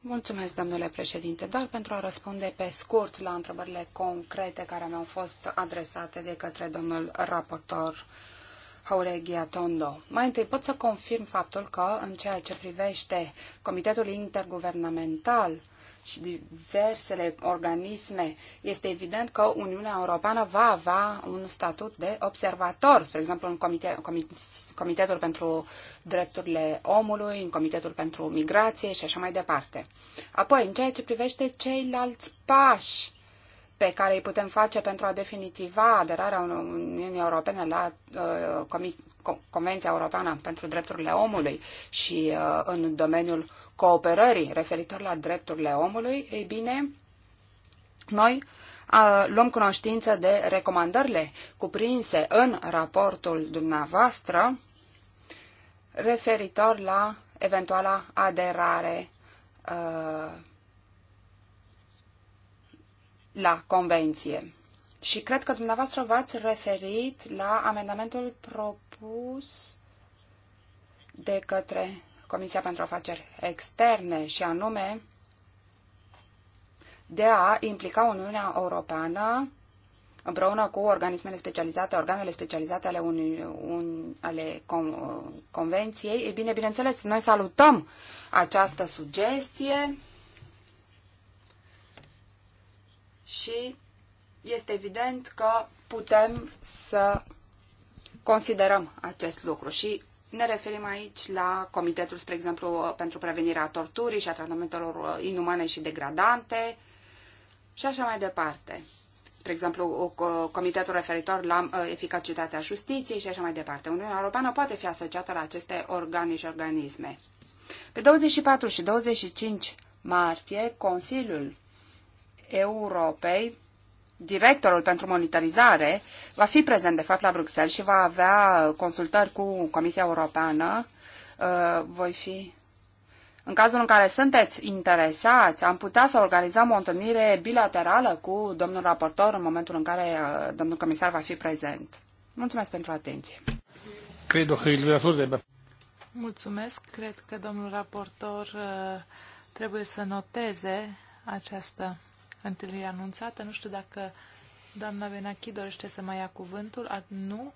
Mulțumesc, domnule președinte. Doar pentru a răspunde pe scurt la întrebările concrete care mi-au fost adresate de către domnul raportor Haureghia Tondo. Mai întâi pot să confirm faptul că, în ceea ce privește Comitetul Interguvernamental și diversele organisme, este evident că Uniunea Europeană va avea un statut de observator, spre exemplu în comite, comite, Comitetul pentru Drepturile Omului, în Comitetul pentru Migrație și așa mai departe. Apoi, în ceea ce privește ceilalți pași pe care îi putem face pentru a definitiva aderarea Uniunii Europene la uh, Comis Convenția Europeană pentru Drepturile Omului și uh, în domeniul cooperării referitor la drepturile omului, ei bine, noi uh, luăm cunoștință de recomandările cuprinse în raportul dumneavoastră referitor la eventuala aderare uh, la convenție. Și cred că dumneavoastră v-ați referit la amendamentul propus de către Comisia pentru Afaceri Externe și anume de a implica Uniunea Europeană împreună cu organismele specializate, organele specializate ale, unui, un, ale con, convenției. E bine, bineînțeles, noi salutăm această sugestie și este evident că putem să considerăm acest lucru și ne referim aici la Comitetul, spre exemplu, pentru prevenirea torturii și a tratamentelor uh, inumane și degradante și așa mai departe. Spre exemplu, uh, Comitetul referitor la uh, eficacitatea justiției și așa mai departe. Uniunea Europeană poate fi asociată la aceste organe și organisme. Pe 24 și 25 martie, Consiliul Europei, directorul pentru monitorizare, va fi prezent, de fapt, la Bruxelles și va avea consultări cu Comisia Europeană. Uh, voi fi... În cazul în care sunteți interesați, am putea să organizăm o întâlnire bilaterală cu domnul raportor în momentul în care uh, domnul comisar va fi prezent. Mulțumesc pentru atenție. Cred că Mulțumesc. Cred că domnul raportor uh, trebuie să noteze această întâlnire anunțată. Nu știu dacă doamna Benachi dorește să mai ia cuvântul. Nu.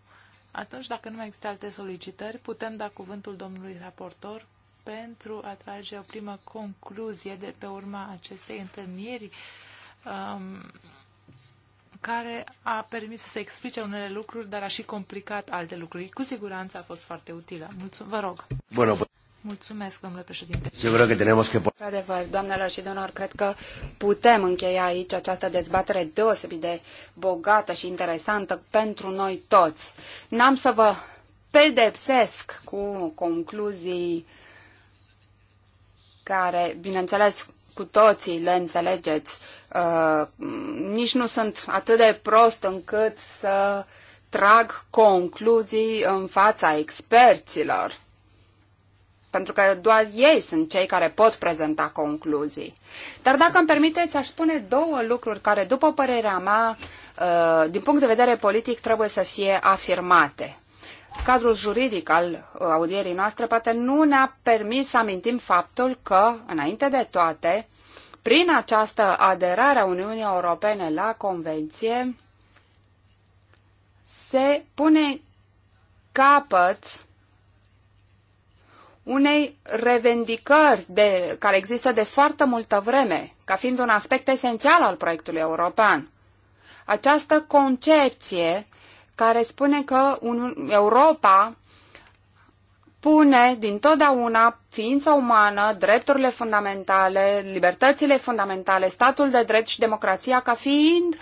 Atunci, dacă nu mai există alte solicitări, putem da cuvântul domnului raportor pentru a trage o primă concluzie de pe urma acestei întâlniri um, care a permis să se explice unele lucruri, dar a și complicat alte lucruri. Cu siguranță a fost foarte utilă. Mulțumesc, vă rog. Bună, Mulțumesc, domnule președinte. Sigur că tenemos que... Într-adevăr, doamnelor și domnilor, cred că putem încheia aici această dezbatere deosebit de bogată și interesantă pentru noi toți. N-am să vă pedepsesc cu concluzii care, bineînțeles, cu toții le înțelegeți. Uh, nici nu sunt atât de prost încât să trag concluzii în fața experților pentru că doar ei sunt cei care pot prezenta concluzii. Dar dacă îmi permiteți, aș spune două lucruri care, după părerea mea, uh, din punct de vedere politic, trebuie să fie afirmate. Cadrul juridic al uh, audierii noastre poate nu ne-a permis să amintim faptul că, înainte de toate, prin această aderare a Uniunii Europene la Convenție, se pune capăt unei revendicări de, care există de foarte multă vreme, ca fiind un aspect esențial al proiectului european. Această concepție care spune că un, Europa pune din totdeauna ființa umană, drepturile fundamentale, libertățile fundamentale, statul de drept și democrația ca fiind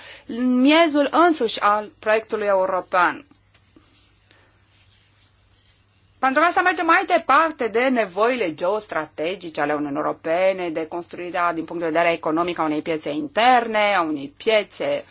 miezul însuși al proiectului european. Pentru că asta mergem mai departe de nevoile geostrategice ale Uniunii Europene, de construirea din punct de vedere economic a unei piețe interne, a unei piețe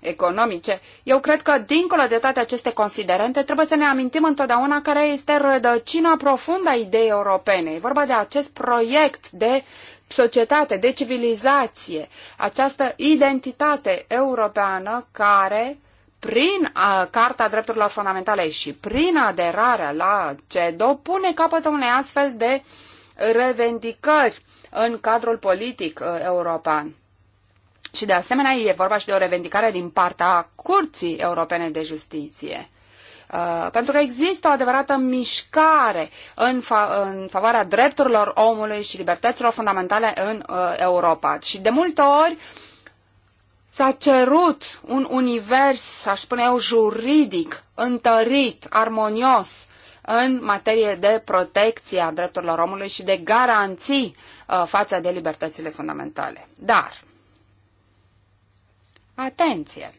economice. Eu cred că, dincolo de toate aceste considerente, trebuie să ne amintim întotdeauna care este rădăcina profundă a ideii europene. E vorba de acest proiect de societate, de civilizație, această identitate europeană care prin uh, Carta Drepturilor Fundamentale și prin aderarea la CEDO pune capăt unei astfel de revendicări în cadrul politic uh, european. Și de asemenea e vorba și de o revendicare din partea Curții Europene de Justiție. Uh, pentru că există o adevărată mișcare în, fa- în favoarea drepturilor omului și libertăților fundamentale în uh, Europa. Și de multe ori uh, s-a cerut un univers, aș spune eu, juridic, întărit, armonios, în materie de protecție a drepturilor omului și de garanții uh, față de libertățile fundamentale. Dar, atenție,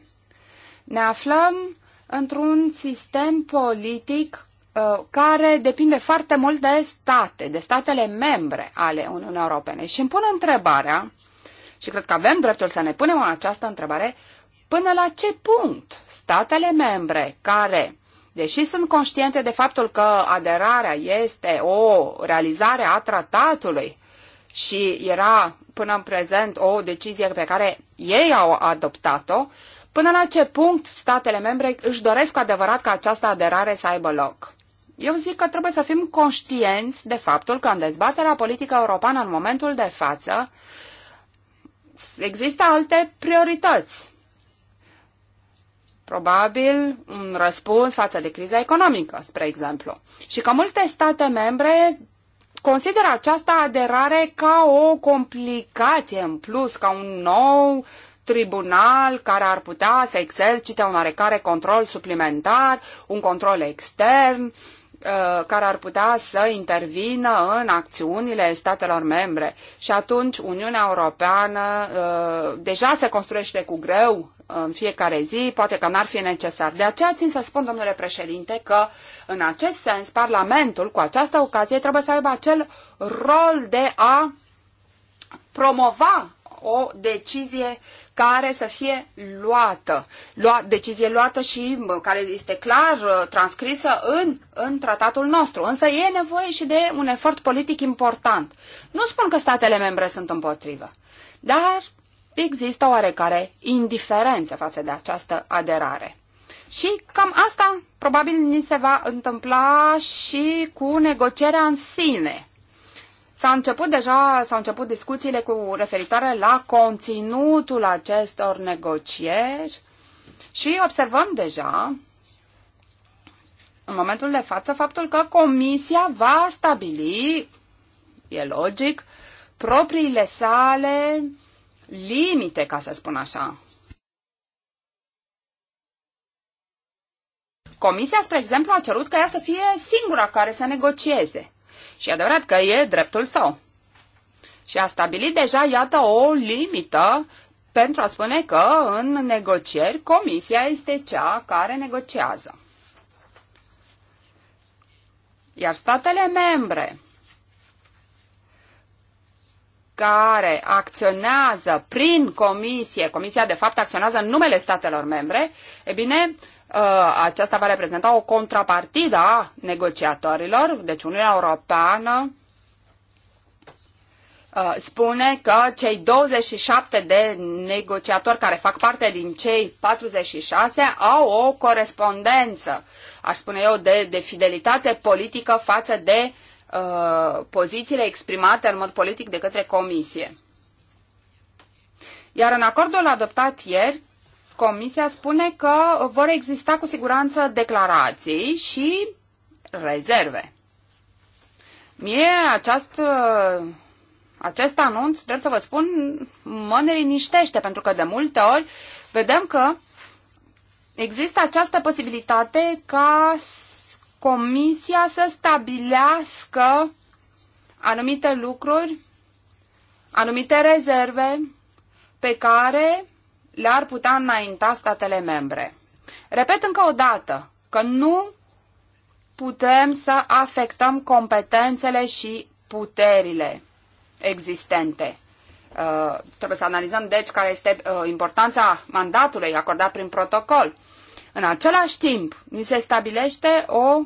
ne aflăm într-un sistem politic uh, care depinde foarte mult de state, de statele membre ale Uniunii Europene. Și îmi pun întrebarea și cred că avem dreptul să ne punem această întrebare până la ce punct statele membre care Deși sunt conștiente de faptul că aderarea este o realizare a tratatului și era până în prezent o decizie pe care ei au adoptat-o, până la ce punct statele membre își doresc cu adevărat ca această aderare să aibă loc. Eu zic că trebuie să fim conștienți de faptul că în dezbaterea politică europeană în momentul de față există alte priorități. Probabil un răspuns față de criza economică, spre exemplu. Și că multe state membre consideră această aderare ca o complicație în plus, ca un nou tribunal care ar putea să exercite un oarecare control suplimentar, un control extern, uh, Uh, care ar putea să intervină în acțiunile statelor membre. Și atunci Uniunea Europeană uh, deja se construiește cu greu în fiecare zi, poate că n-ar fi necesar. De aceea țin să spun, domnule președinte, că în acest sens Parlamentul, cu această ocazie, trebuie să aibă acel rol de a promova o decizie care să fie luată, lua, decizie luată și care este clar uh, transcrisă în, în tratatul nostru. Însă e nevoie și de un efort politic important. Nu spun că statele membre sunt împotrivă, dar există oarecare indiferență față de această aderare. Și cam asta probabil ni se va întâmpla și cu negocierea în sine. S-au început deja, s-au început discuțiile cu referitoare la conținutul acestor negocieri și observăm deja în momentul de față faptul că Comisia va stabili, e logic, propriile sale limite, ca să spun așa. Comisia, spre exemplu, a cerut ca ea să fie singura care să negocieze. Și e adevărat că e dreptul său. Și a stabilit deja, iată, o limită pentru a spune că în negocieri comisia este cea care negociază. Iar statele membre care acționează prin comisie, comisia de fapt acționează în numele statelor membre, e bine, Uh, aceasta va reprezenta o contrapartidă a negociatorilor, deci Uniunea Europeană uh, spune că cei 27 de negociatori care fac parte din cei 46 au o corespondență, aș spune eu, de, de fidelitate politică față de uh, pozițiile exprimate în mod politic de către Comisie. Iar în acordul adoptat ieri, Comisia spune că vor exista cu siguranță declarații și rezerve. Mie acest, acest anunț, trebuie să vă spun, mă neliniștește, pentru că de multe ori vedem că există această posibilitate ca Comisia să stabilească anumite lucruri, anumite rezerve pe care le-ar putea înainta statele membre. Repet încă o dată că nu putem să afectăm competențele și puterile existente. Uh, trebuie să analizăm, deci, care este uh, importanța mandatului acordat prin protocol. În același timp, ni se stabilește o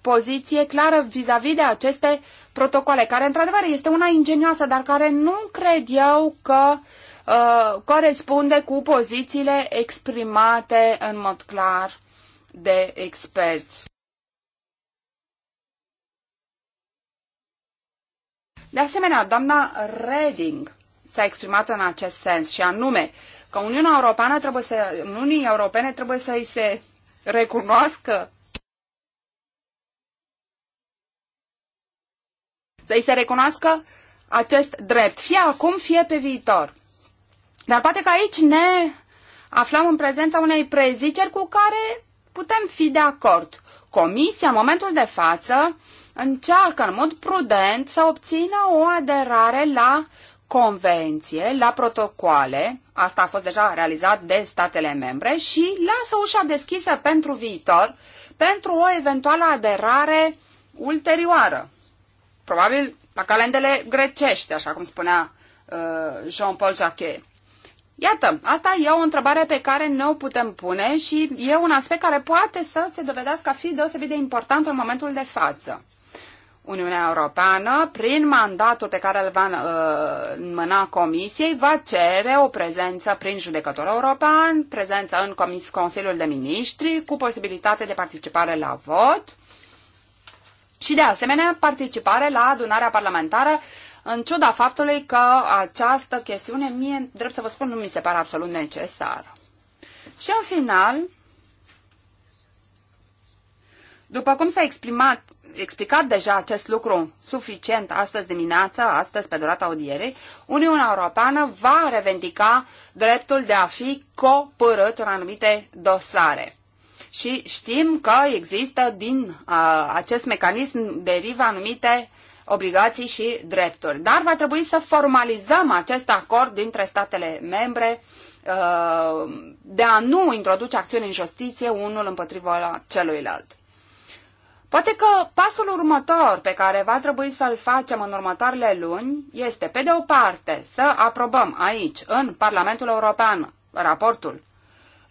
poziție clară vis-a-vis -vis de aceste protocoale, care, într-adevăr, este una ingenioasă, dar care nu cred eu că uh, Uh, corespunde cu pozițiile exprimate în mod clar de experți. De asemenea, doamna Reding s-a exprimat în acest sens și anume că Uniunea Europeană trebuie să, Uniunii Europene trebuie să îi se recunoască să îi se recunoască acest drept, fie acum, fie pe viitor. Dar poate că aici ne aflăm în prezența unei preziceri cu care putem fi de acord. Comisia, în momentul de față, încearcă în mod prudent să obțină o aderare la convenție, la protocoale, asta a fost deja realizat de statele membre, și lasă ușa deschisă pentru viitor, pentru o eventuală aderare ulterioară. Probabil la calendele grecești, așa cum spunea uh, Jean-Paul Jacquet. Iată, asta e o întrebare pe care ne o putem pune și e un aspect care poate să se dovedească a fi deosebit de important în momentul de față. Uniunea Europeană, prin mandatul pe care îl va uh, înmâna Comisiei, va cere o prezență prin judecător european, prezență în comis, Consiliul de Ministri, cu posibilitate de participare la vot și, de asemenea, participare la adunarea parlamentară în ciuda faptului că această chestiune, mie, drept să vă spun, nu mi se pare absolut necesară. Și în final, după cum s-a exprimat, explicat deja acest lucru suficient astăzi dimineață, astăzi pe durata audierei, Uniunea Europeană va revendica dreptul de a fi copărât în anumite dosare. Și știm că există din uh, acest mecanism derivă anumite uh, obligații și drepturi. Dar va trebui să formalizăm acest acord dintre statele membre uh, de a nu introduce acțiuni în justiție unul împotriva celuilalt. Poate că pasul următor pe care va trebui să-l facem în următoarele luni este, pe de o parte, să aprobăm aici, în Parlamentul European, raportul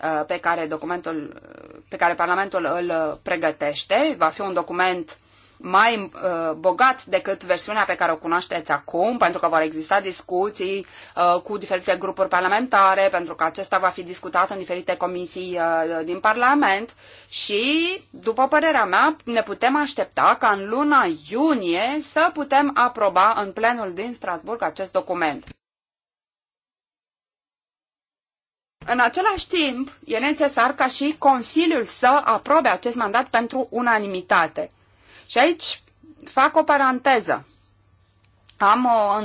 uh, pe care, documentul, uh, pe care Parlamentul îl pregătește. Va fi un document mai uh, bogat decât versiunea pe care o cunoașteți acum, pentru că vor exista discuții uh, cu diferite grupuri parlamentare, pentru că acesta va fi discutat în diferite comisii uh, din Parlament și, după părerea mea, ne putem aștepta ca în luna iunie să putem aproba în plenul din Strasburg acest document. În același timp, e necesar ca și Consiliul să aprobe acest mandat pentru unanimitate. Și aici fac o paranteză. Am o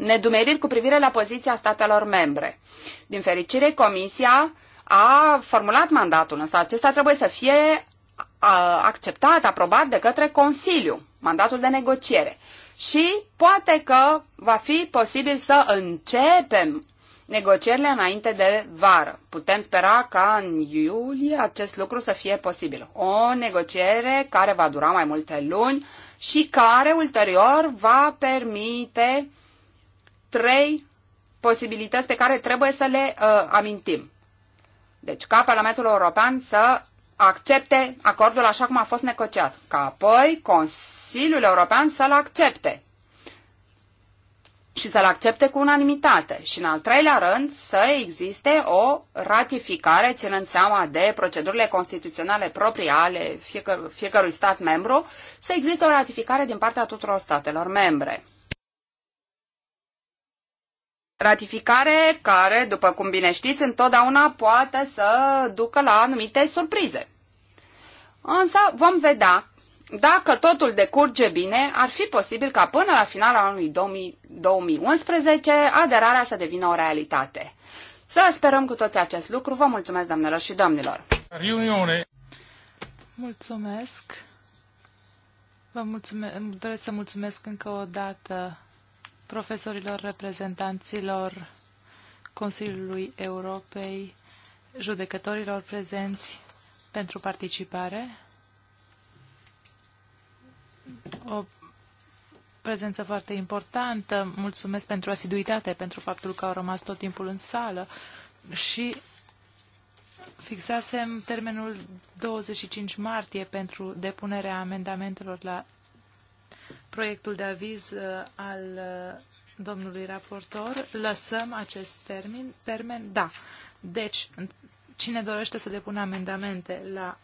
nedumeriri cu privire la poziția statelor membre. Din fericire, Comisia a formulat mandatul, însă acesta trebuie să fie acceptat, aprobat de către Consiliu, mandatul de negociere. Și poate că va fi posibil să începem negocierile înainte de vară. Putem spera ca în iulie acest lucru să fie posibil. O negociere care va dura mai multe luni și care ulterior va permite trei posibilități pe care trebuie să le uh, amintim. Deci ca Parlamentul European să accepte acordul așa cum a fost negociat, ca apoi Consiliul European să-l accepte și să-l accepte cu unanimitate. Și în al treilea rând să existe o ratificare ținând seama de procedurile constituționale proprii ale fiecăr- fiecărui stat membru, să existe o ratificare din partea tuturor statelor membre. Ratificare care, după cum bine știți, întotdeauna poate să ducă la anumite surprize. Însă vom vedea dacă totul decurge bine, ar fi posibil ca până la finalul anului 2011 aderarea să devină o realitate. Să sperăm cu toți acest lucru. Vă mulțumesc, doamnelor și domnilor. Reuniune. Mulțumesc. Vă mulțumesc, doresc să mulțumesc încă o dată profesorilor, reprezentanților Consiliului Europei, judecătorilor prezenți pentru participare o prezență foarte importantă. Mulțumesc pentru asiduitate, pentru faptul că au rămas tot timpul în sală și fixasem termenul 25 martie pentru depunerea amendamentelor la proiectul de aviz uh, al uh, domnului raportor. Lăsăm acest termen? termen? Da. Deci, cine dorește să depună amendamente la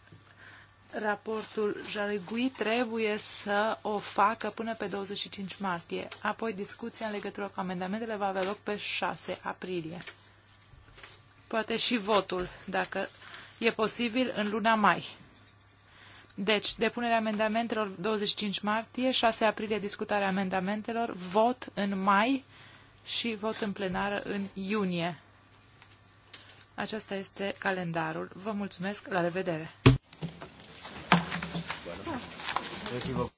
raportul Jalegui trebuie să o facă până pe 25 martie. Apoi discuția în legătură cu amendamentele va avea loc pe 6 aprilie. Poate și votul, dacă e posibil, în luna mai. Deci, depunerea amendamentelor 25 martie, 6 aprilie discutarea amendamentelor, vot în mai și vot în plenară în iunie. Aceasta este calendarul. Vă mulțumesc, la revedere! Thank deci you.